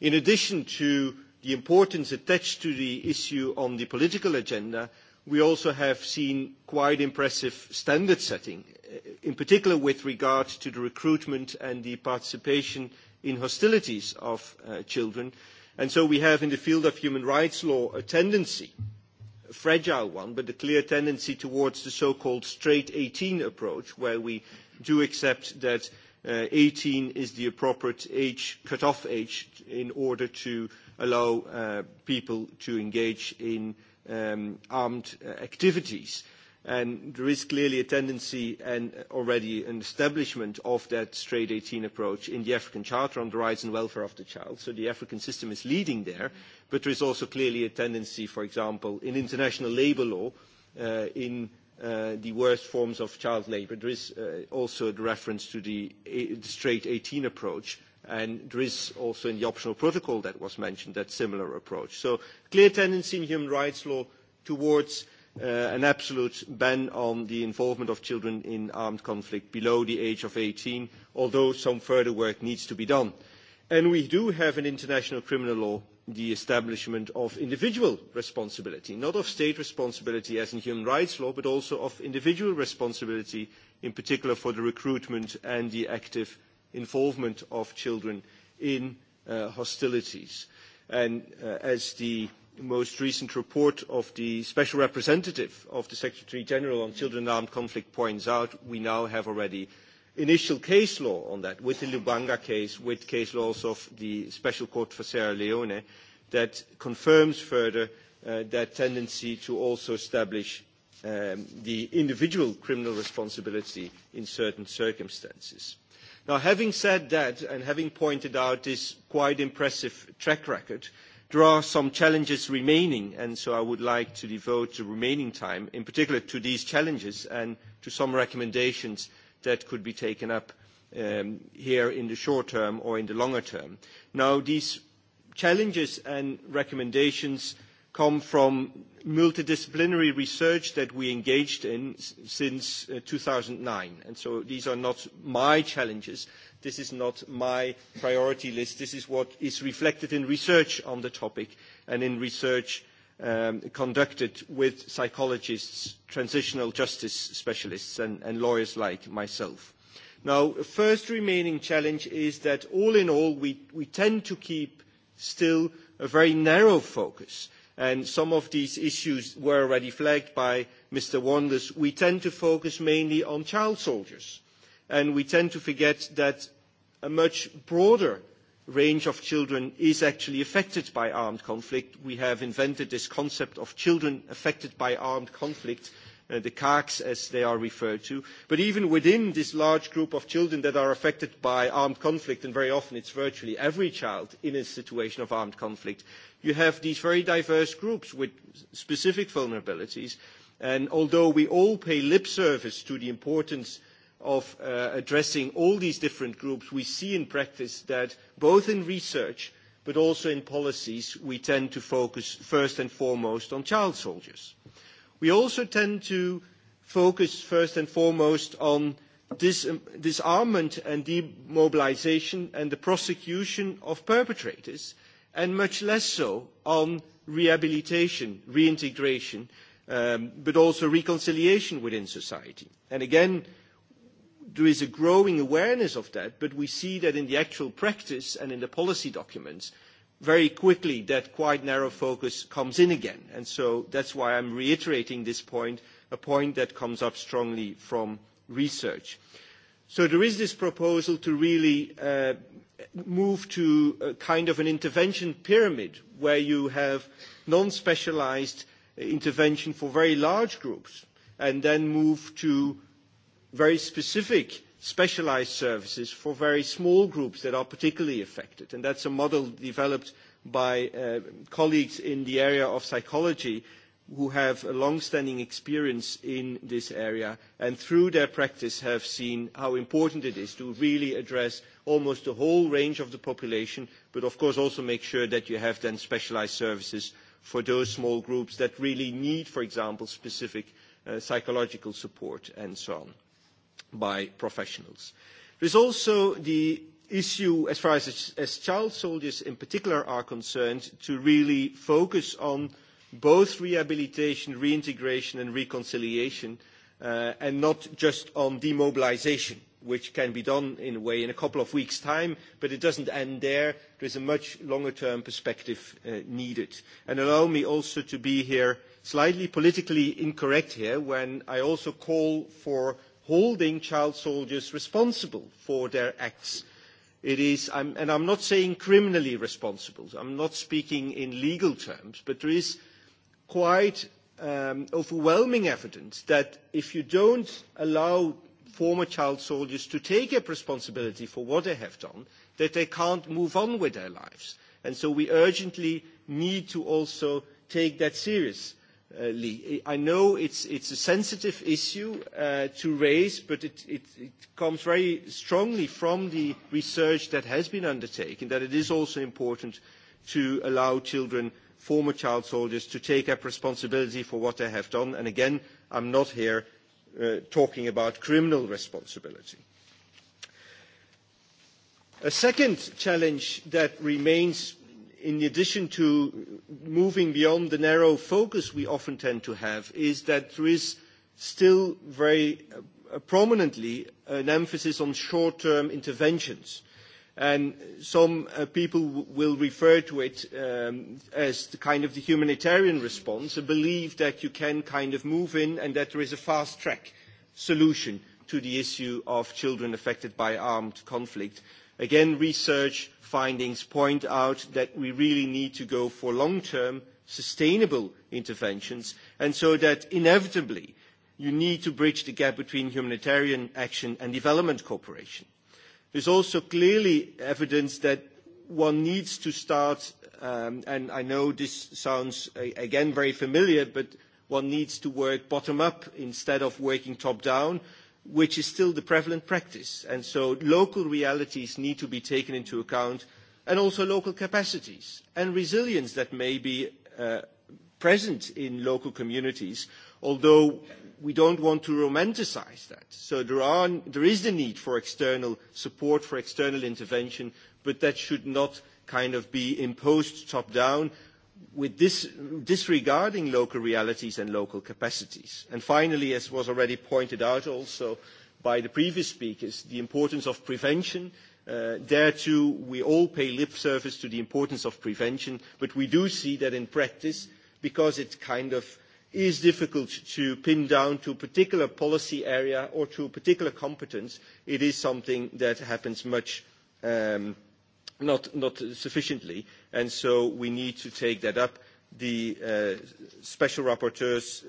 In addition to the importance attached to the issue on the political agenda, we also have seen quite impressive standard setting, in particular with regard to the recruitment and the participation in hostilities of children. And so we have in the field of human rights law a tendency, a fragile one, but a clear tendency towards the so-called straight 18 approach, where we do accept that 18 is the appropriate age, cut-off age, in order to allow people to engage in armed activities and there is clearly a tendency and already an establishment of that straight 18 approach in the African Charter on the Rights and Welfare of the Child. So the African system is leading there, but there is also clearly a tendency, for example, in international labour law, in the worst forms of child labour, there is also a reference to the straight 18 approach, and there is also in the optional protocol that was mentioned that similar approach. So clear tendency in human rights law towards an absolute ban on the involvement of children in armed conflict below the age of 18, although some further work needs to be done. And we do have in international criminal law the establishment of individual responsibility, not of state responsibility as in human rights law, but also of individual responsibility, in particular for the recruitment and the active involvement of children in hostilities. And as the most recent report of the Special Representative of the Secretary General on Children in Armed Conflict points out, we now have already initial case law on that, with the Lubanga case, with case laws of the Special Court for Sierra Leone, that confirms further that tendency to also establish the individual criminal responsibility in certain circumstances. Now, having said that, and having pointed out this quite impressive track record, There are some challenges remaining, and so I would like to devote the remaining time, in particular, to these challenges and to some recommendations that could be taken up here in the short term or in the longer term. Now, these challenges and recommendations come from multidisciplinary research that we engaged in since 2009, and so these are not my challenges. This is not my priority list. This is what is reflected in research on the topic and in research conducted with psychologists, transitional justice specialists and lawyers like myself. Now, the first remaining challenge is that all in all, we tend to keep still a very narrow focus. And some of these issues were already flagged by Mr. Wanders. We tend to focus mainly on child soldiers. And we tend to forget that a much broader range of children is actually affected by armed conflict. We have invented this concept of children affected by armed conflict, the CACs as they are referred to. But even within this large group of children that are affected by armed conflict, and very often it's virtually every child in a situation of armed conflict, you have these very diverse groups with specific vulnerabilities. And although we all pay lip service to the importance of addressing all these different groups, we see in practice that both in research but also in policies, we tend to focus first and foremost on child soldiers. We also tend to focus first and foremost on disarmament and demobilisation and the prosecution of perpetrators, and much less so on rehabilitation, reintegration, but also reconciliation within society. And again, there is a growing awareness of that, but we see that in the actual practice and in the policy documents, very quickly that quite narrow focus comes in again. And so that's why I'm reiterating this point, a point that comes up strongly from research. So there is this proposal to really move to a kind of an intervention pyramid where you have non-specialized intervention for very large groups and then move to very specific specialized services for very small groups that are particularly affected. And that's a model developed by colleagues in the area of psychology who have a long-standing experience in this area and through their practice have seen how important it is to really address almost the whole range of the population, but of course also make sure that you have then specialized services for those small groups that really need, for example, specific psychological support and so on by professionals. There is also the issue, as far as child soldiers in particular are concerned, to really focus on both rehabilitation, reintegration and reconciliation, and not just on demobilisation, which can be done in a way in a couple of weeks' time, but it doesn't end there. There is a much longer-term perspective needed. And allow me also to be here slightly politically incorrect here when I also call for holding child soldiers responsible for their acts. It is, and I'm not saying criminally responsible, I'm not speaking in legal terms, but there is quite overwhelming evidence that if you don't allow former child soldiers to take up responsibility for what they have done, that they can't move on with their lives. And so we urgently need to also take that seriously. Lee. I know it's a sensitive issue to raise, but it comes very strongly from the research that has been undertaken that it is also important to allow children, former child soldiers, to take up responsibility for what they have done. And again, I'm not here talking about criminal responsibility. A second challenge that remains in addition to moving beyond the narrow focus we often tend to have, is that there is still very prominently an emphasis on short-term interventions. And some people will refer to it as the kind of the humanitarian response, a belief that you can kind of move in and that there is a fast-track solution to the issue of children affected by armed conflict Again, research findings point out that we really need to go for long-term, sustainable interventions, and so that inevitably you need to bridge the gap between humanitarian action and development cooperation. There is also clearly evidence that one needs to start, and I know this sounds again very familiar, but one needs to work bottom up instead of working top down which is still the prevalent practice. And so local realities need to be taken into account, and also local capacities and resilience that may be present in local communities, although we don't want to romanticize that. So there is the need for external support, for external intervention, but that should not kind of be imposed top-down, with disregarding local realities and local capacities. And finally, as was already pointed out also by the previous speakers, the importance of prevention. There too, we all pay lip service to the importance of prevention, but we do see that in practice, because it kind of is difficult to pin down to a particular policy area or to a particular competence, it is something that happens much not sufficiently, and so we need to take that up. The Special Rapporteur's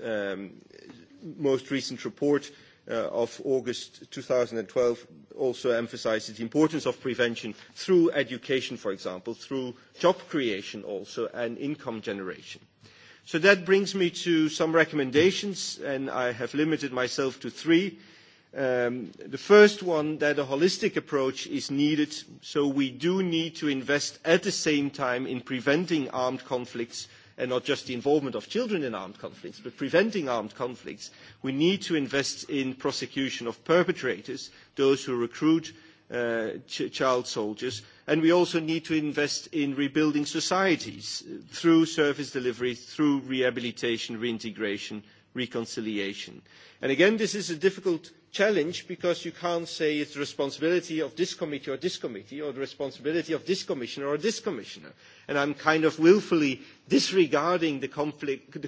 most recent report of August 2012 also emphasises the importance of prevention through education, for example, through job creation also, and income generation. So that brings me to some recommendations, and I have limited myself to three. The first one, that a holistic approach is needed, so we do need to invest at the same time in preventing armed conflicts, and not just the involvement of children in armed conflicts, but preventing armed conflicts. We need to invest in prosecution of perpetrators, those who recruit child soldiers, and we also need to invest in rebuilding societies through service delivery, through rehabilitation, reintegration, reconciliation. And again, this is a difficult challenge because you can't say it's the responsibility of this committee or this committee or the responsibility of this commissioner or this commissioner. And I'm kind of willfully disregarding the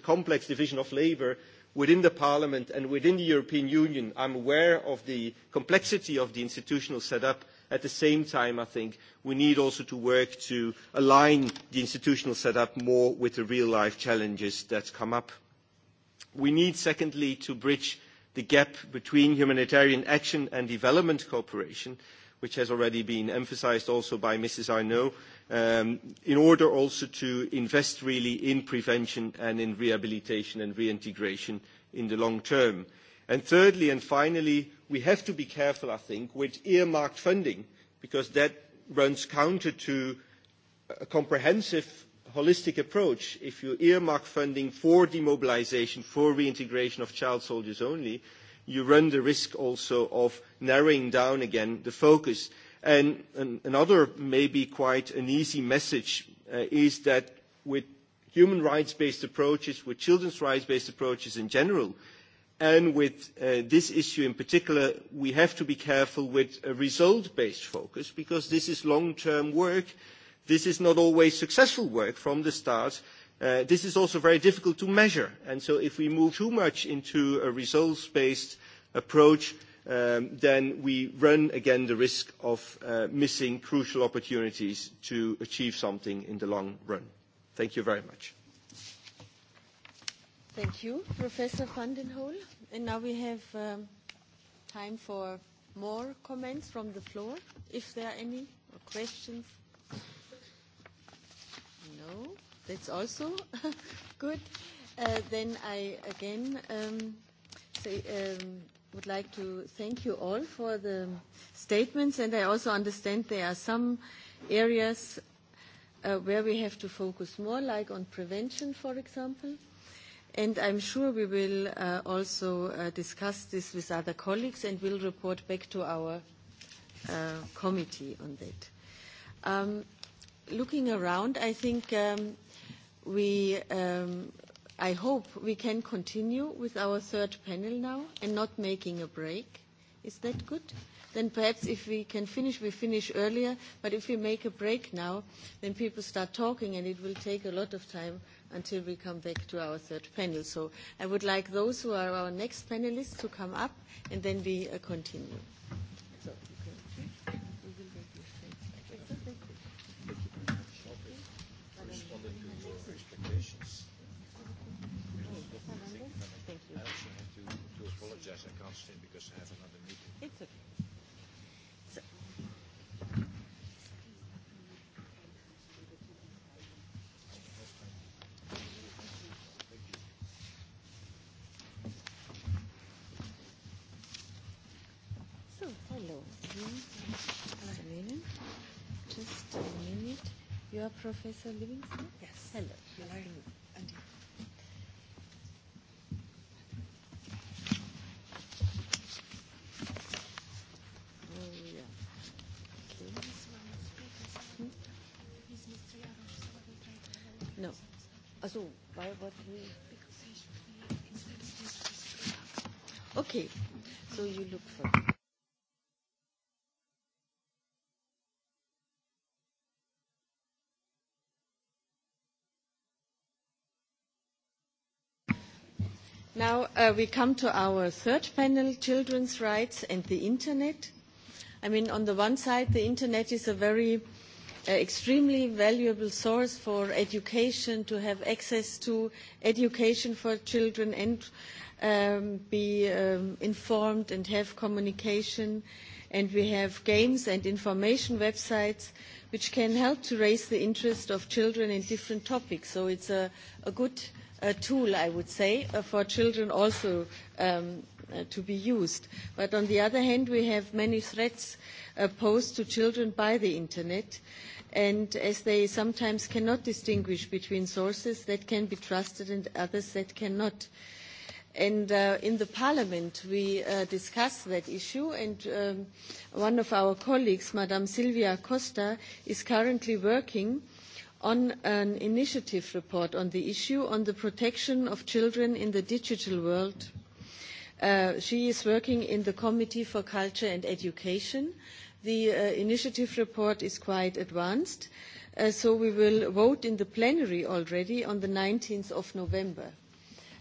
complex division of labour within the Parliament and within the European Union. I'm aware of the complexity of the institutional setup. At the same time, I think we need also to work to align the institutional setup more with the real-life challenges that come up. We need, secondly, to bridge the gap between humanitarian action and development cooperation, which has already been emphasized also by Mrs. Arnaud, in order also to invest really in prevention and in rehabilitation and reintegration in the long term. And thirdly and finally, we have to be careful, I think, with earmarked funding, because that runs counter to a comprehensive holistic approach, if you earmark funding for demobilisation, for reintegration of child soldiers only, you run the risk also of narrowing down again the focus. And another maybe quite an easy message is that with human rights-based approaches, with children's rights-based approaches in general, and with this issue in particular, we have to be careful with a result-based focus because this is long-term work This is not always successful work from the start. This is also very difficult to measure. And so if we move too much into a results-based approach, then we run again the risk of missing crucial opportunities to achieve something in the long run. Thank you very much. Thank you, Professor van And now we have time for more comments from the floor, if there are any, questions. No, that's also good. Then I again would like to thank you all for the statements, and I also understand there are some areas where we have to focus more, like on prevention, for example. And I'm sure we will also discuss this with other colleagues and will report back to our committee on that looking around, I think we, I hope we can continue with our third panel now and not making a break. Is that good? Then perhaps if we can finish, we finish earlier. But if we make a break now, then people start talking and it will take a lot of time until we come back to our third panel. So I would like those who are our next panelists to come up and then we continue. It's So, hello. a You are Professor Livingston? Yes. Hello. Also, why Okay. So you look for Now we come to our third panel, children's rights and the Internet. I mean, on the one side, the Internet is a very extremely valuable source for education, to have access to education for children and be informed and have communication. And we have games and information websites which can help to raise the interest of children in different topics. So it's a good tool, I would say, for children also to be used. But on the other hand, we have many threats posed to children by the Internet and as they sometimes cannot distinguish between sources that can be trusted and others that cannot. And in the Parliament we discuss that issue and one of our colleagues, Madame Silvia Costa, is currently working on an initiative report on the issue on the protection of children in the digital world. She is working in the Committee for Culture and Education The initiative report is quite advanced, so we will vote in the plenary already on the 19th of November.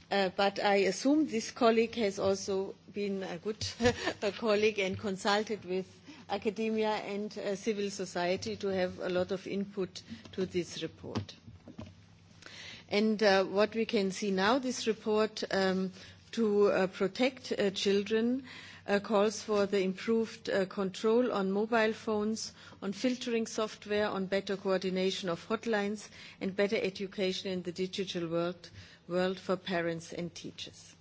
But I assume this colleague has also been a good colleague and consulted with academia and civil society to have a lot of input to this report. And what we can see now, this report to protect children calls for the improved control on mobile phones, on filtering software, on better coordination of hotlines, and better education in the digital world for parents and teachers.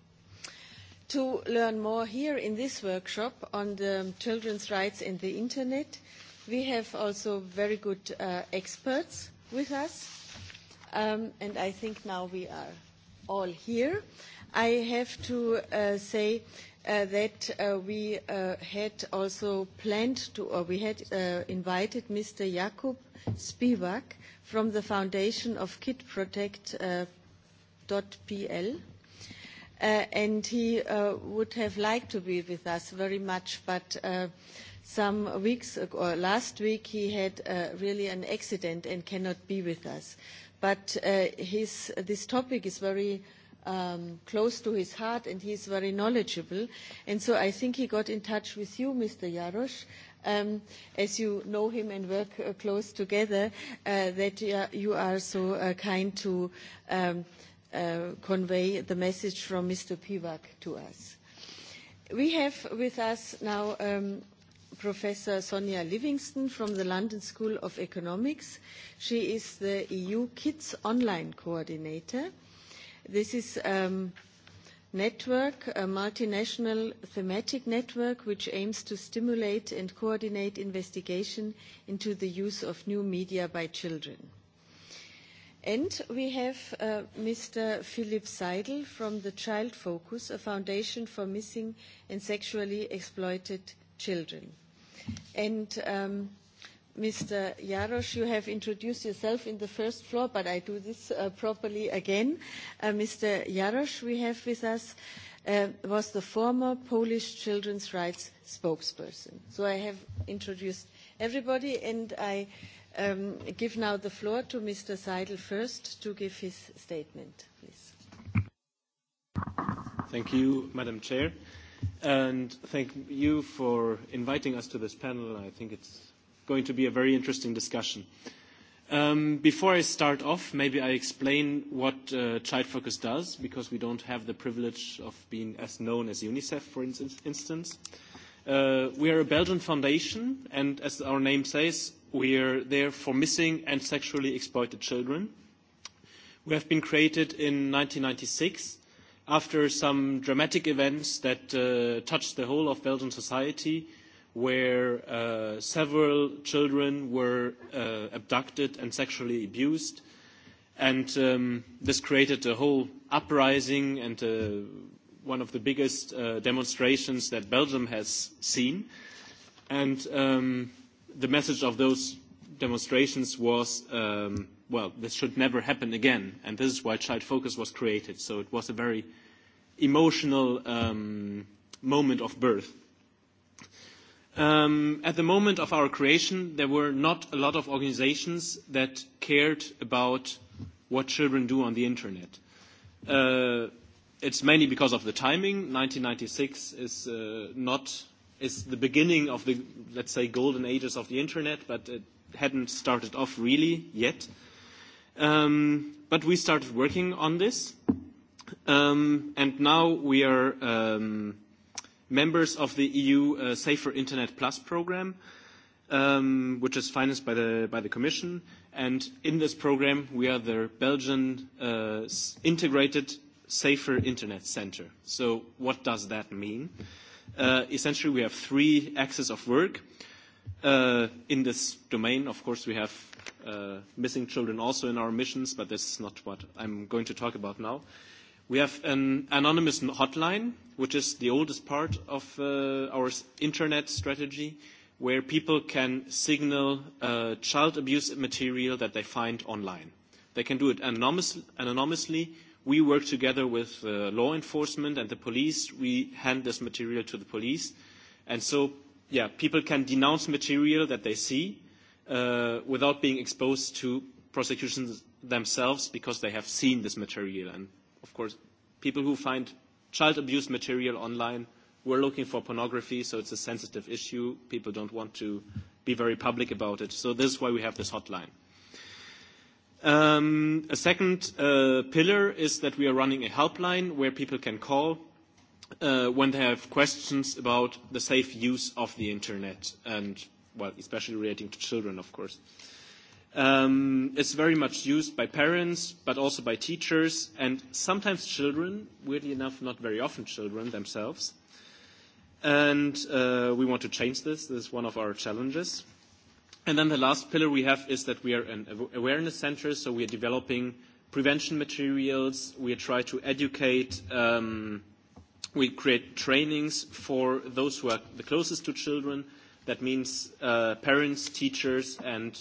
To learn more here in this workshop on the children's rights in the Internet, we have also very good experts with us, and I think now we are all here. I have to say that we had also planned to, or we had invited Mr. Jakub Spivak from the foundation of kidprotect.pl, and he would have liked to be with us very much, but some weeks ago, or last week, he had really an accident and cannot be with us. But this topic is very close to his heart and he is very knowledgeable. And so I think he got in touch with you, Mr. Jarosz, as you know him and work close together, that you are so kind to convey the message from Mr. Pivak to us. We have with us now Professor Sonia Livingston from the London School of Economics. She is the EU Kids Online Coordinator This is a network, a multinational thematic network, which aims to stimulate and coordinate investigation into the use of new media by children. And we have Mr. Philip Seidel from the Child Focus, a foundation for missing and sexually exploited children. And Mr. Jarosz, you have introduced yourself in the first floor, but I do this properly again. Mr. Jarosz, we have with us, was the former Polish children's rights spokesperson. So I have introduced everybody, and I give now the floor to Mr. Seidel first to give his statement, please. Thank you, Madam Chair, and thank you for inviting us to this panel. I think it's going to be a very interesting discussion. Before I start off, maybe I explain what Child Focus does, because we don't have the privilege of being as known as UNICEF, for instance. We are a Belgian foundation, and as our name says, we are there for missing and sexually exploited children. We have been created in 1996 after some dramatic events that touched the whole of Belgian society where several children were abducted and sexually abused. And this created a whole uprising and one of the biggest demonstrations that Belgium has seen. And the message of those demonstrations was, well, this should never happen again. And this is why Child Focus was created. So it was a very emotional moment of birth. At the moment of our creation, there were not a lot of organizations that cared about what children do on the Internet. It's mainly because of the timing. 1996 is not is the beginning of the, let's say, golden ages of the Internet, but it hadn't started off really yet. But we started working on this, and now we are members of the EU Safer Internet Plus program, which is financed by the by the Commission. And in this program, we are the Belgian Integrated Safer Internet Center. So what does that mean? Essentially, we have three axes of work. In this domain, of course, we have missing children also in our missions, but this is not what I'm going to talk about now. We have an anonymous hotline, which is the oldest part of our internet strategy, where people can signal child abuse material that they find online. They can do it anonymously. We work together with law enforcement and the police. We hand this material to the police. And so, yeah, people can denounce material that they see without being exposed to prosecutions themselves because they have seen this material of course, people who find child abuse material online were looking for pornography, so it's a sensitive issue. People don't want to be very public about it. So this is why we have this hotline. A second pillar is that we are running a helpline where people can call when they have questions about the safe use of the Internet, and, well, especially relating to children, of course. It's very much used by parents, but also by teachers and sometimes children. Weirdly enough, not very often children themselves. And we want to change this. This is one of our challenges. And then the last pillar we have is that we are an awareness center, so we are developing prevention materials. We try to educate. We create trainings for those who are the closest to children. That means parents, teachers, and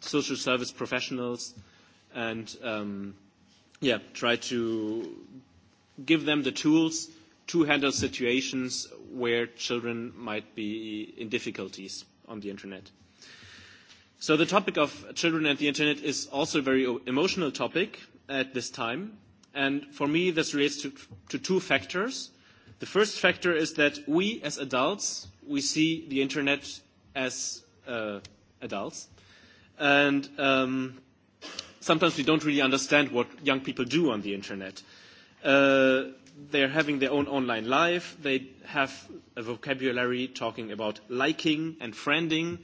social service professionals and yeah, try to give them the tools to handle situations where children might be in difficulties on the internet. So the topic of children and the internet is also a very emotional topic at this time. And for me, this relates to two factors. The first factor is that we as adults, we see the internet as adults and sometimes we don't really understand what young people do on the internet. They're having their own online life. They have a vocabulary talking about liking and friending,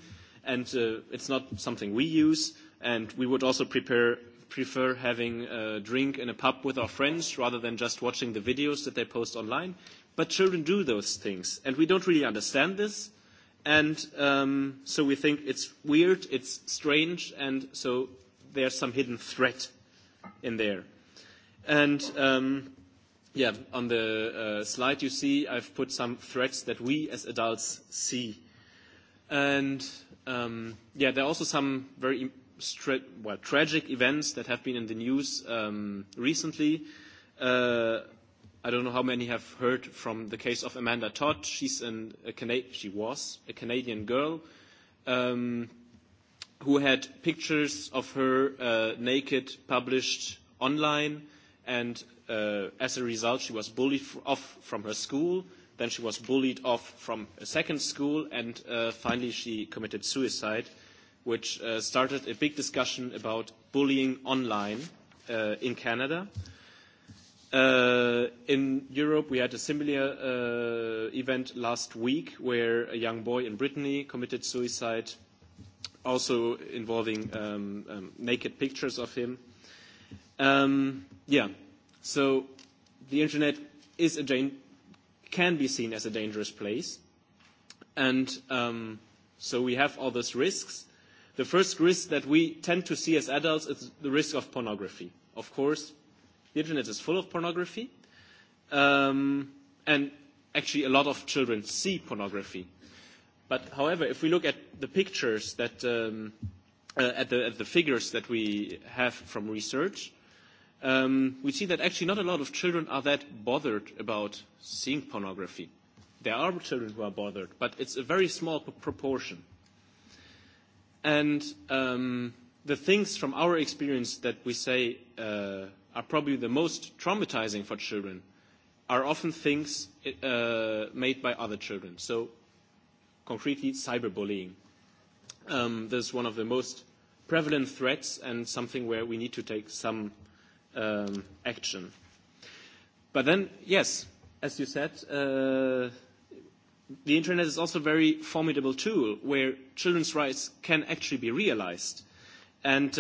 and it's not something we use. And we would also prefer having a drink in a pub with our friends rather than just watching the videos that they post online. But children do those things, and we don't really understand this. And so we think it's weird, it's strange, and so there's some hidden threat in there. And yeah, on the slide you see, I've put some threats that we as adults see. And yeah, there are also some very tragic events that have been in the news recently I don't know how many have heard from the case of Amanda Todd. She's an, a she was a Canadian girl who had pictures of her naked published online, and as a result, she was bullied off from her school. Then she was bullied off from a second school, and finally she committed suicide, which started a big discussion about bullying online in Canada. In Europe, we had a similar event last week where a young boy in Brittany committed suicide, also involving naked pictures of him. Yeah, so the internet is can be seen as a dangerous place, and so we have all those risks. The first risk that we tend to see as adults is the risk of pornography. Of course The Internet is full of pornography, Um and actually a lot of children see pornography. But, however, if we look at the pictures that, at the at the figures that we have from research, um we see that actually not a lot of children are that bothered about seeing pornography. There are children who are bothered, but it's a very small proportion. And um the things from our experience that we say are probably the most traumatizing for children are often things made by other children. So concretely, cyberbullying. This is one of the most prevalent threats and something where we need to take some action. But then, yes, as you said, the Internet is also a very formidable tool where children's rights can actually be realized. And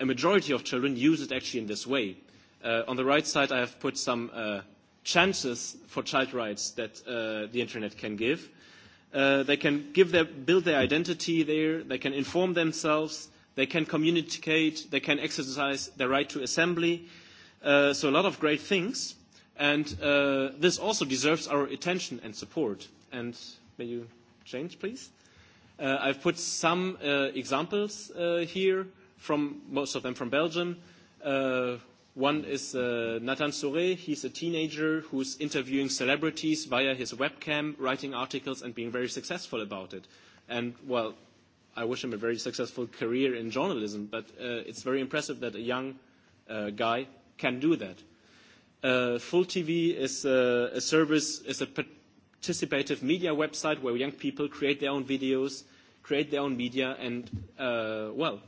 a majority of children use it actually in this way. On the right side, I have put some chances for child rights that the Internet can give. They can build their identity there. They can inform themselves. They can communicate. They can exercise their right to assembly. So a lot of great things. And this also deserves our attention and support. And may you change, please? I've put some examples here from most of them from Belgium. One is Nathan Sore. He's a teenager who's interviewing celebrities via his webcam, writing articles, and being very successful about it. And, well, I wish him a very successful career in journalism, but it's very impressive that a young guy can do that. Full TV is a service, is a participative media website where young people create their own videos, create their own media, and, well,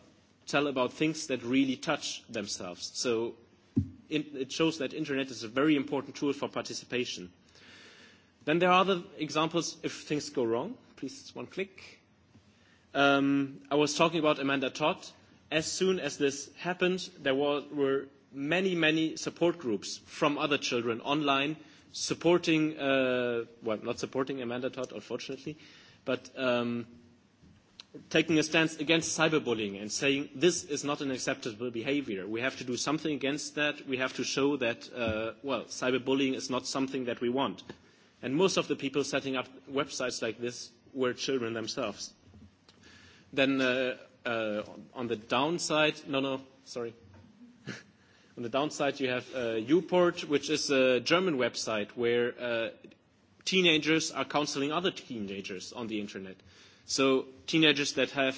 tell about things that really touch themselves. So it shows that internet is a very important tool for participation. Then there are other examples if things go wrong. Please, one click. I was talking about Amanda Todd. As soon as this happened, there were many, many support groups from other children online supporting, well, not supporting Amanda Todd, unfortunately, but taking a stance against cyberbullying and saying this is not an acceptable behavior. We have to do something against that. We have to show that, well, cyberbullying is not something that we want. And most of the people setting up websites like this were children themselves. Then on the downside, no, no, sorry. On the downside, you have Uport, which is a German website where teenagers are counseling other teenagers on the Internet. So teenagers that have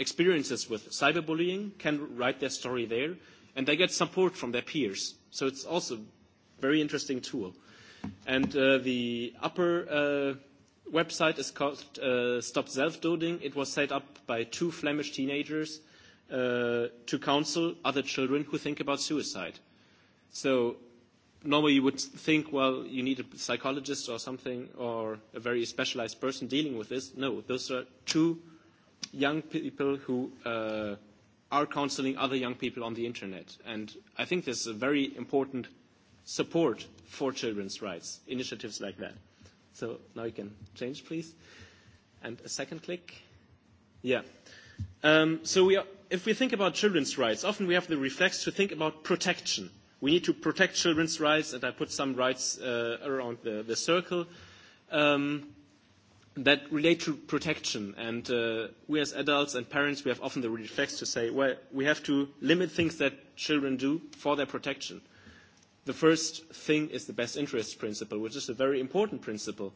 experiences with cyberbullying can write their story there, and they get support from their peers. So it's also a very interesting tool. And the upper website is called Stop Self-Doding. It was set up by two Flemish teenagers to counsel other children who think about suicide. So normally you would think, well, you need a psychologist or something or a very specialized person dealing with this. No, those are two young people who are counseling other young people on the Internet. And I think this is a very important support for children's rights, initiatives like that. So now you can change, please. And a second click. Yeah. So if we think about children's rights, often we have the reflex to think about protection We need to protect children's rights, and I put some rights around the circle that relate to protection. And we as adults and parents, we have often the reflex to say, well, we have to limit things that children do for their protection. The first thing is the best interest principle, which is a very important principle.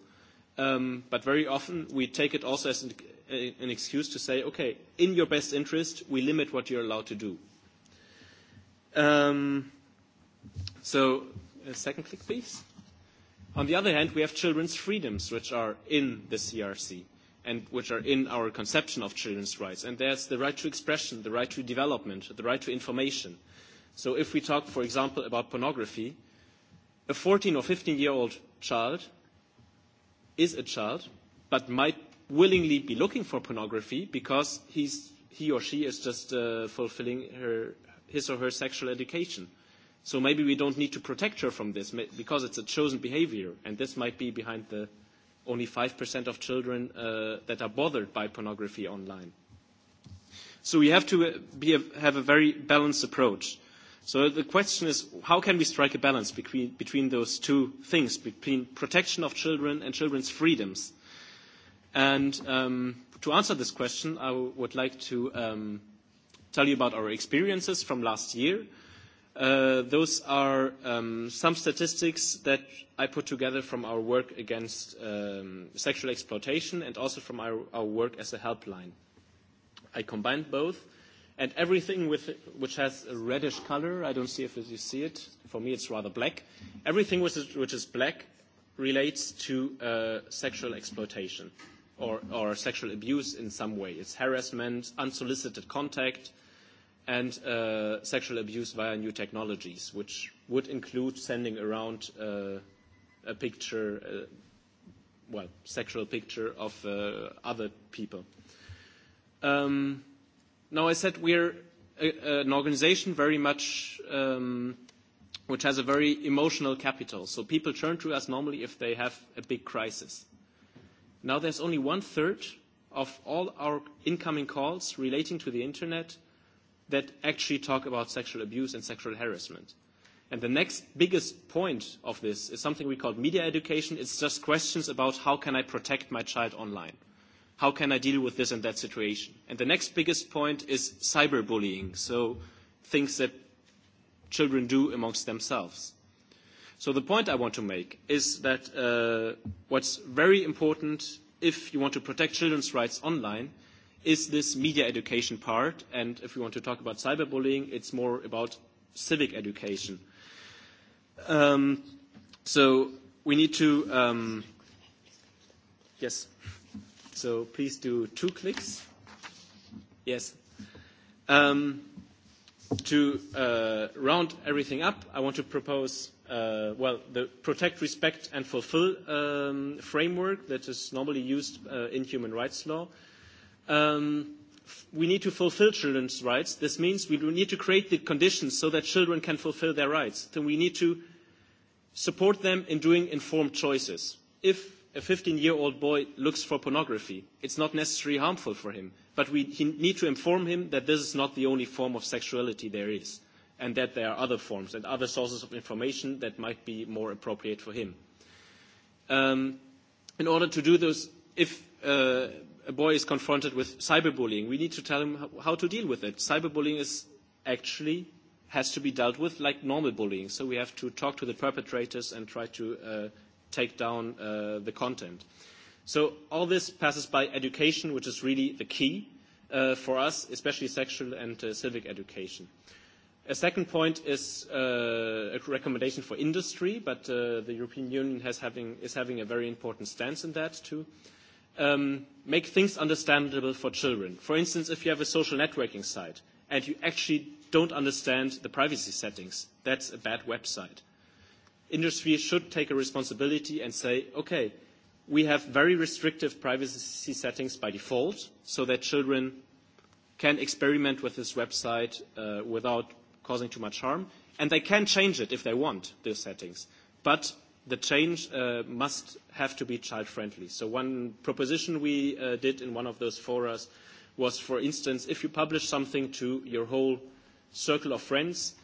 But very often we take it also as an excuse to say, okay, in your best interest, we limit what you're allowed to do. So, second click, please. On the other hand, we have children's freedoms, which are in the CRC and which are in our conception of children's rights. And there's the right to expression, the right to development, the right to information. So if we talk, for example, about pornography, a 14 or 15-year-old child is a child, but might willingly be looking for pornography because he or she is just fulfilling his or her sexual education. So maybe we don't need to protect her from this because it's a chosen behavior, and this might be behind the only 5% of children that are bothered by pornography online. So we have to have a very balanced approach. So the question is, how can we strike a balance between those two things, between protection of children and children's freedoms? And to answer this question, I would like to tell you about our experiences from last year. Those are some statistics that I put together from our work against sexual exploitation and also from our work as a helpline. I combined both, and everything which has a reddish colour I don't see if you see it, for me it's rather black, everything which is black relates to sexual exploitation or sexual abuse in some way. It's harassment, unsolicited contact and sexual abuse via new technologies, which would include sending around a picture, well, sexual picture of other people. Now, I said we're an organization very much which has a very emotional capital. So people turn to us normally if they have a big crisis. Now, there's only one-third of all our incoming calls relating to the Internet that actually talk about sexual abuse and sexual harassment. And the next biggest point of this is something we call media education. It's just questions about how can I protect my child online? How can I deal with this and that situation? And the next biggest point is cyberbullying, so things that children do amongst themselves. So the point I want to make is that what's very important if you want to protect children's rights online is this media education part. And if we want to talk about cyberbullying, it's more about civic education. So we need to, yes. So please do two clicks. Yes. To round everything up, I want to propose, well, the protect, respect, and fulfill framework that is normally used in human rights law we need to fulfill children's rights. This means we need to create the conditions so that children can fulfill their rights. Then we need to support them in doing informed choices. If a 15-year-old boy looks for pornography, it's not necessarily harmful for him, but we need to inform him that this is not the only form of sexuality there is, and that there are other forms and other sources of information that might be more appropriate for him. In order to do this, if a boy is confronted with cyberbullying, we need to tell him how to deal with it. Cyberbullying is actually has to be dealt with like normal bullying, so we have to talk to the perpetrators and try to take down the content. So all this passes by education, which is really the key for us, especially sexual and civic education. A second point is a recommendation for industry, but the European Union is having a very important stance in that too make things understandable for children. For instance, if you have a social networking site and you actually don't understand the privacy settings, that's a bad website. Industry should take a responsibility and say, okay, we have very restrictive privacy settings by default so that children can experiment with this website without causing too much harm, and they can change it if they want, those settings. But the change must have to be child-friendly. So one proposition we did in one of those forums was, for instance, if you publish something to your whole circle of friends,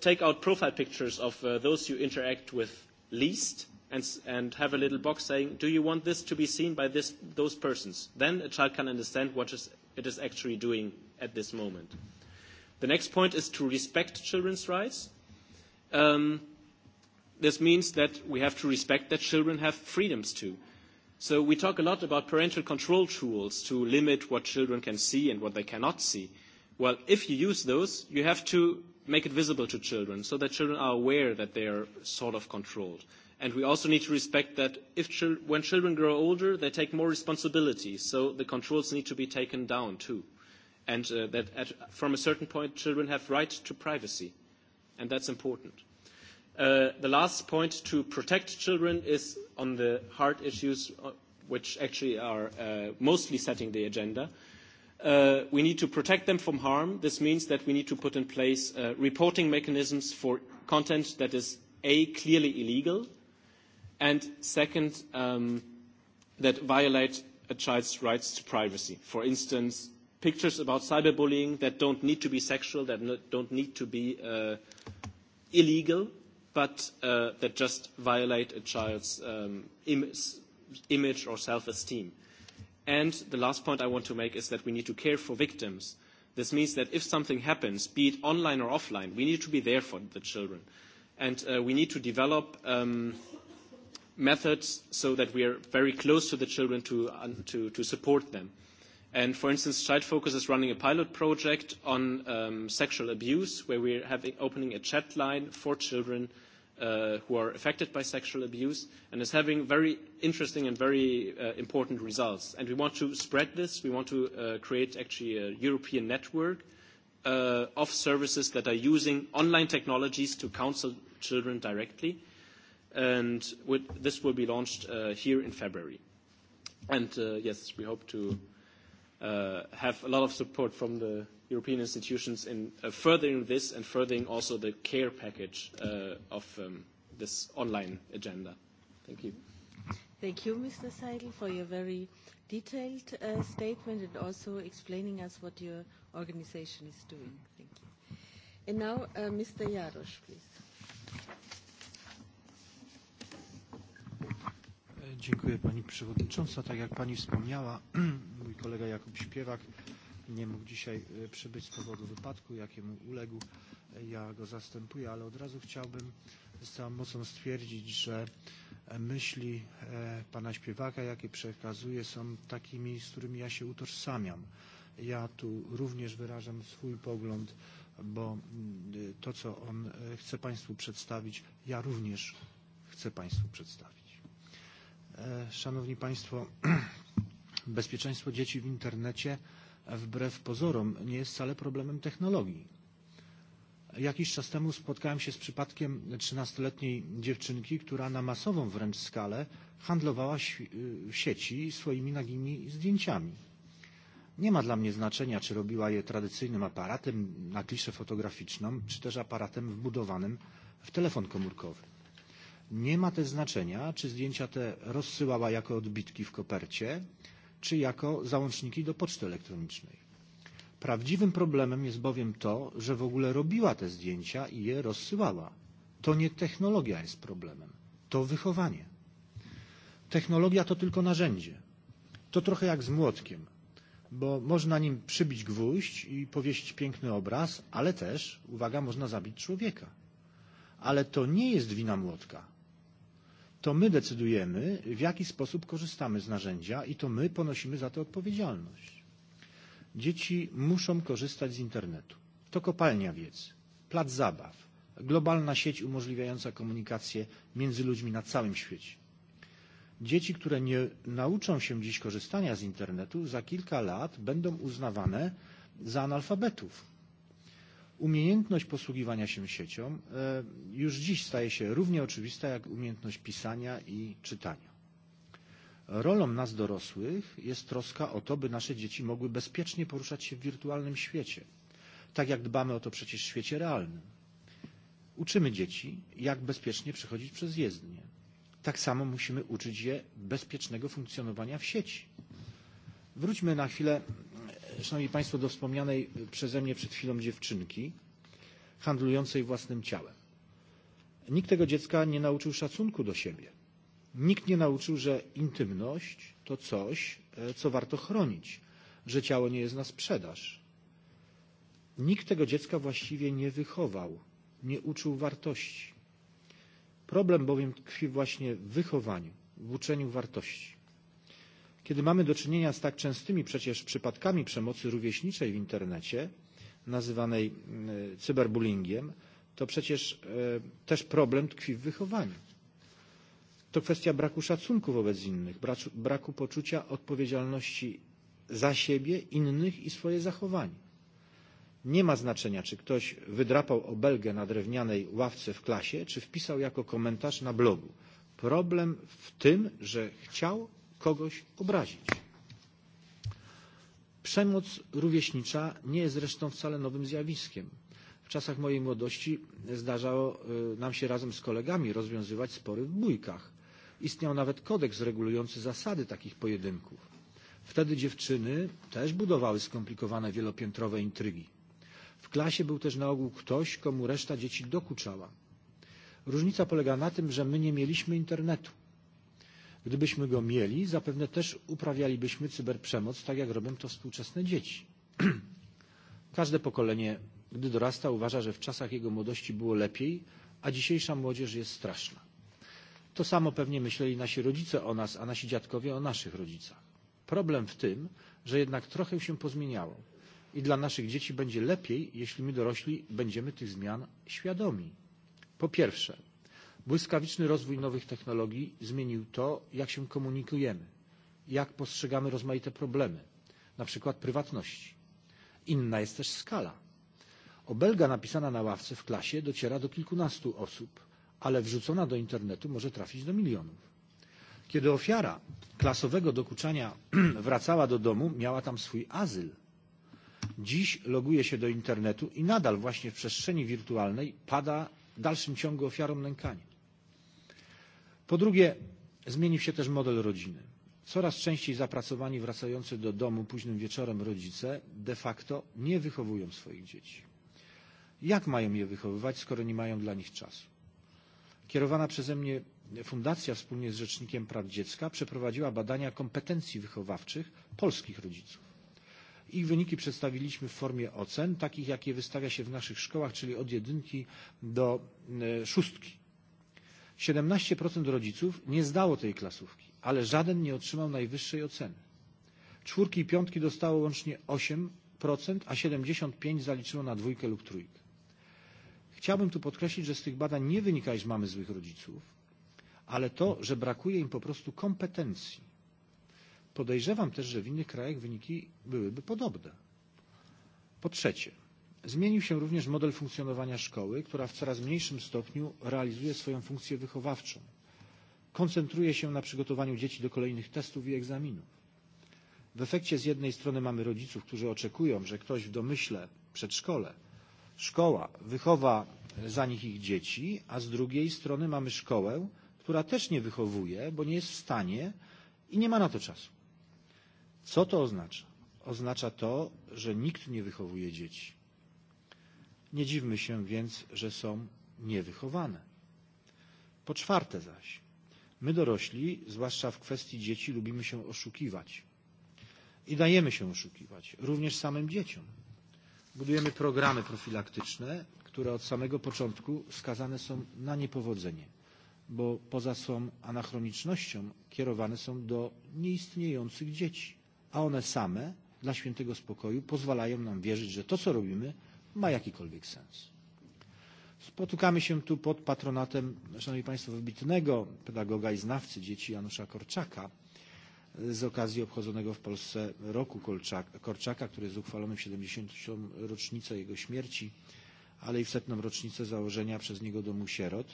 take out profile pictures of those you interact with least and have a little box saying, do you want this to be seen by those persons? Then a child can understand what it is actually doing at this moment. The next point is to respect children's rights. This means that we have to respect that children have freedoms too. So we talk a lot about parental control tools to limit what children can see and what they cannot see. Well, if you use those, you have to make it visible to children so that children are aware that they are sort of controlled. And we also need to respect that when children grow older, they take more responsibility, so the controls need to be taken down too. And that from a certain point, children have right to privacy. And that's important. The last point to protect children is on the hard issues which actually are mostly setting the agenda. We need to protect them from harm. This means that we need to put in place reporting mechanisms for content that is, A, clearly illegal, and second, that violate a child's rights to privacy. For instance, pictures about cyberbullying that don't need to be sexual, that don't need to be illegal, but that just violate a child's image or self-esteem. And the last point I want to make is that we need to care for victims. This means that if something happens, be it online or offline, we need to be there for the children. And we need to develop methods so that we are very close to the children to support them. And for instance, Child Focus is running a pilot project on sexual abuse where we are opening a chat line for children who are affected by sexual abuse and is having very interesting and very important results. And we want to spread this. We want to create actually a European network of services that are using online technologies to counsel children directly. And this will be launched here in February. And yes, we hope to have a lot of support from the European institutions in furthering this and furthering also the care package of this online agenda. Thank you. Thank you, Mr. Seidel, for your very detailed statement and also explaining us what your organization is doing. Thank you. And now, Mr. Jarosz, please. Dziękuję, Pani Przewodnicząca. Tak jak Pani wspomniała, mój kolega Jakub Śpiewak nie mógł dzisiaj przybyć z powodu wypadku, jakiemu uległ. Ja go zastępuję, ale od razu chciałbym z całą mocą stwierdzić, że myśli pana śpiewaka, jakie przekazuje, są takimi, z którymi ja się utożsamiam. Ja tu również wyrażam swój pogląd, bo to, co on chce Państwu przedstawić, ja również chcę Państwu przedstawić. Szanowni Państwo, bezpieczeństwo dzieci w internecie wbrew pozorom nie jest wcale problemem technologii. Jakiś czas temu spotkałem się z przypadkiem 13-letniej dziewczynki, która na masową wręcz skalę handlowała w sieci swoimi nagimi zdjęciami. Nie ma dla mnie znaczenia, czy robiła je tradycyjnym aparatem na kliszę fotograficzną, czy też aparatem wbudowanym w telefon komórkowy. Nie ma też znaczenia, czy zdjęcia te rozsyłała jako odbitki w kopercie, czy jako załączniki do poczty elektronicznej. Prawdziwym problemem jest bowiem to, że w ogóle robiła te zdjęcia i je rozsyłała. To nie technologia jest problemem, to wychowanie. Technologia to tylko narzędzie. To trochę jak z młotkiem, bo można nim przybić gwóźdź i powiesić piękny obraz, ale też, uwaga, można zabić człowieka. Ale to nie jest wina młotka to my decydujemy, w jaki sposób korzystamy z narzędzia i to my ponosimy za to odpowiedzialność. Dzieci muszą korzystać z internetu. To kopalnia wiedzy, plac zabaw, globalna sieć umożliwiająca komunikację między ludźmi na całym świecie. Dzieci, które nie nauczą się dziś korzystania z internetu, za kilka lat będą uznawane za analfabetów umiejętność posługiwania się siecią już dziś staje się równie oczywista jak umiejętność pisania i czytania. Rolą nas dorosłych jest troska o to, by nasze dzieci mogły bezpiecznie poruszać się w wirtualnym świecie, tak jak dbamy o to przecież w świecie realnym. Uczymy dzieci, jak bezpiecznie przechodzić przez jezdnię. Tak samo musimy uczyć je bezpiecznego funkcjonowania w sieci. Wróćmy na chwilę Szanowni Państwo, do wspomnianej przeze mnie przed chwilą dziewczynki handlującej własnym ciałem. Nikt tego dziecka nie nauczył szacunku do siebie. Nikt nie nauczył, że intymność to coś, co warto chronić, że ciało nie jest na sprzedaż. Nikt tego dziecka właściwie nie wychował, nie uczył wartości. Problem bowiem tkwi właśnie w wychowaniu, w uczeniu wartości. Kiedy mamy do czynienia z tak częstymi przecież przypadkami przemocy rówieśniczej w internecie, nazywanej cyberbullyingiem, to przecież też problem tkwi w wychowaniu. To kwestia braku szacunku wobec innych, braku poczucia odpowiedzialności za siebie, innych i swoje zachowanie. Nie ma znaczenia, czy ktoś wydrapał obelgę na drewnianej ławce w klasie, czy wpisał jako komentarz na blogu. Problem w tym, że chciał kogoś obrazić. Przemoc rówieśnicza nie jest zresztą wcale nowym zjawiskiem. W czasach mojej młodości zdarzało nam się razem z kolegami rozwiązywać spory w bójkach. Istniał nawet kodeks regulujący zasady takich pojedynków. Wtedy dziewczyny też budowały skomplikowane wielopiętrowe intrygi. W klasie był też na ogół ktoś, komu reszta dzieci dokuczała. Różnica polega na tym, że my nie mieliśmy internetu. Gdybyśmy go mieli, zapewne też uprawialibyśmy cyberprzemoc, tak jak robią to współczesne dzieci. Każde pokolenie, gdy dorasta, uważa, że w czasach jego młodości było lepiej, a dzisiejsza młodzież jest straszna. To samo pewnie myśleli nasi rodzice o nas, a nasi dziadkowie o naszych rodzicach. Problem w tym, że jednak trochę się pozmieniało i dla naszych dzieci będzie lepiej, jeśli my dorośli będziemy tych zmian świadomi. Po pierwsze, Błyskawiczny rozwój nowych technologii zmienił to, jak się komunikujemy, jak postrzegamy rozmaite problemy, na przykład prywatności. Inna jest też skala. Obelga napisana na ławce w klasie dociera do kilkunastu osób, ale wrzucona do internetu może trafić do milionów. Kiedy ofiara klasowego dokuczania wracała do domu, miała tam swój azyl. Dziś loguje się do internetu i nadal właśnie w przestrzeni wirtualnej pada w dalszym ciągu ofiarom nękania. Po drugie, zmienił się też model rodziny. Coraz częściej zapracowani wracający do domu późnym wieczorem rodzice de facto nie wychowują swoich dzieci. Jak mają je wychowywać, skoro nie mają dla nich czasu? Kierowana przeze mnie fundacja wspólnie z Rzecznikiem Praw Dziecka przeprowadziła badania kompetencji wychowawczych polskich rodziców. Ich wyniki przedstawiliśmy w formie ocen, takich jakie wystawia się w naszych szkołach, czyli od jedynki do szóstki. 17% rodziców nie zdało tej klasówki, ale żaden nie otrzymał najwyższej oceny. Czwórki i piątki dostało łącznie 8%, a 75% zaliczyło na dwójkę lub trójkę. Chciałbym tu podkreślić, że z tych badań nie wynika, iż mamy złych rodziców, ale to, że brakuje im po prostu kompetencji. Podejrzewam też, że w innych krajach wyniki byłyby podobne. Po trzecie, Zmienił się również model funkcjonowania szkoły, która w coraz mniejszym stopniu realizuje swoją funkcję wychowawczą. Koncentruje się na przygotowaniu dzieci do kolejnych testów i egzaminów. W efekcie z jednej strony mamy rodziców, którzy oczekują, że ktoś w domyśle, przedszkole, szkoła wychowa za nich ich dzieci, a z drugiej strony mamy szkołę, która też nie wychowuje, bo nie jest w stanie i nie ma na to czasu. Co to oznacza? Oznacza to, że nikt nie wychowuje dzieci Nie dziwmy się więc, że są niewychowane. Po czwarte zaś, my dorośli, zwłaszcza w kwestii dzieci, lubimy się oszukiwać i dajemy się oszukiwać, również samym dzieciom. Budujemy programy profilaktyczne, które od samego początku skazane są na niepowodzenie, bo poza swą anachronicznością kierowane są do nieistniejących dzieci, a one same dla świętego spokoju pozwalają nam wierzyć, że to, co robimy, ma jakikolwiek sens. Spotykamy się tu pod patronatem, szanowni państwo, wybitnego pedagoga i znawcy dzieci Janusza Korczaka z okazji obchodzonego w Polsce roku Korczaka, który jest uchwalony w 70. rocznicę jego śmierci, ale i w setną rocznicę założenia przez niego domu sierot.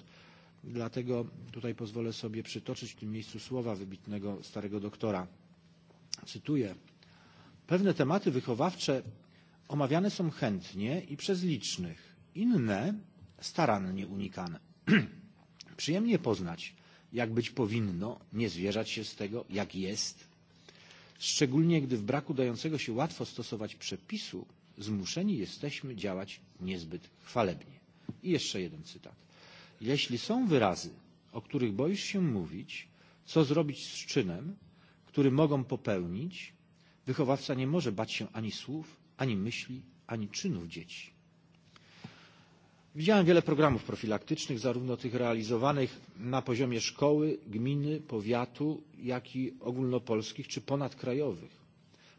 Dlatego tutaj pozwolę sobie przytoczyć w tym miejscu słowa wybitnego starego doktora. Cytuję. Pewne tematy wychowawcze omawiane są chętnie i przez licznych, inne starannie unikane. Przyjemnie poznać, jak być powinno, nie zwierzać się z tego, jak jest, szczególnie gdy w braku dającego się łatwo stosować przepisu zmuszeni jesteśmy działać niezbyt chwalebnie. I jeszcze jeden cytat. Jeśli są wyrazy, o których boisz się mówić, co zrobić z czynem, który mogą popełnić, wychowawca nie może bać się ani słów, ani myśli, ani czynów dzieci. Widziałem wiele programów profilaktycznych, zarówno tych realizowanych na poziomie szkoły, gminy, powiatu, jak i ogólnopolskich czy ponadkrajowych.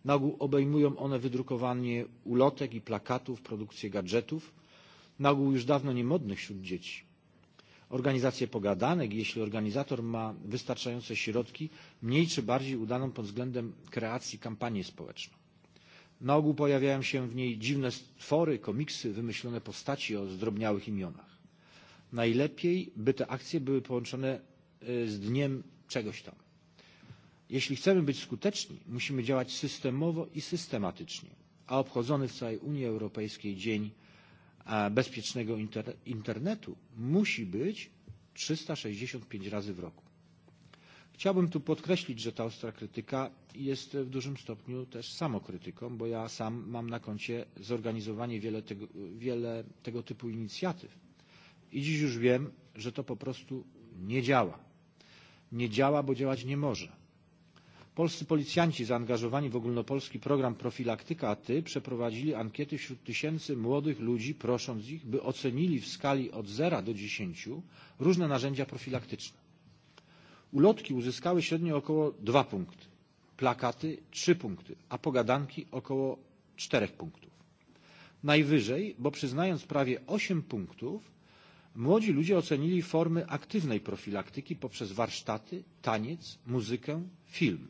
Na ogół obejmują one wydrukowanie ulotek i plakatów, produkcję gadżetów, na ogół już dawno niemodnych wśród dzieci. Organizacje pogadanek, jeśli organizator ma wystarczające środki, mniej czy bardziej udaną pod względem kreacji kampanię społeczną. Na ogół pojawiają się w niej dziwne stwory, komiksy, wymyślone postaci o zdrobniałych imionach. Najlepiej, by te akcje były połączone z dniem czegoś tam. Jeśli chcemy być skuteczni, musimy działać systemowo i systematycznie, a obchodzony w całej Unii Europejskiej Dzień Bezpiecznego Internetu musi być 365 razy w roku. Chciałbym tu podkreślić, że ta ostra krytyka jest w dużym stopniu też samokrytyką, bo ja sam mam na koncie zorganizowanie wiele tego typu inicjatyw. I dziś już wiem, że to po prostu nie działa. Nie działa, bo działać nie może. Polscy policjanci zaangażowani w ogólnopolski program Profilaktyka ATY przeprowadzili ankiety wśród tysięcy młodych ludzi, prosząc ich, by ocenili w skali od 0 do 10 różne narzędzia profilaktyczne. Ulotki uzyskały średnio około 2 punkty, plakaty 3 punkty, a pogadanki około 4 punktów. Najwyżej, bo przyznając prawie 8 punktów, młodzi ludzie ocenili formy aktywnej profilaktyki poprzez warsztaty, taniec, muzykę, film.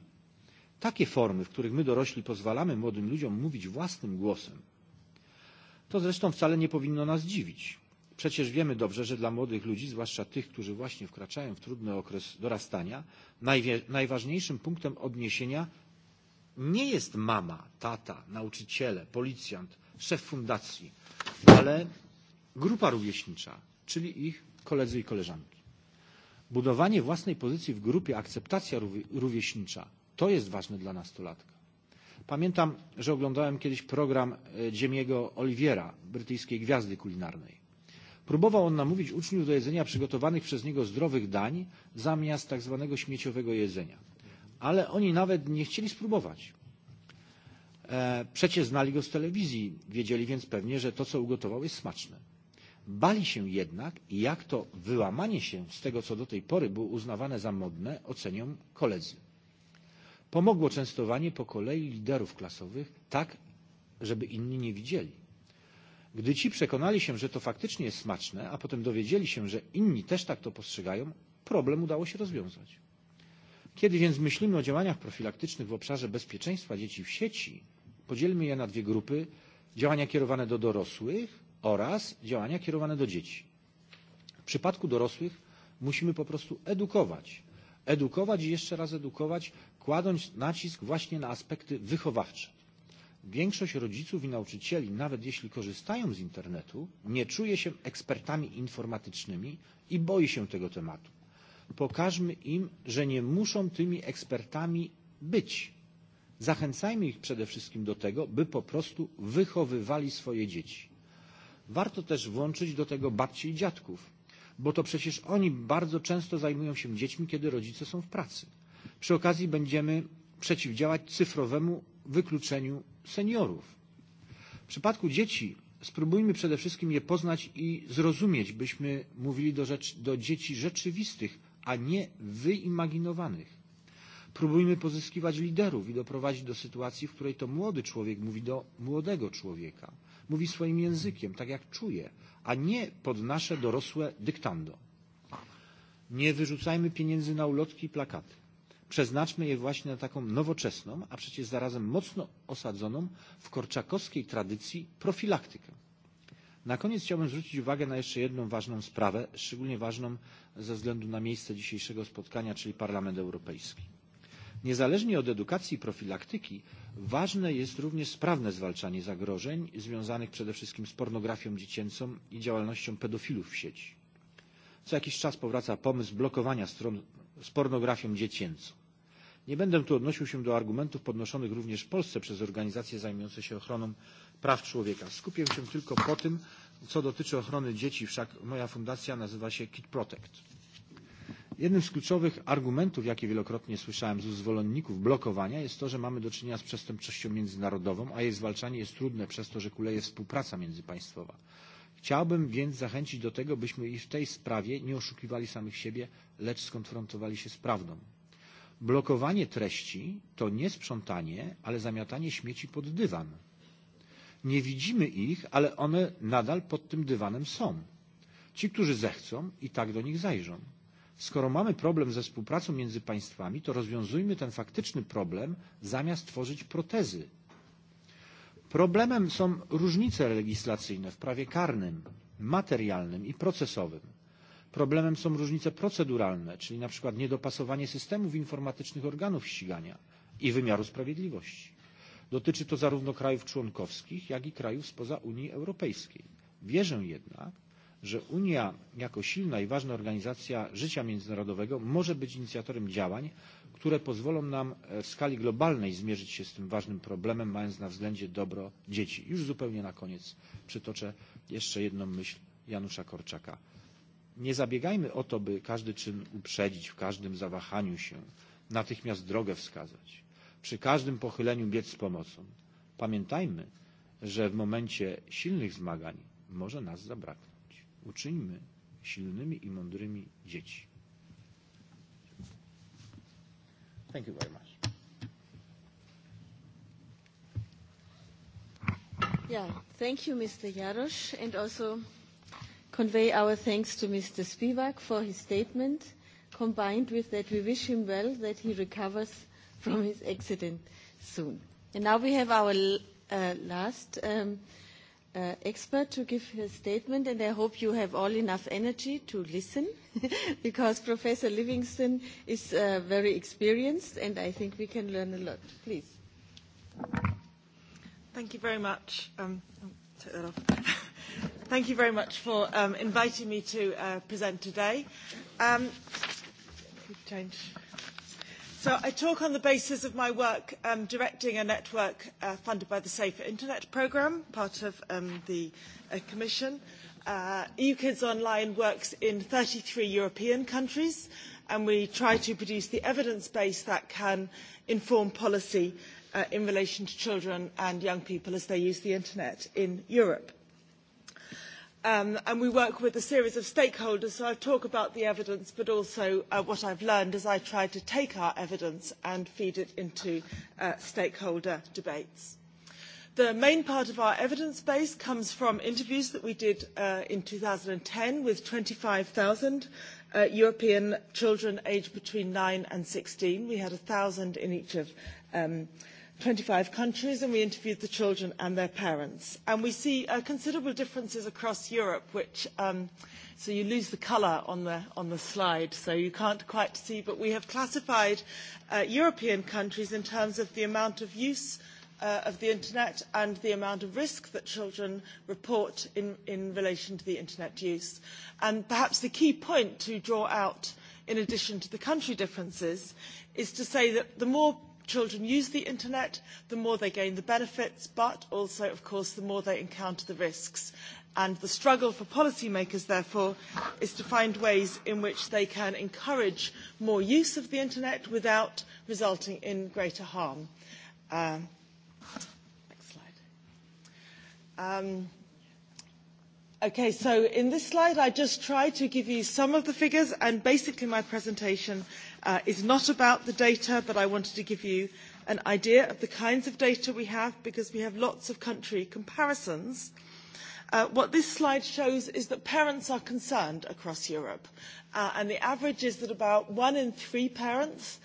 Takie formy, w których my dorośli pozwalamy młodym ludziom mówić własnym głosem, to zresztą wcale nie powinno nas dziwić Przecież wiemy dobrze, że dla młodych ludzi, zwłaszcza tych, którzy właśnie wkraczają w trudny okres dorastania, najważniejszym punktem odniesienia nie jest mama, tata, nauczyciele, policjant, szef fundacji, ale grupa rówieśnicza, czyli ich koledzy i koleżanki. Budowanie własnej pozycji w grupie, akceptacja rówieśnicza, to jest ważne dla nastolatka. Pamiętam, że oglądałem kiedyś program Dziemiego Oliwiera, brytyjskiej gwiazdy kulinarnej Próbował on namówić uczniów do jedzenia przygotowanych przez niego zdrowych dań zamiast tak zwanego śmieciowego jedzenia. Ale oni nawet nie chcieli spróbować. Przecież znali go z telewizji, wiedzieli więc pewnie, że to, co ugotował, jest smaczne. Bali się jednak, jak to wyłamanie się z tego, co do tej pory było uznawane za modne, ocenią koledzy. Pomogło częstowanie po kolei liderów klasowych tak, żeby inni nie widzieli. Gdy ci przekonali się, że to faktycznie jest smaczne, a potem dowiedzieli się, że inni też tak to postrzegają, problem udało się rozwiązać. Kiedy więc myślimy o działaniach profilaktycznych w obszarze bezpieczeństwa dzieci w sieci, podzielmy je na dwie grupy działania kierowane do dorosłych oraz działania kierowane do dzieci. W przypadku dorosłych musimy po prostu edukować, edukować i jeszcze raz edukować, kładąc nacisk właśnie na aspekty wychowawcze większość rodziców i nauczycieli, nawet jeśli korzystają z internetu, nie czuje się ekspertami informatycznymi i boi się tego tematu. Pokażmy im, że nie muszą tymi ekspertami być. Zachęcajmy ich przede wszystkim do tego, by po prostu wychowywali swoje dzieci. Warto też włączyć do tego babci i dziadków, bo to przecież oni bardzo często zajmują się dziećmi, kiedy rodzice są w pracy. Przy okazji będziemy przeciwdziałać cyfrowemu wykluczeniu seniorów. W przypadku dzieci spróbujmy przede wszystkim je poznać i zrozumieć, byśmy mówili do, dzieci rzeczywistych, a nie wyimaginowanych. Próbujmy pozyskiwać liderów i doprowadzić do sytuacji, w której to młody człowiek mówi do młodego człowieka. Mówi swoim językiem, tak jak czuje, a nie pod nasze dorosłe dyktando. Nie wyrzucajmy pieniędzy na ulotki i plakaty przeznaczmy je właśnie na taką nowoczesną, a przecież zarazem mocno osadzoną w korczakowskiej tradycji profilaktykę. Na koniec chciałbym zwrócić uwagę na jeszcze jedną ważną sprawę, szczególnie ważną ze względu na miejsce dzisiejszego spotkania, czyli Parlament Europejski. Niezależnie od edukacji i profilaktyki, ważne jest również sprawne zwalczanie zagrożeń związanych przede wszystkim z pornografią dziecięcą i działalnością pedofilów w sieci. Co jakiś czas powraca pomysł blokowania stron z pornografią dziecięcą. Nie będę tu odnosił się do argumentów podnoszonych również w Polsce przez organizacje zajmujące się ochroną praw człowieka. Skupię się tylko po tym, co dotyczy ochrony dzieci, wszak moja fundacja nazywa się Kid Protect. Jednym z kluczowych argumentów, jakie wielokrotnie słyszałem z zwolenników blokowania, jest to, że mamy do czynienia z przestępczością międzynarodową, a jej zwalczanie jest trudne przez to, że kuleje współpraca międzypaństwowa. Chciałbym więc zachęcić do tego, byśmy i w tej sprawie nie oszukiwali samych siebie, lecz skonfrontowali się z prawdą. Blokowanie treści to nie sprzątanie, ale zamiatanie śmieci pod dywan. Nie widzimy ich, ale one nadal pod tym dywanem są. Ci, którzy zechcą, i tak do nich zajrzą. Skoro mamy problem ze współpracą między państwami, to rozwiązujmy ten faktyczny problem, zamiast tworzyć protezy. Problemem są różnice legislacyjne w prawie karnym, materialnym i procesowym. Problemem są różnice proceduralne, czyli na przykład niedopasowanie systemów informatycznych organów ścigania i wymiaru sprawiedliwości. Dotyczy to zarówno krajów członkowskich, jak i krajów spoza Unii Europejskiej. Wierzę jednak, że Unia jako silna i ważna organizacja życia międzynarodowego może być inicjatorem działań, które pozwolą nam w skali globalnej zmierzyć się z tym ważnym problemem, mając na względzie dobro dzieci. Już zupełnie na koniec przytoczę jeszcze jedną myśl Janusza Korczaka nie zabiegajmy o to, by każdy czyn uprzedzić, w każdym zawahaniu się, natychmiast drogę wskazać, przy każdym pochyleniu biec z pomocą. Pamiętajmy, że w momencie silnych zmagań może nas zabraknąć. Uczyńmy silnymi i mądrymi dzieci. Thank you very much. Yeah, thank you, Mr. Jarosz, and also convey our thanks to Mr. Spivak for his statement, combined with that we wish him well, that he recovers from his accident soon. And now we have our last expert to give his statement, and I hope you have all enough energy to listen, because Professor Livingston is very experienced, and I think we can learn a lot. Please. Thank you very much. Thank you very much for inviting me to present today. So I talk on the basis of my work directing a network funded by the Safer Internet Programme, part of the Commission. EUKIDS Online works in 33 European countries, and we try to produce the evidence base that can inform policy in relation to children and young people as they use the internet in Europe. And we work with a series of stakeholders, so I talk about the evidence, but also what I've learned as I try to take our evidence and feed it into stakeholder debates. The main part of our evidence base comes from interviews that we did in 2010 with 25,000 European children aged between 9 and 16. We had 1,000 in each of 25 countries and we interviewed the children and their parents. And we see considerable differences across Europe, which, so you lose the colour on the slide, so you can't quite see, but we have classified European countries in terms of the amount of use of the Internet and the amount of risk that children report in relation to the Internet use. And perhaps the key point to draw out, in addition to the country differences, is to say that the more children use the internet the more they gain the benefits but also of course the more they encounter the risks and the struggle for policymakers therefore is to find ways in which they can encourage more use of the internet without resulting in greater harm. Next slide. Okay, so in this slide I just try to give you some of the figures and basically my presentation is not about the data, but I wanted to give you an idea of the kinds of data we have, because we have lots of country comparisons. What this slide shows is that parents are concerned across Europe, and the average is that about one in three parents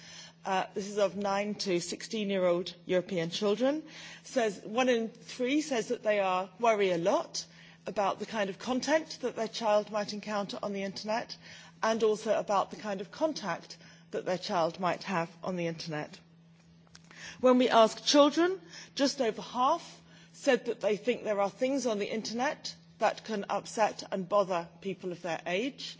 this is of 9 to 16 year old European children, says one in three says that they worry a lot about the kind of content that their child might encounter on the internet and also about the kind of contact that their child might have on the internet. When we ask children, just over half said that they think there are things on the internet that can upset and bother people of their age,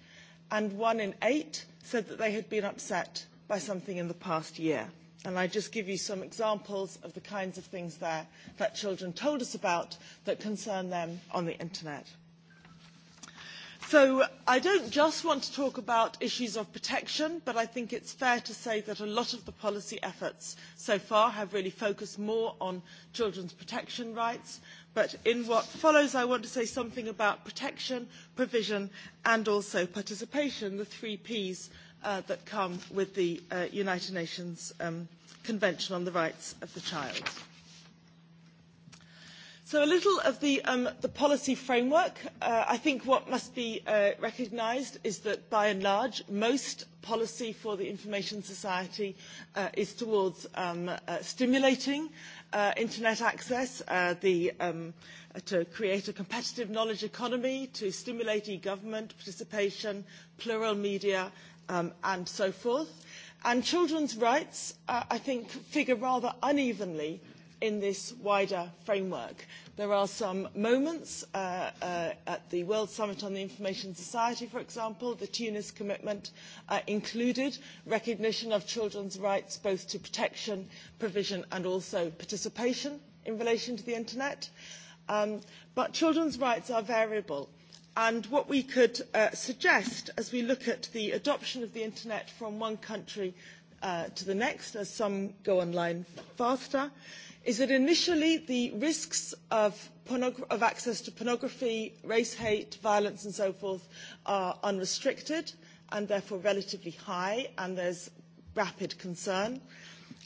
and one in eight said that they had been upset by something in the past year. And I just give you some examples of the kinds of things there that children told us about that concern them on the internet. So I don't just want to talk about issues of protection, but I think it's fair to say that a lot of the policy efforts so far have really focused more on children's protection rights. But in what follows, I want to say something about protection, provision, and also participation, the three Ps that come with the United Nations Convention on the Rights of the Child. So a little of the policy framework. I think what must be recognised is that, by and large, most policy for the information society is towards stimulating internet access, to create a competitive knowledge economy, to stimulate e-government participation, plural media, and so forth. And children's rights, I think, figure rather unevenly in this wider framework. There are some moments at the World Summit on the Information Society, for example, the Tunis commitment included recognition of children's rights both to protection, provision and also participation in relation to the Internet. But children's rights are variable. And what we could suggest as we look at the adoption of the Internet from one country to the next, as some go online faster, is that initially the risks of access to pornography, race hate, violence and so forth are unrestricted and therefore relatively high and there is rapid concern.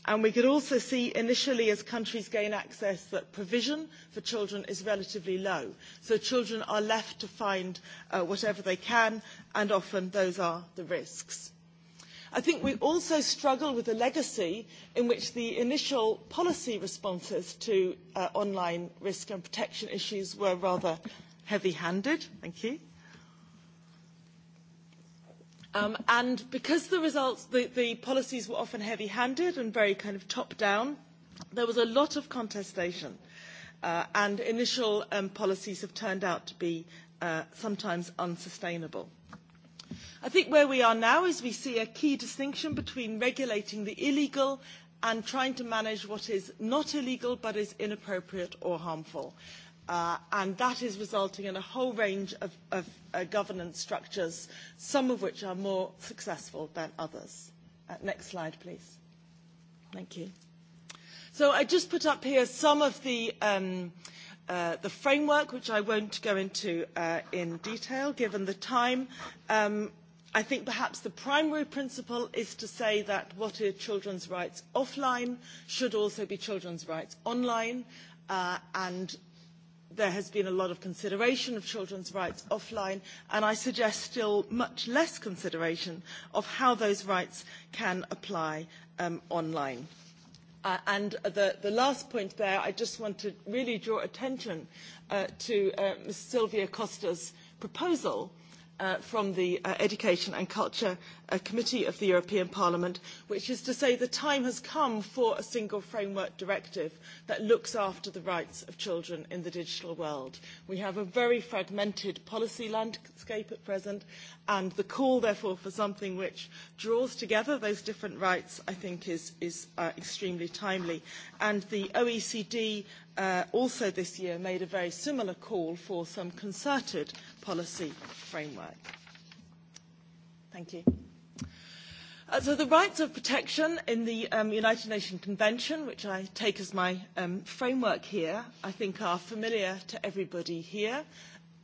And we could also see initially as countries gain access that provision for children is relatively low. So children are left to find whatever they can and often those are the risks. I think we also struggle with a legacy in which the initial policy responses to online risk and protection issues were rather heavy-handed. Thank you. And because the results, the policies were often heavy-handed and very kind of top-down, there was a lot of contestation, and initial policies have turned out to be sometimes unsustainable. I think where we are now is we see a key distinction between regulating the illegal and trying to manage what is not illegal but is inappropriate or harmful. And that is resulting in a whole range of governance structures, some of which are more successful than others. Next slide, please. Thank you. So I just put up here some of the framework, which I won't go into in detail given the time. I think perhaps the primary principle is to say that what are children's rights offline should also be children's rights online, and there has been a lot of consideration of children's rights offline, and I suggest still much less consideration of how those rights can apply online. And the last point there, I just want to really draw attention to Ms. Sylvia Costa's proposal from the Education and Culture Committee of the European Parliament, which is to say the time has come for a single framework directive that looks after the rights of children in the digital world. We have a very fragmented policy landscape at present, and the call, therefore, for something which draws together those different rights, I think, is extremely timely. And the OECD also this year made a very similar call for some concerted policy framework. Thank you. So the rights of protection in the United Nations Convention, which I take as my framework here, I think are familiar to everybody here.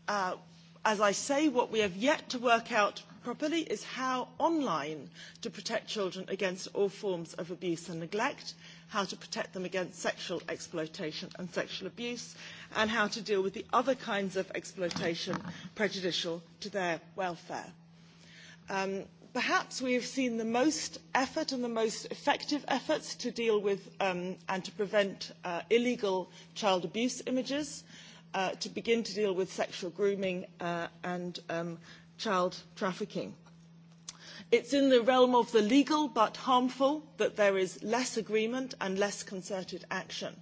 As I say, what we have yet to work out properly is how online to protect children against all forms of abuse and neglect, how to protect them against sexual exploitation and sexual abuse, and how to deal with the other kinds of exploitation prejudicial to their welfare. Perhaps we have seen the most effort and the most effective efforts to deal with and to prevent illegal child abuse images, to begin to deal with sexual grooming and child trafficking. It's in the realm of the legal but harmful that there is less agreement and less concerted action.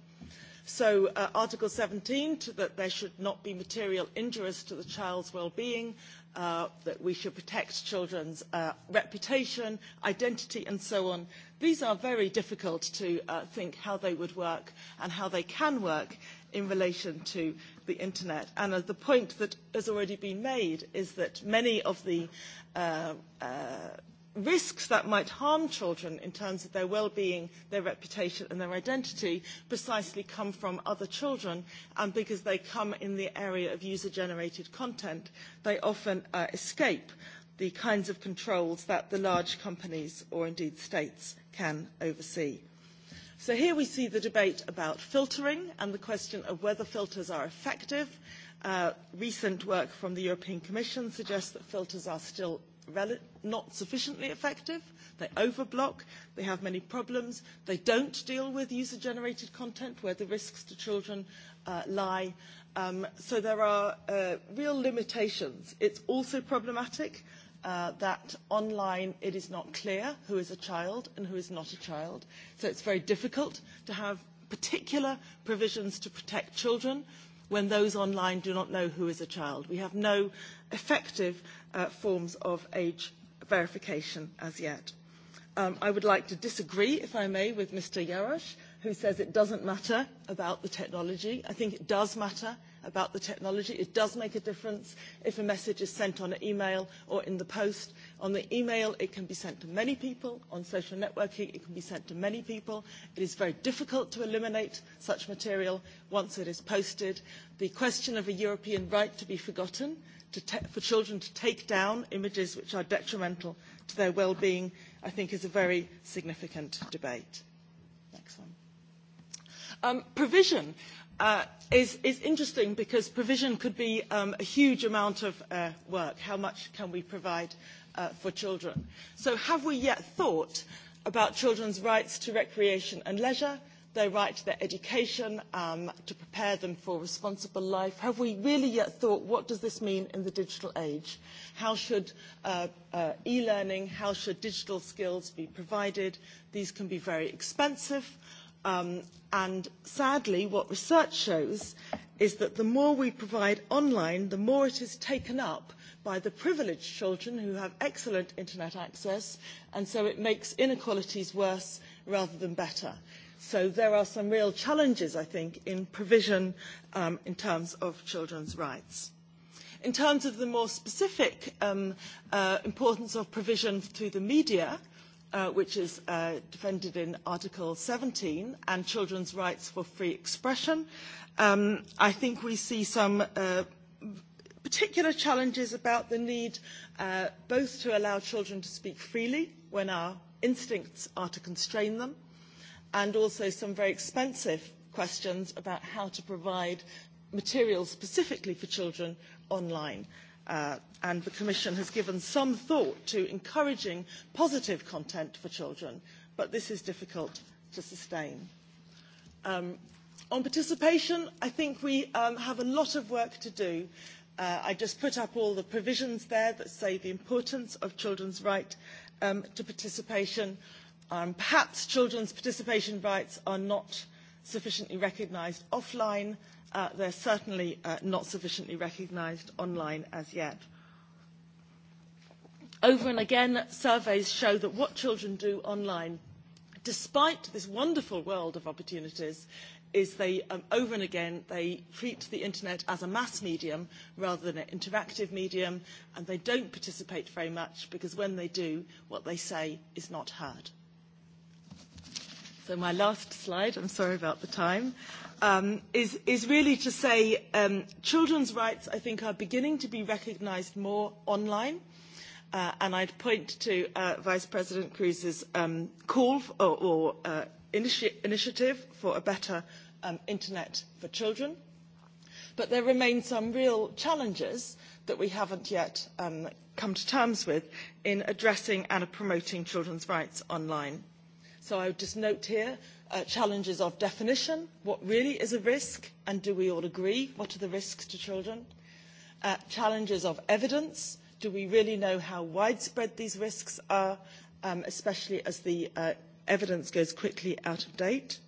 So Article 17, that there should not be material injuries to the child's well-being, that we should protect children's reputation, identity and so on. These are very difficult to think how they would work and how they can work in relation to the internet. And the point that has already been made is that many of the risks that might harm children in terms of their well-being, their reputation and their identity precisely come from other children and because they come in the area of user-generated content, they often escape the kinds of controls that the large companies or indeed states can oversee. So here we see the debate about filtering and the question of whether filters are effective. Recent work from the European Commission suggests that filters are still not sufficiently effective. They overblock. They have many problems. They don't deal with user-generated content, where the risks to children lie. So there are real limitations. It's also problematic that online it is not clear who is a child and who is not a child. So it's very difficult to have particular provisions to protect children when those online do not know who is a child. We have no effective forms of age verification as yet. I would like to disagree, if I may, with Mr. Yarosh, who says it doesn't matter about the technology. I think it does matter about the technology. It does make a difference if a message is sent on an email or in the post. On the email, it can be sent to many people. On social networking, it can be sent to many people. It is very difficult to eliminate such material once it is posted. The question of a European right to be forgotten, for children to take down images which are detrimental to their well-being, I think is a very significant debate. Next one. Provision is interesting because provision could be a huge amount of work. How much can we provide for children? So have we yet thought about children's rights to recreation and leisure, their right to their education, to prepare them for responsible life? Have we really yet thought what does this mean in the digital age? How should e-learning, how should digital skills be provided? These can be very expensive And sadly, what research shows is that the more we provide online, the more it is taken up by the privileged children who have excellent internet access, and so it makes inequalities worse rather than better. So there are some real challenges, I think, in provision in terms of children's rights. In terms of the more specific importance of provision through the media, which is defended in Article 17, and children's rights for free expression. I think we see some particular challenges about the need both to allow children to speak freely when our instincts are to constrain them, and also some very expensive questions about how to provide materials specifically for children online and the Commission has given some thought to encouraging positive content for children, but this is difficult to sustain. On participation, I think we have a lot of work to do. I just put up all the provisions there that say the importance of children's right to participation. Perhaps children's participation rights are not sufficiently recognised offline they're certainly not sufficiently recognised online as yet. Over and again, surveys show that what children do online, despite this wonderful world of opportunities, is they, over and again, they treat the internet as a mass medium rather than an interactive medium, and they don't participate very much because when they do, what they say is not heard. So my last slide, I'm sorry about the time is really to say children's rights, I think, are beginning to be recognised more online. And I'd point to Vice President Cruz's call or initiative for a better internet for children. But there remain some real challenges that we haven't yet come to terms with in addressing and promoting children's rights online. So I would just note here challenges of definition what really is a risk and do we all agree what are the risks to children challenges of evidence do we really know how widespread these risks are especially as the evidence goes quickly out of date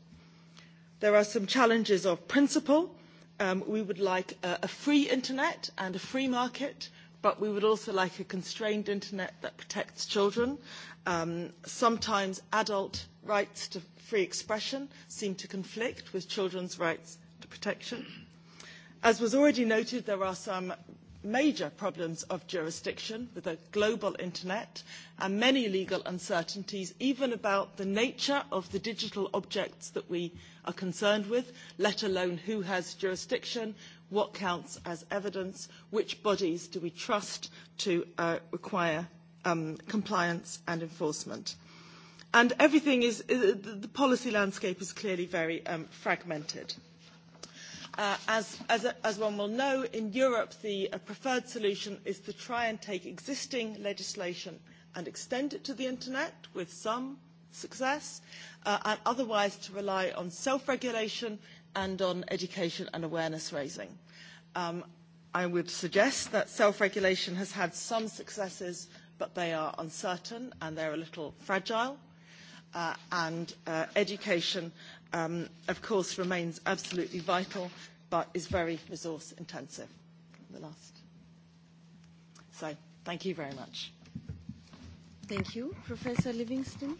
there are some challenges of principle we would like a free internet and a free market but we would also like a constrained internet that protects children sometimes adult rights to free expression seem to conflict with children's rights to protection. As was already noted, there are some major problems of jurisdiction with a global internet and many legal uncertainties even about the nature of the digital objects that we are concerned with, let alone who has jurisdiction, what counts as evidence, which bodies do we trust to require compliance and enforcement and everything is the policy landscape is clearly very fragmented. As one will know, in Europe the preferred solution is to try and take existing legislation and extend it to the internet with some success, and otherwise to rely on self-regulation and on education and awareness raising. I would suggest that self-regulation has had some successes, but they are uncertain and they're a little fragile and education of course remains absolutely vital but is very resource intensive the last so thank you very much thank you professor livingston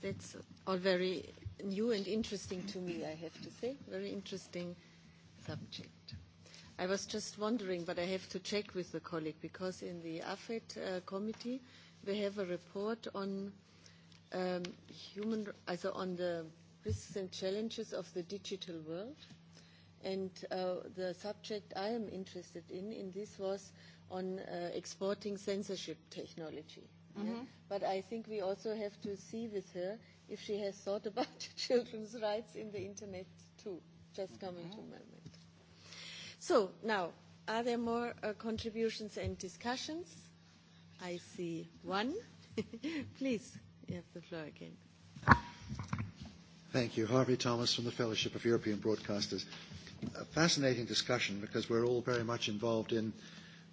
that's all very new and interesting to me i have to say very interesting subject i was just wondering but i have to check with the colleague because in the afet committee we have a report on human, also on the risks and challenges of the digital world. And the subject I am interested in in this was on exporting censorship technology. But I think we also have to see with her if she has thought about children's rights in the Internet too. Just coming to my mind. So now, are there more contributions and discussions? I see one. Please. Thank you. Harvey Thomas from the Fellowship of European Broadcasters. A fascinating discussion because we're all very much involved in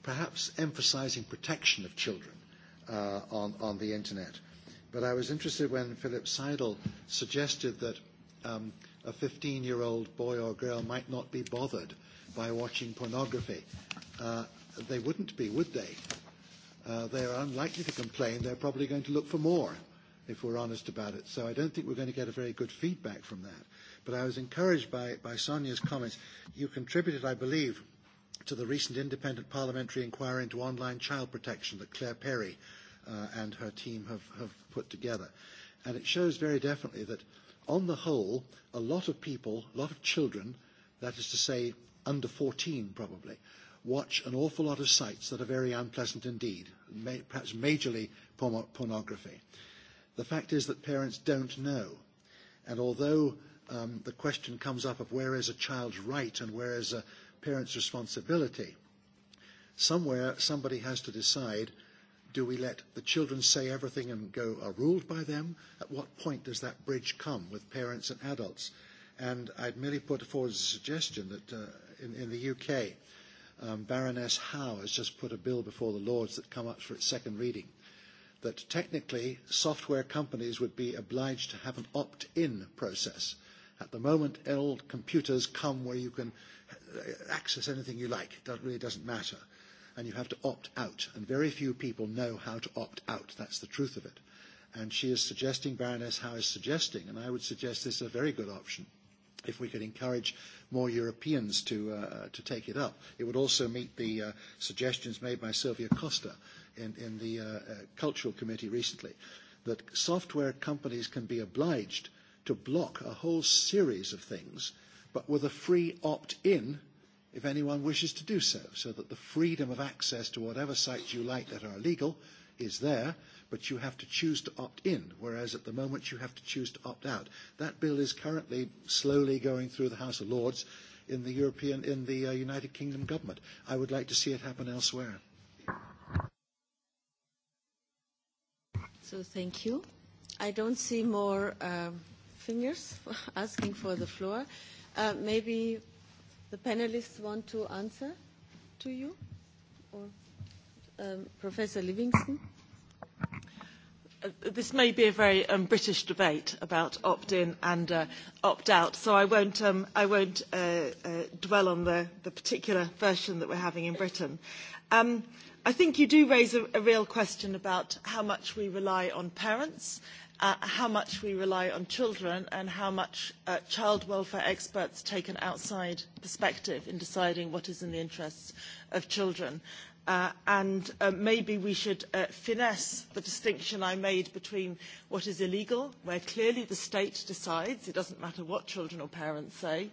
perhaps emphasizing protection of children on, on the Internet. But I was interested when Philip Seidel suggested that a 15-year-old boy or girl might not be bothered by watching pornography. they wouldn't be, would they? they are unlikely to complain. They're probably going to look for more if we're honest about it. So I don't think we're going to get a very good feedback from that. But I was encouraged by, by Sonia's comments. You contributed, I believe, to the recent independent parliamentary inquiry into online child protection that Claire Perry and her team have, have put together. And it shows very definitely that, on the whole, a lot of people, a lot of children, that is to say, under 14 probably, watch an awful lot of sites that are very unpleasant indeed, perhaps majorly pornography. The fact is that parents don't know. And although the question comes up of where is a child's right and where is a parent's responsibility, somewhere somebody has to decide do we let the children say everything and go are ruled by them? At what point does that bridge come with parents and adults? And I'd merely put forward a suggestion that in, in the UK, um, Baroness Howe has just put a bill before the Lords that come up for its second reading that technically software companies would be obliged to have an opt-in process. At the moment, old computers come where you can access anything you like. It really doesn't matter. And you have to opt out. And very few people know how to opt out. That's the truth of it. And she is suggesting, Baroness Howe is suggesting, and I would suggest this is a very good option if we could encourage more Europeans to take it up. It would also meet the suggestions made by Sylvia Costa in the Cultural Committee recently, that software companies can be obliged to block a whole series of things, but with a free opt-in if anyone wishes to do so, so that the freedom of access to whatever sites you like that are legal is there, but you have to choose to opt in, whereas at the moment you have to choose to opt out. That bill is currently slowly going through the House of Lords in the European, in the United Kingdom government. I would like to see it happen elsewhere. So thank you. I don't see more fingers asking for the floor. Maybe the panelists want to answer to you, or Professor Livingston. This may be a very British debate about opt-in and opt-out, so I won't dwell on the particular version that we're having in Britain. I think you do raise a real question about how much we rely on parents, how much we rely on children, and how much child welfare experts take an outside perspective in deciding what is in the interests of children. And maybe we should finesse the distinction I made between what is illegal, where clearly the state decides, it doesn't matter what children or parents say,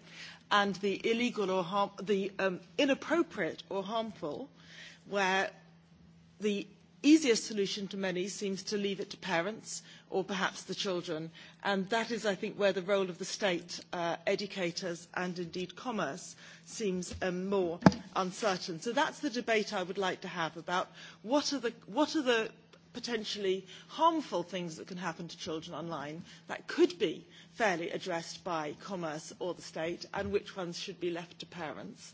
and the illegal or the inappropriate or harmful where the easiest solution to many seems to leave it to parents or perhaps the children and that is i think where the role of the state educators and indeed commerce seems more uncertain so that's the debate i would like to have about what are the what are the potentially harmful things that can happen to children online that could be fairly addressed by commerce or the state and which ones should be left to parents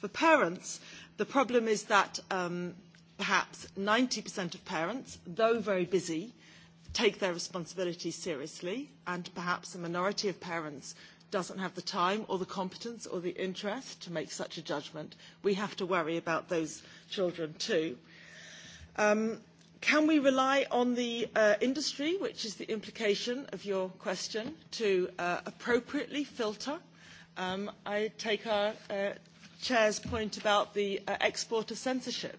For parents, the problem is that perhaps 90% of parents, though very busy, take their responsibilities seriously, and perhaps a minority of parents doesn't have the time or the competence or the interest to make such a judgment. We have to worry about those children too. Can we rely on the industry, which is the implication of your question, to appropriately filter? I take our Chair's point about the export of censorship.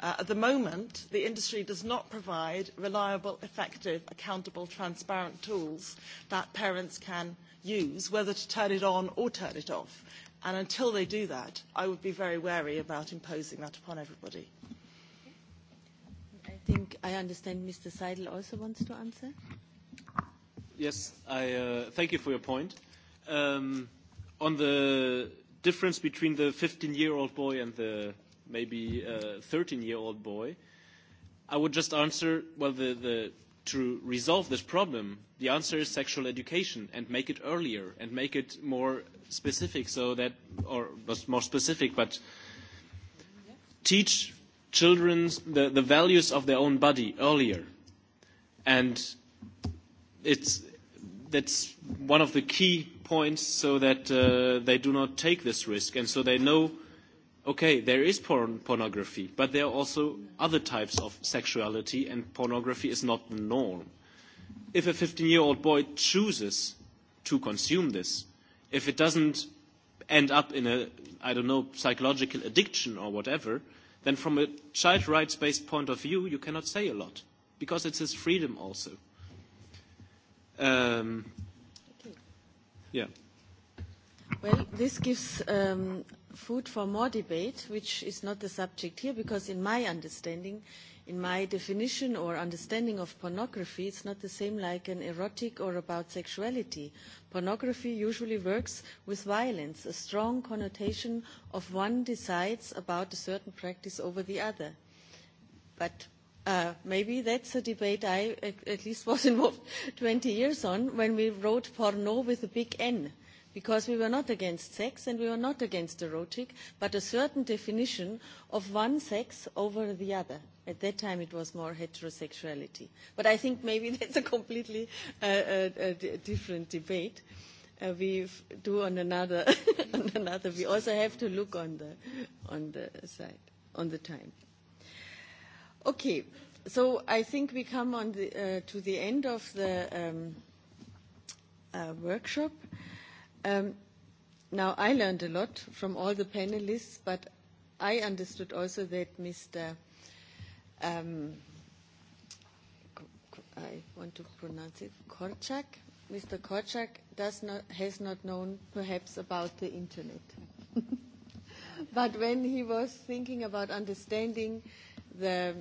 At the moment, the industry does not provide reliable, effective, accountable, transparent tools that parents can use, whether to turn it on or turn it off. And until they do that, I would be very wary about imposing that upon everybody. I think I understand Mr. Seidel also wants to answer. Yes, I thank you for your point. On the difference between the 15-year-old boy and the maybe 13-year-old boy, I would just answer, well, the to resolve this problem, the answer is sexual education and make it earlier and make it more specific so that, or more specific, but teach children the, the values of their own body earlier. And it's, that's one of the key points so that they do not take this risk and so they know okay there is pornography but there are also other types of sexuality and pornography is not the norm if a 15 year old boy chooses to consume this if it doesn't end up in a i don't know psychological addiction or whatever then from a child rights based point of view you cannot say a lot because it's his freedom also um Yeah. Well, this gives food for more debate, which is not the subject here, because in my understanding, in my definition or understanding of pornography, it's not the same like an erotic or about sexuality. Pornography usually works with violence. A strong connotation of one decides about a certain practice over the other. But Maybe that's a debate I at least was involved 20 years on when we wrote porno with a big N, because we were not against sex and we were not against erotic, but a certain definition of one sex over the other. At that time it was more heterosexuality. But I think maybe that's a completely different debate we do on another. We also have to look on the side, on the time. Okay, so I think we come on to the end of the workshop. Now, I learned a lot from all the panelists, but I understood also that Mr. I want to pronounce it Korczak. Mr. Korczak does not has not known perhaps about the internet, but when he was thinking about understanding the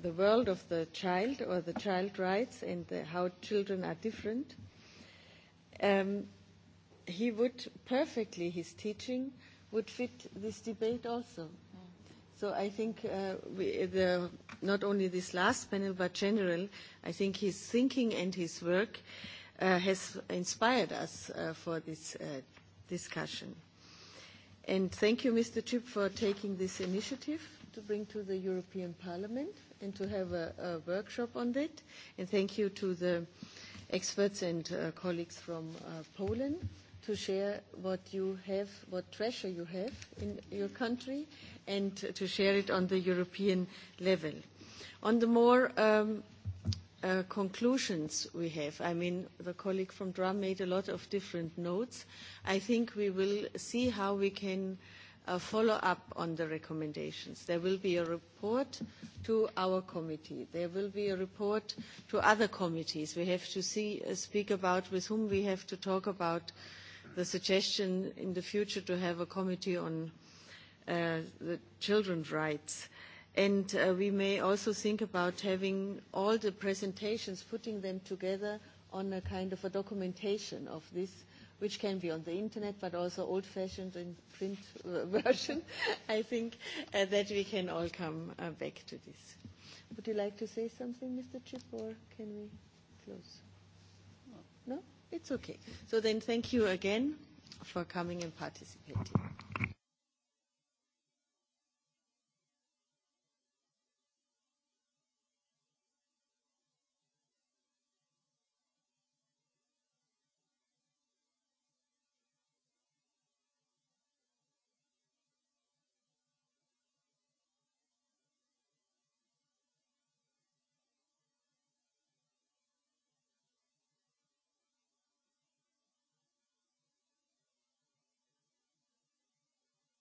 the world of the child or the child rights and how children are different. He would perfectly, his teaching would fit this debate also. So I think not only this last panel, but general, I think his thinking and his work has inspired us for this discussion. And thank you, Mr. Chip, for taking this initiative to bring to the European Parliament and to have a workshop on that. And thank you to the experts and colleagues from Poland to share what you have, what treasure you have in your country, and to share it on the European level. On the more conclusions we have, I mean, the colleague from DRUM made a lot of different notes. I think we will see how we can follow up on the recommendations. There will be a report to our committee. There will be a report to other committees. We have to speak about with whom we have to talk about the suggestion in the future to have a committee on the children's rights. And we may also think about having all the presentations, putting them together on a kind of a documentation of this which can be on the internet, but also old-fashioned in print version. I think that we can all come back to this. Would you like to say something, Mr. Chip, or can we close? No? It's okay. So then thank you again for coming and participating.